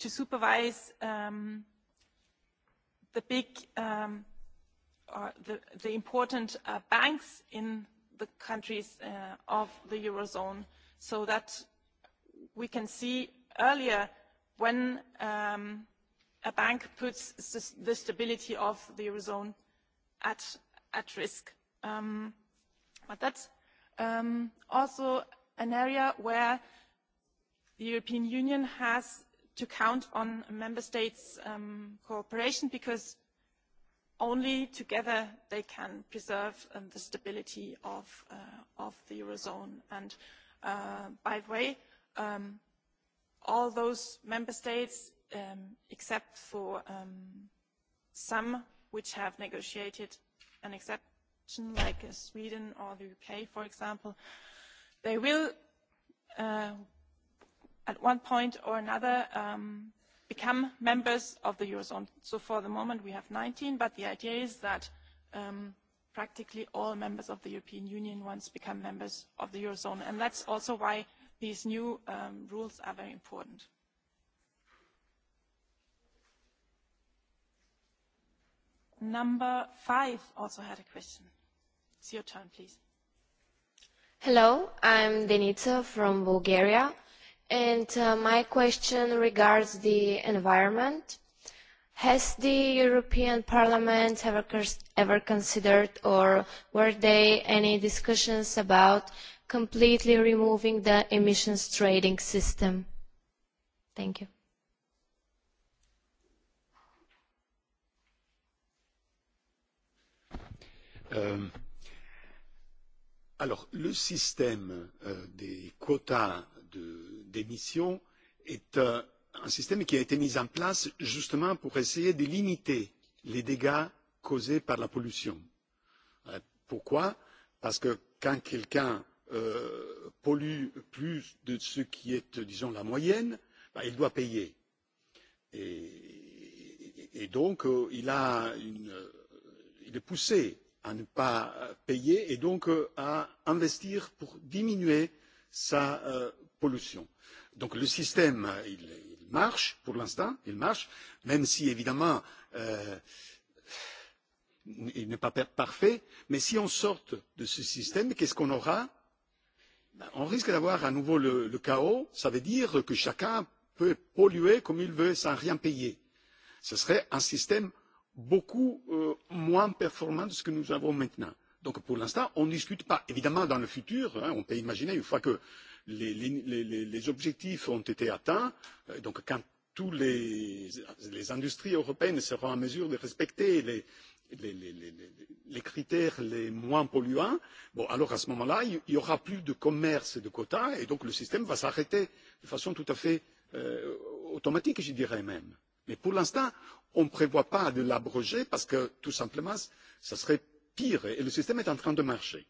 to supervise um, the big um, or the, the important uh, banks in the countries uh, of the Eurozone so that we can see earlier when um, a bank puts the stability of the eurozone at, at risk. Um, but that's um, also an area where the European Union has to count on member states' cooperation because only together they can preserve the stability uh, of, the eurozone. And uh, by the way, all those member states, um, except for um, some which have negotiated an exception, like uh, Sweden or the UK, for example, they will, uh, at one point or another, um, become members of the Eurozone. So for the moment we have 19, but the idea is that um, practically all members of the European Union once become members of the Eurozone. And that's also why these new um, rules are very important. Number five also had a question. It's your turn, please. Hello, I'm Denitsa from Bulgaria, and uh, my question regards the environment. Has the European Parliament ever, ever considered or were there any discussions about completely removing the emissions trading system? Thank you. Euh, alors, le système euh, des quotas d'émissions de, est euh, un système qui a été mis en place justement pour essayer de limiter les dégâts causés par la pollution. Euh, pourquoi Parce que quand quelqu'un Euh, pollue plus que ce qui est, disons, la moyenne, il doit payer. Et, donc, euh, euh, il, est poussé à ne pas payer et donc à investir pour diminuer sa pollution. Donc le système, marche pour l'instant, il marche, même si évidemment il n'est pas parfait, mais si on sort de ce système, qu'est-ce qu'on aura on risque d'avoir à nouveau le, le chaos. Ça veut dire que chacun peut polluer comme il veut sans rien payer. Ce serait un système beaucoup euh, moins performant de ce que nous avons maintenant. Donc pour l'instant, on ne discute pas. Évidemment, dans le futur, hein, on peut imaginer une fois que les, les, les, objectifs ont été atteints, euh, donc quand toutes les, les industries européennes seront en mesure de respecter les, les, les, les, critères les moins polluants, bon, alors à ce moment-là, il n'y aura plus de commerce de quotas, et donc le système va s'arrêter de façon tout à fait euh, automatique, je dirais même. Mais pour l'instant, on ne prévoit pas de l'abroger parce que tout simplement, ça serait pire, et le système est en train de marcher.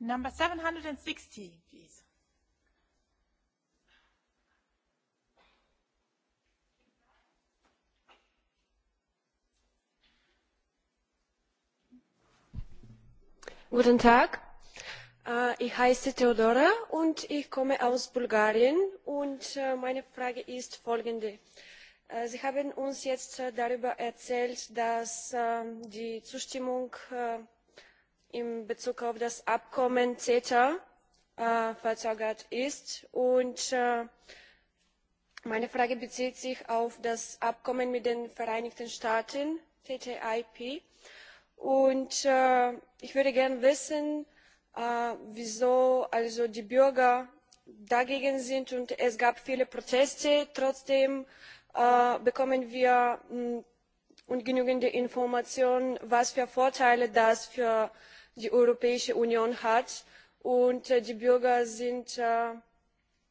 Number 760, please. Guten Tag. Äh, ich heiße Theodora und ich komme aus Bulgarien und äh, meine Frage ist folgende. Äh, Sie haben uns jetzt darüber erzählt, dass ähm, die Zustimmung in Bezug auf das Abkommen CETA verzögert ist und meine Frage bezieht sich auf das Abkommen mit den Vereinigten Staaten, TTIP Und äh, ich würde gerne wissen, äh, wieso also die Bürger dagegen sind. Und es gab viele Proteste. Trotzdem äh, bekommen wir mh, mm, ungenügende Informationen, was für Vorteile das für die Europäische Union hat. Und äh, die Bürger sind äh,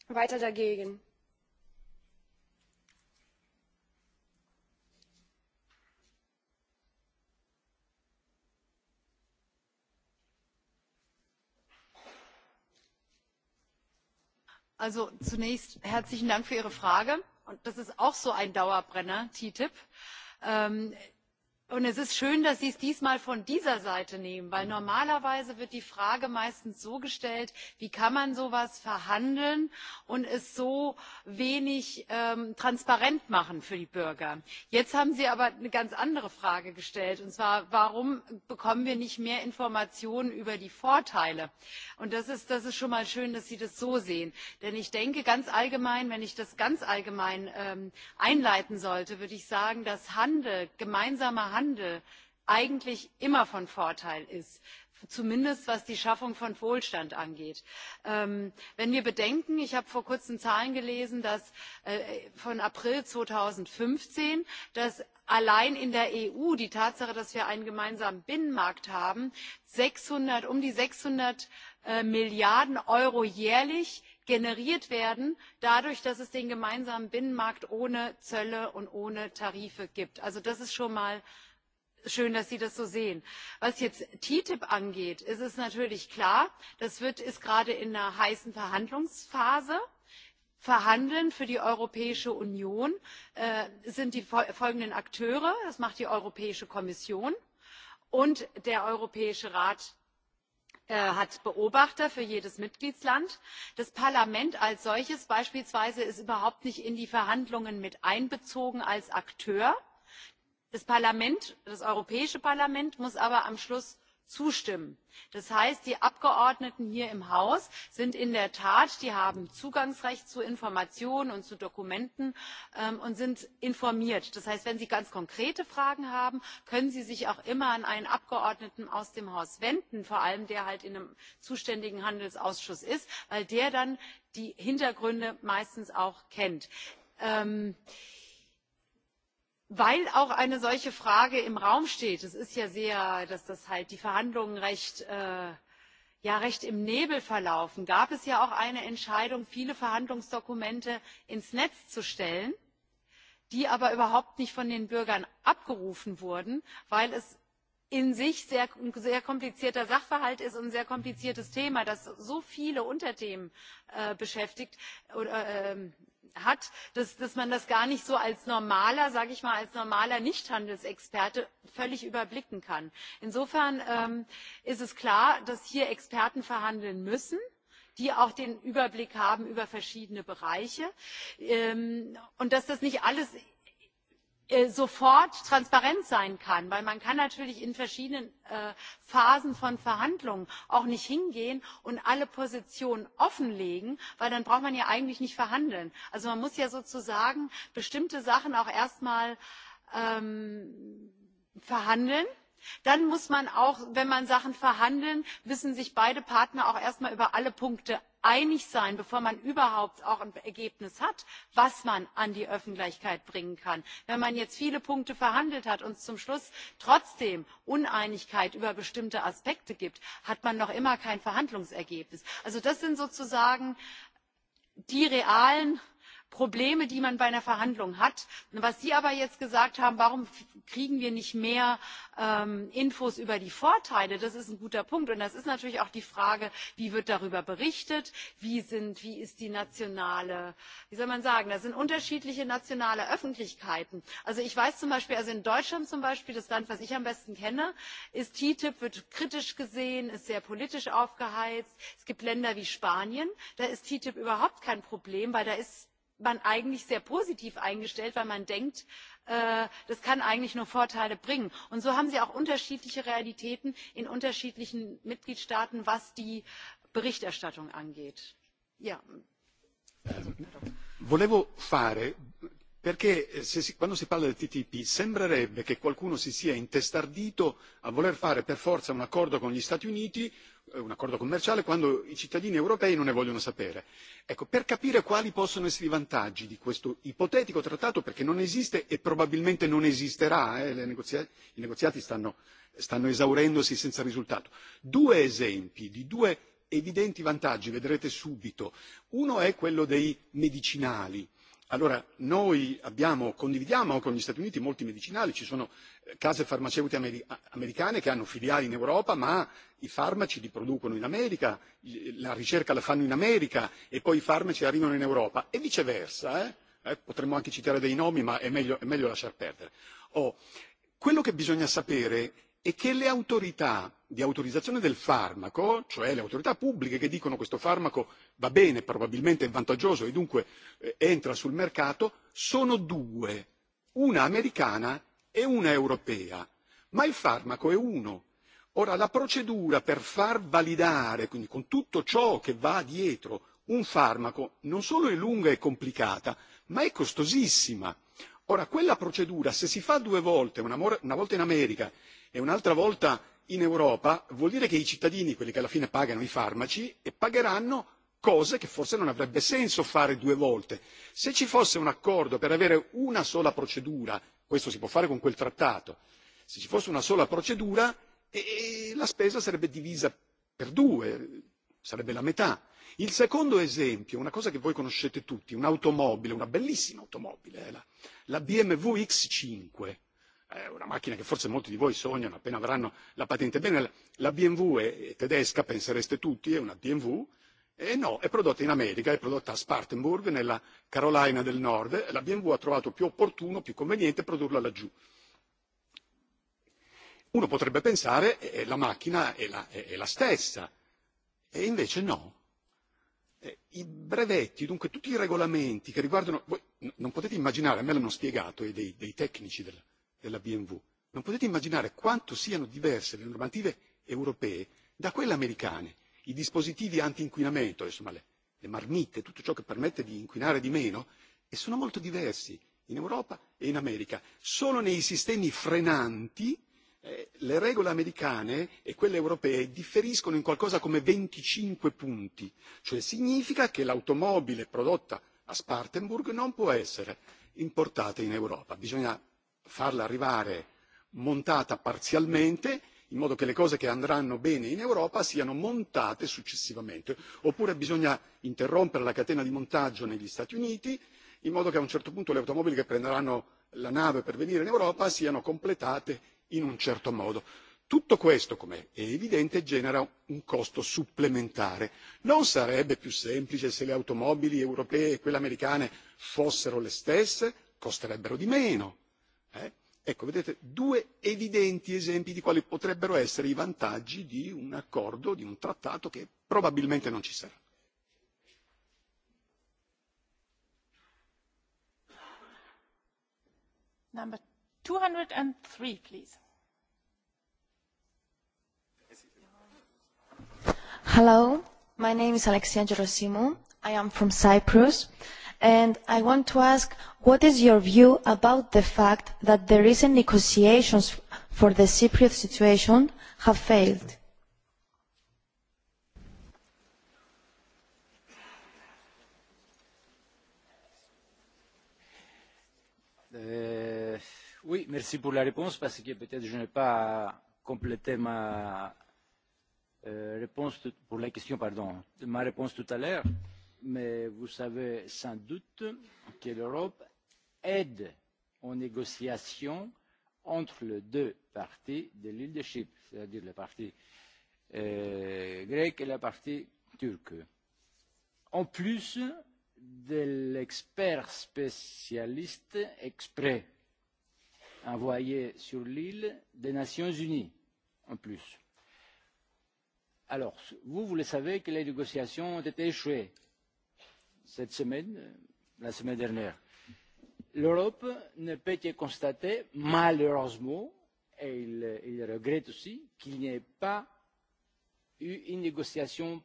weiter dagegen. Also zunächst herzlichen Dank für Ihre Frage. Und das ist auch so ein Dauerbrenner, TTIP. Ähm, Und es ist schön, dass Sie es diesmal von dieser Seite nehmen, weil normalerweise wird die Frage meistens so gestellt, wie kann man sowas verhandeln und es so wenig ähm, transparent machen für die Bürger. Jetzt haben Sie aber eine ganz andere Frage gestellt, und zwar, warum bekommen wir nicht mehr Informationen über die Vorteile? Und das ist, das ist schon mal schön, dass Sie das so sehen. Denn ich denke ganz allgemein, wenn ich das ganz allgemein ähm, einleiten sollte, würde ich sagen, dass Handel, gemeinsamer handel eigentlich immer von vorteil ist zumindest was die schaffung von wohlstand angeht. Ähm, wenn wir bedenken ich habe vor kurzem zahlen gelesen dass äh, von april zweitausendfünfzehn dass allein in der eu die tatsache dass wir einen gemeinsamen binnenmarkt haben um die sechshundert äh, milliarden euro jährlich generiert werden dadurch dass es den gemeinsamen binnenmarkt ohne zölle und ohne tarife gibt. also das ist schon mal schön, dass Sie das so sehen. Was jetzt TTIP angeht, ist es natürlich klar, das wird, ist gerade in einer heißen Verhandlungsphase. Verhandeln für die Europäische Union äh, sind die folgenden Akteure. Das macht die Europäische Kommission und der Europäische Rat äh, hat Beobachter für jedes Mitgliedsland. Das Parlament als solches beispielsweise ist überhaupt nicht in die Verhandlungen mit einbezogen als Akteur das parlament das europäische parlament muss aber am schluss zustimmen. das heißt die abgeordneten hier im haus haben in der tat die zugangsrecht zu informationen und zu dokumenten ähm, und sind informiert. das heißt wenn sie ganz konkrete fragen haben können sie sich auch immer an einen abgeordneten aus dem haus wenden vor allem an halt der im zuständigen handelsausschuss ist weil der dann die hintergründe meistens auch kennt. Ähm, weil auch eine solche Frage im Raum steht. Es ist ja sehr, dass das halt die Verhandlungen recht, äh, ja, recht im Nebel verlaufen. Gab es ja auch eine Entscheidung, viele Verhandlungsdokumente ins Netz zu stellen, die aber überhaupt nicht von den Bürgern abgerufen wurden, weil es in sich ein sehr komplizierter Sachverhalt ist und ein sehr kompliziertes Thema, das so viele Unterthemen äh, beschäftigt oder, äh, hat, dass, dass man das gar nicht so als normaler, sage ich mal, als normaler Nichthandelsexperte völlig überblicken kann. Insofern ähm, ist es klar, dass hier Experten verhandeln müssen die auch den Überblick haben über verschiedene Bereiche ähm, und dass das nicht alles Äh, sofort transparent sein kann denn man kann natürlich in verschiedenen äh, phasen von verhandlungen auch nicht hingehen und alle positionen offenlegen denn dann braucht man ja eigentlich nicht verhandeln. also man muss ja sozusagen bestimmte sachen auch erst mal ähm, verhandeln dann muss man auch wenn man sachen verhandelt wissen sich beide partner auch erst mal über alle punkte einig sein, bevor man überhaupt auch ein Ergebnis hat, was man an die Öffentlichkeit bringen kann. Wenn man jetzt viele Punkte verhandelt hat und es zum Schluss trotzdem Uneinigkeit über bestimmte Aspekte gibt, hat man noch immer kein Verhandlungsergebnis. Also das sind sozusagen die realen probleme die man bei einer verhandlung hat. was sie aber jetzt gesagt haben warum kriegen wir nicht mehr ähm, infos über die vorteile das ist ein guter punkt und das ist natürlich auch die frage wie wird darüber berichtet wie, ist die nationale wie soll man sagen da sind unterschiedliche nationale öffentlichkeiten. also ich weiß zum beispiel also in deutschland zum beispiel das land das ich am besten kenne ist ttip wird kritisch gesehen ist sehr politisch aufgeheizt. es gibt länder wie spanien da ist ttip überhaupt kein problem weil da man eigentlich sehr positiv eingestellt, weil man denkt, äh, das kann eigentlich nur Vorteile bringen. Und so haben Sie auch unterschiedliche Realitäten in unterschiedlichen Mitgliedstaaten, was die Berichterstattung angeht. Ja. Volevo fare perché eh, se si, quando si parla del TTIP sembrerebbe che qualcuno si sia intestardito a voler fare per forza un accordo con gli Stati Uniti Eh, un accordo commerciale quando i cittadini europei non ne vogliono sapere. Ecco, per capire quali possono essere i vantaggi di questo ipotetico trattato, perché non esiste e probabilmente non esisterà, eh, le negozia- i negoziati stanno, stanno esaurendosi senza risultato. Due esempi di due evidenti vantaggi, vedrete subito. Uno è quello dei medicinali Allora noi abbiamo, condividiamo con gli Stati Uniti molti medicinali, ci sono eh, case farmaceutiche ameri- americane che hanno filiali in Europa, ma i farmaci li producono in America, la ricerca la fanno in America e poi i farmaci arrivano in Europa e viceversa. Eh? Eh, potremmo anche citare dei nomi, ma è meglio, è meglio lasciar perdere. Oh, quello che bisogna sapere è e che le autorità di autorizzazione del farmaco, cioè le autorità pubbliche che dicono questo farmaco va bene, probabilmente è vantaggioso e dunque eh, entra sul mercato, sono due, una americana e una europea, ma il farmaco è uno. Ora, la procedura per far validare, quindi con tutto ciò che va dietro, un farmaco non solo è lunga e complicata, ma è costosissima Ora, quella procedura, se si fa due volte, una, volta in America e un'altra volta in Europa, vuol dire che i cittadini, quelli che alla fine pagano i farmaci, e pagheranno cose che forse non avrebbe senso fare due volte. Se ci fosse un accordo per avere una sola procedura, questo si può fare con quel trattato, se ci fosse una sola procedura e, e la spesa sarebbe divisa per due, sarebbe la metà. Il secondo esempio, una cosa che voi conoscete tutti, un'automobile, una bellissima automobile, eh, la, la BMW X5, è una macchina che forse molti di voi sognano appena avranno la patente. Bene, la, BMW è tedesca, pensereste tutti, è una BMW, e no, è prodotta in America, è prodotta a Spartanburg, nella Carolina del Nord, la BMW ha trovato più opportuno, più conveniente produrla laggiù. Uno potrebbe pensare eh, eh la macchina è la, è la stessa, e invece no i brevetti, dunque tutti i regolamenti che riguardano, voi non potete immaginare, a me l'hanno spiegato e dei, dei tecnici della, della BMW, non potete immaginare quanto siano diverse le normative europee da quelle americane, i dispositivi anti-inquinamento, insomma le, le marmitte, tutto ciò che permette di inquinare di meno, e sono molto diversi in Europa e in America. Solo nei sistemi frenanti Eh, le regole americane e quelle europee differiscono in qualcosa come 25 punti, cioè significa che l'automobile prodotta a Spartanburg non può essere importata in Europa, bisogna farla arrivare montata parzialmente in modo che le cose che andranno bene in Europa siano montate successivamente, oppure bisogna interrompere la catena di montaggio negli Stati Uniti in modo che a un certo punto le automobili che prenderanno la nave per venire in Europa siano completate in un certo modo. Tutto questo, come è evidente, genera un costo supplementare. Non sarebbe più semplice se le automobili europee e quelle americane fossero le stesse? Costerebbero di meno. Eh? Ecco, vedete, due evidenti esempi di quali potrebbero essere i vantaggi di un accordo, di un trattato che probabilmente non ci sarà. Number 203, please. Hello, my name is Alexandra Simou. I am from Cyprus, and I want to ask, what is your view about the fact that the recent negotiations for the Cypriot situation have failed? Oui, merci pour la réponse, parce que peut-être je n'ai pas complété ma euh, réponse pour la question, pardon, ma réponse tout à l'heure. Mais vous savez sans doute que l'Europe aide aux négociations entre les deux parties de l'île c'est-à-dire la partie euh, grecque et la partie turque. En plus de l'expert spécialiste exprès envoyé sur l'île des Nations Unies en plus. Alors, vous, vous le savez que les négociations ont été échouées cette semaine, la semaine dernière. L'Europe ne peut que constater, malheureusement, et il, il regrette aussi, qu'il n'y ait pas eu une négociation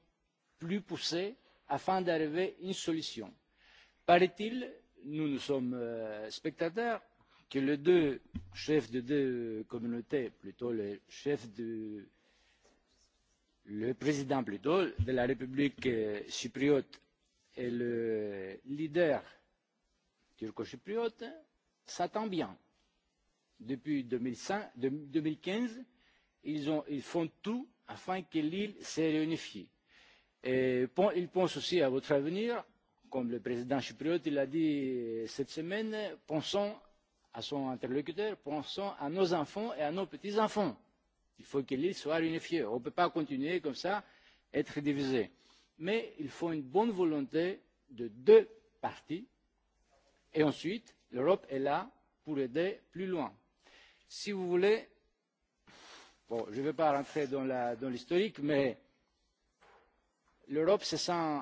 plus poussée afin d'arriver à une solution. Paraît-il, nous, nous sommes euh, spectateurs, que les deux chefs des deux communautés, plutôt le président de la République euh, chypriote et le leader turco-chypriote s'entendent bien. Depuis deux mille quinze ils, font tout afin que l'île se réunifie. ils pensent aussi à votre avenir, comme le président chypriote l'a dit euh, cette semaine, pensons à son interlocuteur, pensons à nos enfants et à nos petits-enfants. Il faut que l'île soit unifiée. On ne peut pas continuer comme ça, être divisé. Mais il faut une bonne volonté de deux parties. Et ensuite, l'Europe est là pour aider plus loin. Si vous voulez, bon, je ne vais pas rentrer dans l'historique, dans mais l'Europe se sent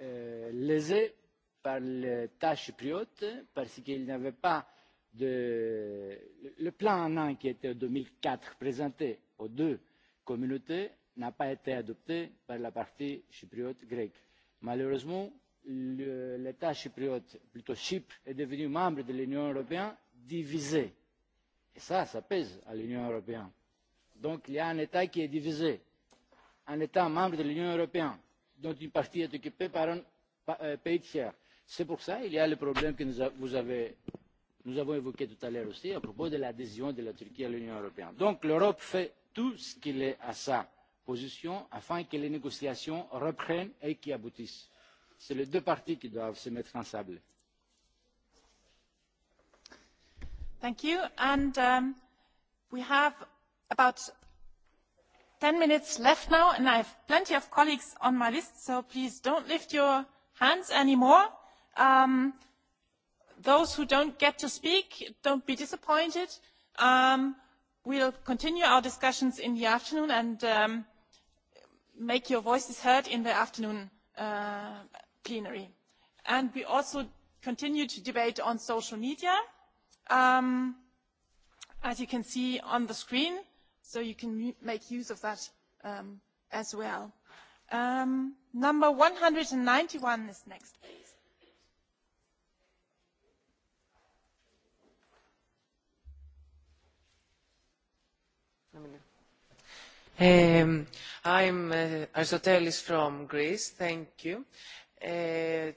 euh, lésée par les tâches chypriote parce qu'il n'y avait pas de le plan en un qui était en deux mille quatre présenté aux deux communautés n'a pas été adopté par la partie chypriote grecque. malheureusement l'état chypriote plutôt chypre est devenu membre de l'union européenne divisé et ça ça pèse à l'union européenne. donc il y a un état qui est divisé un état membre de l'union européenne dont une partie est occupée par un euh, pays tiers. C'est pour ça qu'il y a le problème que nous, a, vous avez, nous avons évoqué tout à l'heure aussi à propos de l'adhésion de la Turquie à l'Union européenne. Donc l'Europe fait tout ce qu'il est à sa position afin que les négociations reprennent et qu'y aboutissent. C'est les deux parties qui doivent se mettre ensemble. Thank you. And um, we have about 10 minutes left now, and I have plenty of colleagues on my list, so please don't lift your hands anymore Um, those who don't get to speak, don't be disappointed. Um, we'll continue our discussions in the afternoon and um, make your voices heard in the afternoon uh, plenary. And we also continue to debate on social media, um, as you can see on the screen, so you can make use of that um, as well. Um, number 191 is next. Um, I'm uh, Aristotelis from Greece. Thank you. Uh,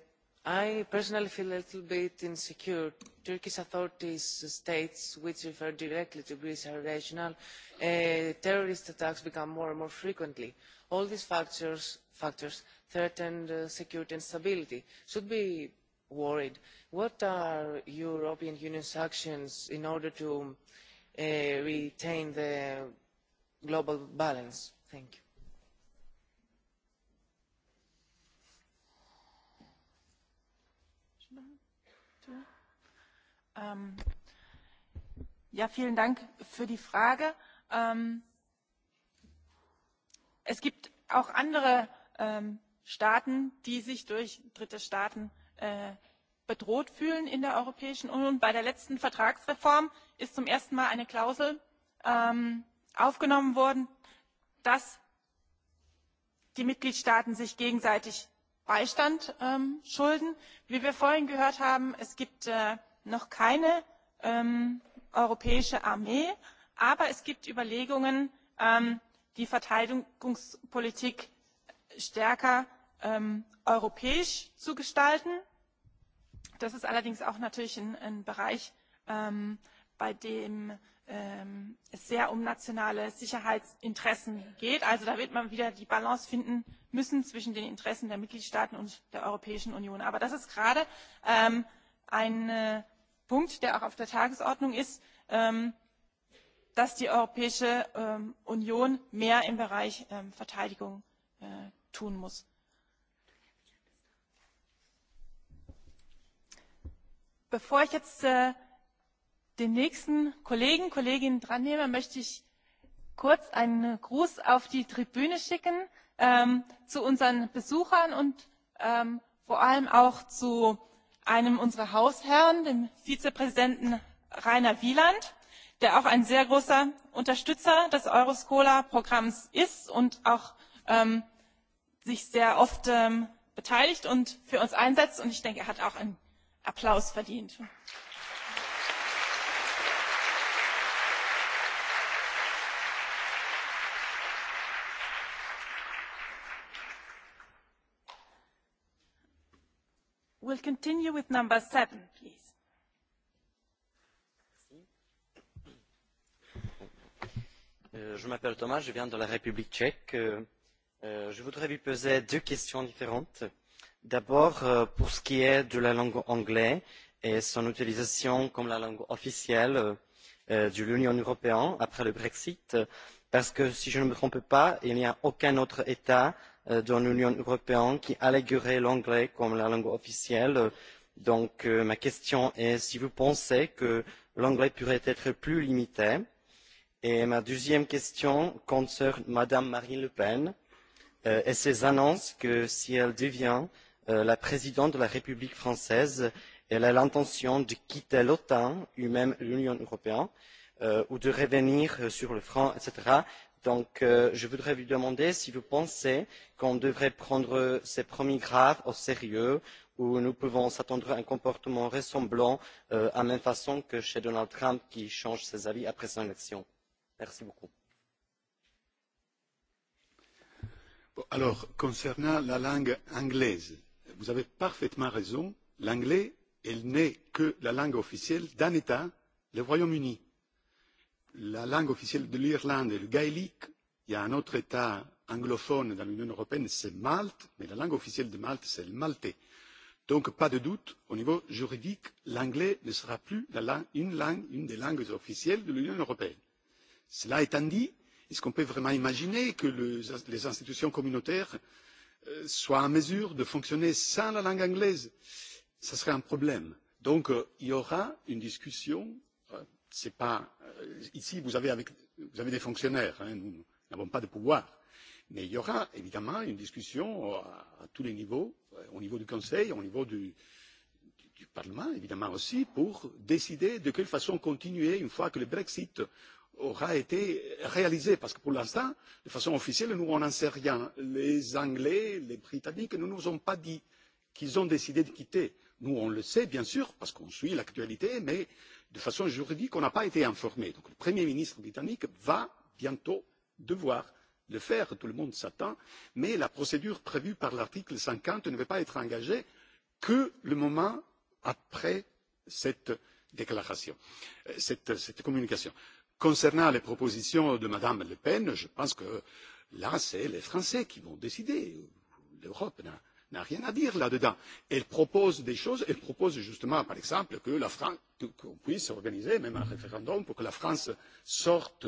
I personally feel a little bit insecure. Turkish authorities uh, states which refer directly to Greece are regional. Uh, terrorist attacks become more and more frequently. All these factors, factors threaten uh, security and stability. Should be worried. What are European Union's actions in order to Uh, retain the global balance? Thank you. Ähm, ja, vielen Dank für die Frage. Ähm, es gibt auch andere ähm, Staaten, die sich durch dritte Staaten äh, bedroht fühlen in der Europäischen Union. Bei der letzten Vertragsreform ist zum ersten Mal eine Klausel ähm, aufgenommen worden, dass die Mitgliedstaaten sich gegenseitig Beistand ähm, schulden. Wie wir vorhin gehört haben, es gibt äh, noch keine ähm, europäische Armee, aber es gibt Überlegungen, ähm, die Verteidigungspolitik stärker ähm, europäisch zu gestalten. Das ist allerdings auch natürlich ein, ein Bereich, ähm, bei dem ähm, es sehr um nationale Sicherheitsinteressen geht. Also da wird man wieder die Balance finden müssen zwischen den Interessen der Mitgliedstaaten und der Europäischen Union. Aber das ist gerade ähm, ein äh, Punkt, der auch auf der Tagesordnung ist, ähm, dass die Europäische ähm, Union mehr im Bereich ähm, Verteidigung äh, tun muss. Bevor ich jetzt äh, den nächsten Kollegen, Kolleginnen dran nehme, möchte ich kurz einen Gruß auf die Tribüne schicken ähm, zu unseren Besuchern und ähm, vor allem auch zu einem unserer Hausherren, dem Vizepräsidenten Rainer Wieland, der auch ein sehr großer Unterstützer des Euroscola-Programms ist und auch ähm, sich sehr oft ähm, beteiligt und für uns einsetzt. Und ich denke, er hat auch einen Applaus verdient. Applaus will continue with number seven, please. Euh, je m'appelle Thomas, je viens de la République tchèque. Euh, euh, je voudrais lui poser deux questions différentes. D'abord, pour ce qui est de la langue anglaise et son utilisation comme la langue officielle de l'Union européenne après le Brexit, parce que si je ne me trompe pas, il n'y a aucun autre État Euh, dans l'Union européenne qui allégueraient l'anglais comme la langue officielle. Donc euh, ma question est si vous pensez que l'anglais pourrait être plus limité. Et ma deuxième question concerne Madame Marine Le Pen euh, et ses annonces que si elle devient euh, la présidente de la République française, elle a l'intention de quitter l'OTAN ou même l'Union européenne euh, ou de revenir sur le front, etc. Donc, euh, je voudrais vous demander si vous pensez qu'on devrait prendre ces premiers graves au sérieux ou nous pouvons s'attendre à un comportement ressemblant euh, à la même façon que chez Donald Trump qui change ses avis après son élection. Merci beaucoup. Bon, alors, concernant la langue anglaise, vous avez parfaitement raison. L'anglais, elle n'est que la langue officielle d'un État, le Royaume-Uni la langue officielle de l'Irlande est le gaélique. Il y a un autre État anglophone dans l'Union européenne, c'est Malte, mais la langue officielle de Malte, c'est le maltais. Donc, pas de doute, au niveau juridique, l'anglais ne sera plus une, des langues officielles de l'Union européenne. Cela étant dit, est-ce qu'on peut vraiment imaginer que les institutions communautaires euh, soient en mesure de fonctionner sans la langue anglaise Ce serait un problème. Donc, euh, il y aura une discussion c'est pas euh, ici vous avez avec vous avez des fonctionnaires hein, nous n'avons pas de pouvoir mais il y aura évidemment une discussion euh, à, à tous les niveaux euh, au niveau du Conseil, au niveau du, du, Parlement évidemment aussi pour décider de quelle façon continuer une fois que le Brexit aura été réalisé parce que pour l'instant, de façon officielle, nous on n'en sait rien. Les Anglais, les Britanniques ne nous ont pas dit qu'ils ont décidé de quitter. Nous on le sait bien sûr parce qu'on suit l'actualité, mais euh, de façon juridique, on n'a pas été informé. Donc le Premier ministre britannique va bientôt devoir le faire, tout le monde s'attend, mais la procédure prévue par l'article cinquante ne va pas être engagée que le moment après cette déclaration, euh, cette, cette communication. Concernant les propositions de mme Le Pen, je pense que là, ce sont les Français qui vont décider. L'Europe n'a rien à dire là-dedans. Elle propose des choses, elle propose justement, par exemple, que la France, qu'on puisse organiser même un référendum pour que la France sorte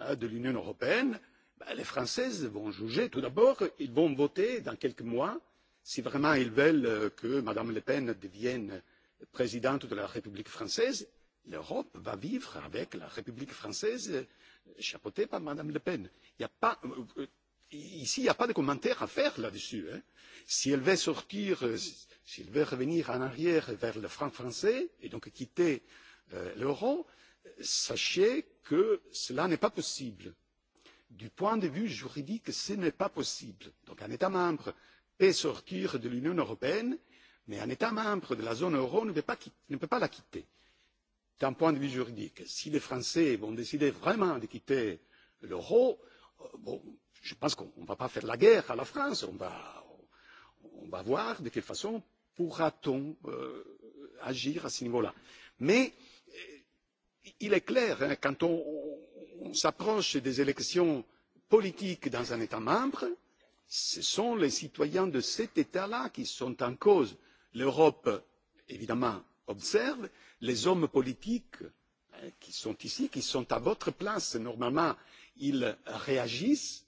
hein, de l'Union européenne. Ben, les Françaises vont juger. Tout d'abord, ils vont voter dans quelques mois si vraiment ils veulent euh, que Mme Le Pen devienne présidente de la République française. L'Europe va vivre avec la République française euh, chapeautée par Mme Le Pen. Il n'y a pas, euh, Ici, il n'y a pas de commentaire à faire là-dessus. Hein. Si elle veut sortir, euh, si elle veut revenir en arrière vers le franc français et donc quitter euh, l'euro, sachez que cela n'est pas possible. Du point de vue juridique, ce n'est pas possible. Donc un État membre peut sortir de l'Union européenne, mais un État membre de la zone euro ne peut pas, ne peut pas la quitter. D'un point de vue juridique, si les Français vont décider vraiment de quitter l'euro, euh, bon, je pense qu'on ne va pas faire la guerre à la France. On va, on va voir de quelle façon pourra-t-on euh, agir à ce niveau-là. Mais euh, il est clair, hein, quand on, on s'approche des élections politiques dans un État membre, ce sont les citoyens de cet État-là qui sont en cause. L'Europe, évidemment, observe les hommes politiques hein, qui sont ici, qui sont à votre place. Normalement, ils réagissent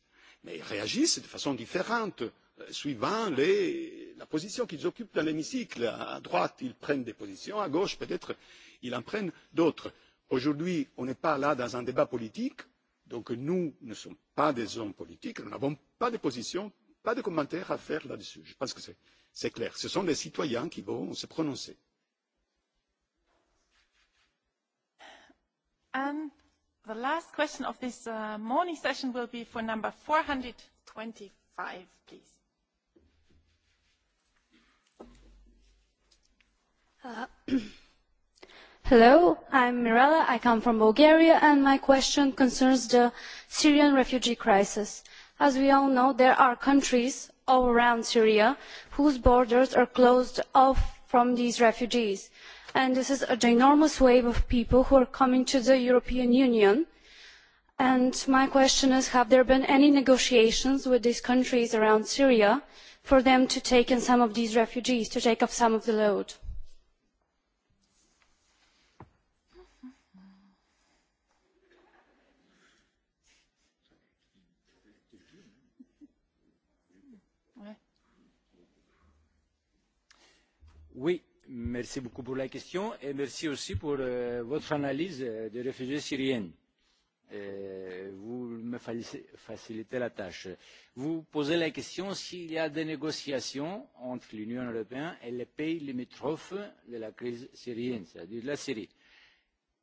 mais réagissent de façon différente euh, suivant la position qu'ils occupent dans l'hémicycle. À droite, ils prennent des positions, à gauche, peut-être, ils en prennent d'autres. Aujourd'hui, nous ne sommes pas là dans un débat politique, donc nous ne sommes pas des hommes politiques, nous n'avons pas de position, pas de commentaires à faire là-dessus. Je pense que c'est clair. Ce sont les citoyens qui vont se prononcer. Euh, The last question of this uh, morning session will be for number 425, please. Uh, Hello, I'm Mirella. I come from Bulgaria, and my question concerns the Syrian refugee crisis. As we all know, there are countries all around Syria whose borders are closed off from these refugees and this is a ginormous wave of people who are coming to the European Union. And my question is, have there been any negotiations with these countries around Syria for them to take in some of these refugees, to take up some of the load? Oui, Merci beaucoup pour la question et merci aussi pour euh, votre analyse euh, des réfugiés syriens. Euh, vous me facilitez la tâche. Vous posez la question s'il y a des négociations entre l'Union européenne et les pays limitrophes de la crise syrienne, c'est-à-dire la Syrie.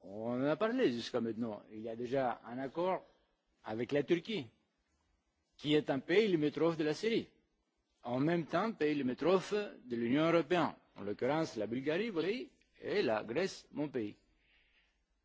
On en a parlé jusqu'à maintenant. Il y a déjà un accord avec la Turquie, qui est un pays limitrophe de la Syrie, en même temps pays limitrophe de l'Union européenne en l'occurrence la Bulgarie, votre pays, et la Grèce, mon pays.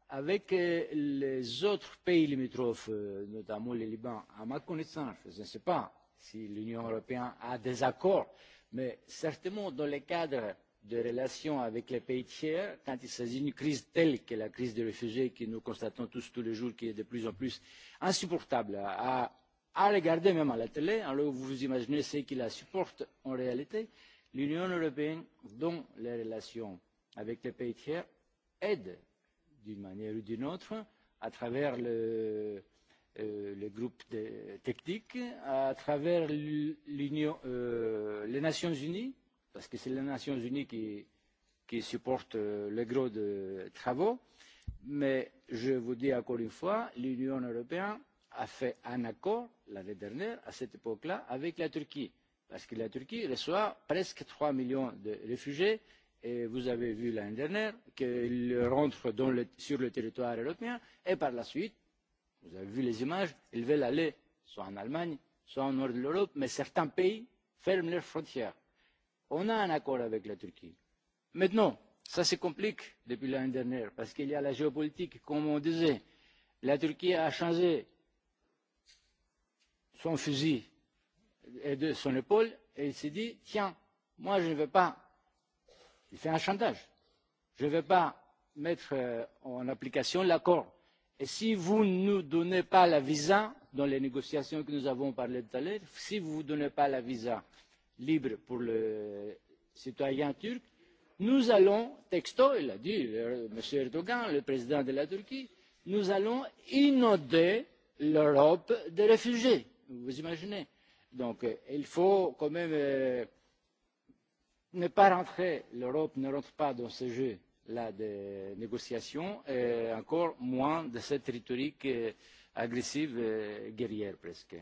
Avec euh, les autres pays limitrophes, euh, notamment le Liban, à ma connaissance, je ne sais pas si l'Union européenne a des accords, mais certainement dans le cadre de relations avec les pays tiers, quand il s'agit d'une crise telle que la crise des réfugiés que nous constatons tous tous les jours, qui est de plus en plus insupportable à, à regarder même à la télé, alors vous imaginez ceux qui la supportent en réalité, euh, l'union européenne dans les relations avec les pays tiers aide d'une manière ou d'une autre à travers le, euh, le groupe de, technique à travers euh, les nations unies parce que c'est les nations unies qui qui supportent euh, le gros des travaux mais je vous dis encore une fois l'union européenne a fait un accord l'année dernière à cette époque là avec la turquie parce que la Turquie reçoit presque 3 millions de réfugiés et vous avez vu l'année dernière qu'ils rentrent dans le, sur le territoire européen et par la suite, vous avez vu les images, ils veulent aller soit en Allemagne, soit au nord de l'Europe, mais certains pays ferment leurs frontières. On a un accord avec la Turquie. Maintenant, ça se complique depuis l'année dernière parce qu'il y a la géopolitique, comme on disait. La Turquie a changé son fusil et de son épaule et il s'est dit tiens, moi je ne veux pas. Il fait un chantage. Je ne veux pas mettre euh, en application l'accord. Et si vous ne nous donnez pas la visa, dans les négociations que nous avons parlé tout à l'heure, si vous ne donnez pas la visa libre pour le citoyen turc, nous allons, texto, il a dit le, euh, M. Erdogan, le président de la Turquie, nous allons inonder l'Europe des réfugiés. Vous imaginez Donc euh, il faut quand même euh, ne pas rentrer, l'Europe ne rentre pas dans ce jeu-là de négociations, et encore moins de cette rhétorique euh, agressive, euh, guerrière presque.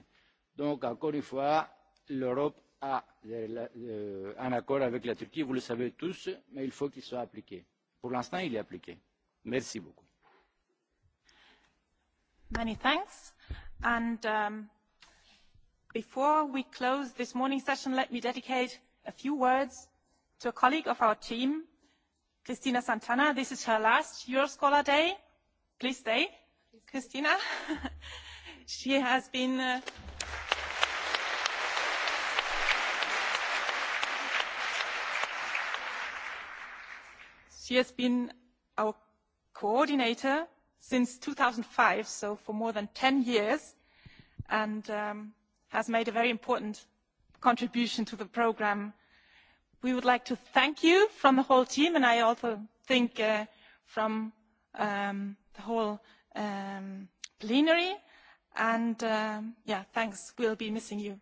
Donc encore une fois, l'Europe a un accord avec la Turquie, vous le savez tous, mais il faut qu'il soit appliqué. Pour l'instant, il est appliqué. Merci beaucoup. Many thanks. And um, Before we close this morning session, let me dedicate a few words to a colleague of our team, Cristina Santana. This is her last Euroscholar Day. Please stay, Cristina. Uh, she has been our coordinator since 2005, so for more than 10 years. And um, has made a very important contribution to the programme. We would like to thank you from the whole team, and I also think uh, from um, the whole um, plenary. And um, yeah, thanks. We'll be missing you.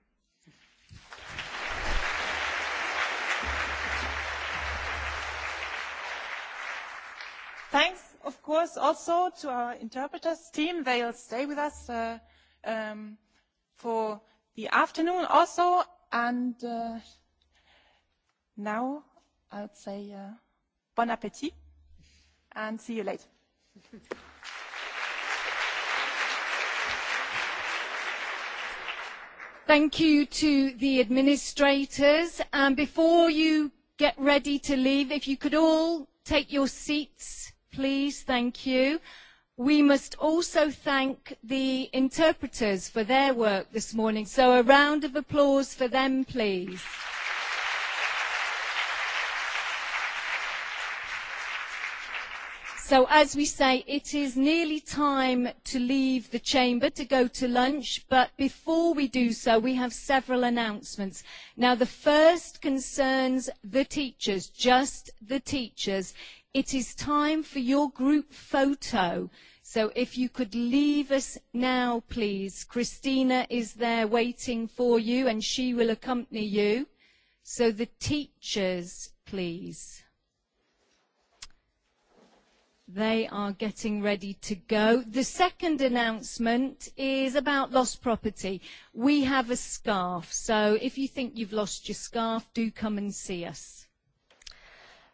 Thanks, of course, also to our interpreters team. They'll stay with us uh, um, for the afternoon also. And uh, now I would say uh, bon appétit and see you later. Thank you to the administrators. And before you get ready to leave, if you could all take your seats, please. Thank you. We must also thank the interpreters for their work this morning. So a round of applause for them, please. So as we say, it is nearly time to leave the chamber to go to lunch, but before we do so, we have several announcements. Now the first concerns the teachers, just the teachers. It is time for your group photo. So if you could leave us now, please. Christina is there waiting for you and she will accompany you. So the teachers, please. They are getting ready to go. The second announcement is about lost property. We have a scarf, so if you think you've lost your scarf, do come and see us.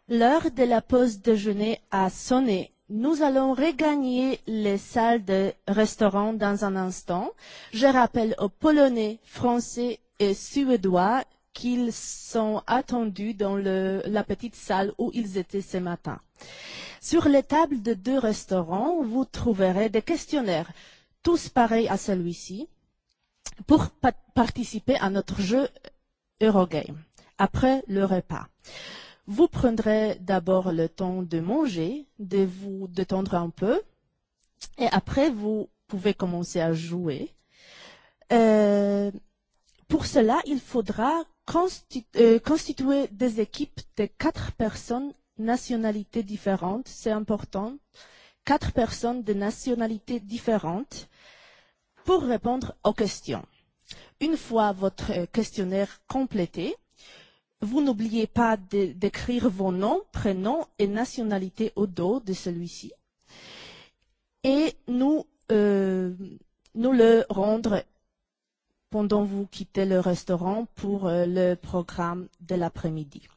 L'heure de la pause déjeuner a sonné. Nous allons regagner les salles de restaurant dans un instant. Je rappelle aux Polonais, Français et Suédois qu'ils sont attendus dans le, la petite salle où ils étaient ce matin. Sur les tables de deux restaurants, vous trouverez des questionnaires, tous pareils à celui-ci, pour pa participer à notre jeu Eurogame après le repas. Vous prendrez d'abord le temps de manger, de vous détendre un peu, et après vous pouvez commencer à jouer. Euh, pour cela, il faudra constitu euh, constituer des équipes de quatre personnes nationalités différentes, c'est important, quatre personnes de nationalités différentes pour répondre aux questions. Une fois votre questionnaire complété, euh, Vous n'oubliez pas d'écrire vos noms, prénoms et nationalités au dos de celui-ci. Et nous, euh, nous le rendre pendant vous quittez le restaurant pour euh, le programme de l'après-midi.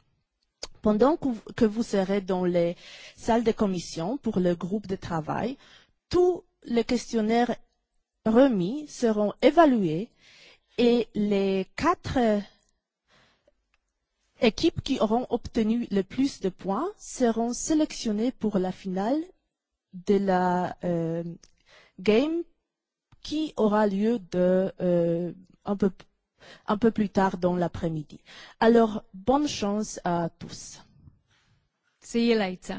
Pendant que vous, que vous serez dans les salles de commission pour le groupe de travail, tous les questionnaires remis seront évalués et les quatre euh, équipes qui auront obtenu le plus de points seront sélectionnées pour la finale de la euh, game qui aura lieu de, euh, un, peu, un peu plus tard dans l'après-midi. Alors, bonne chance à tous. See you later.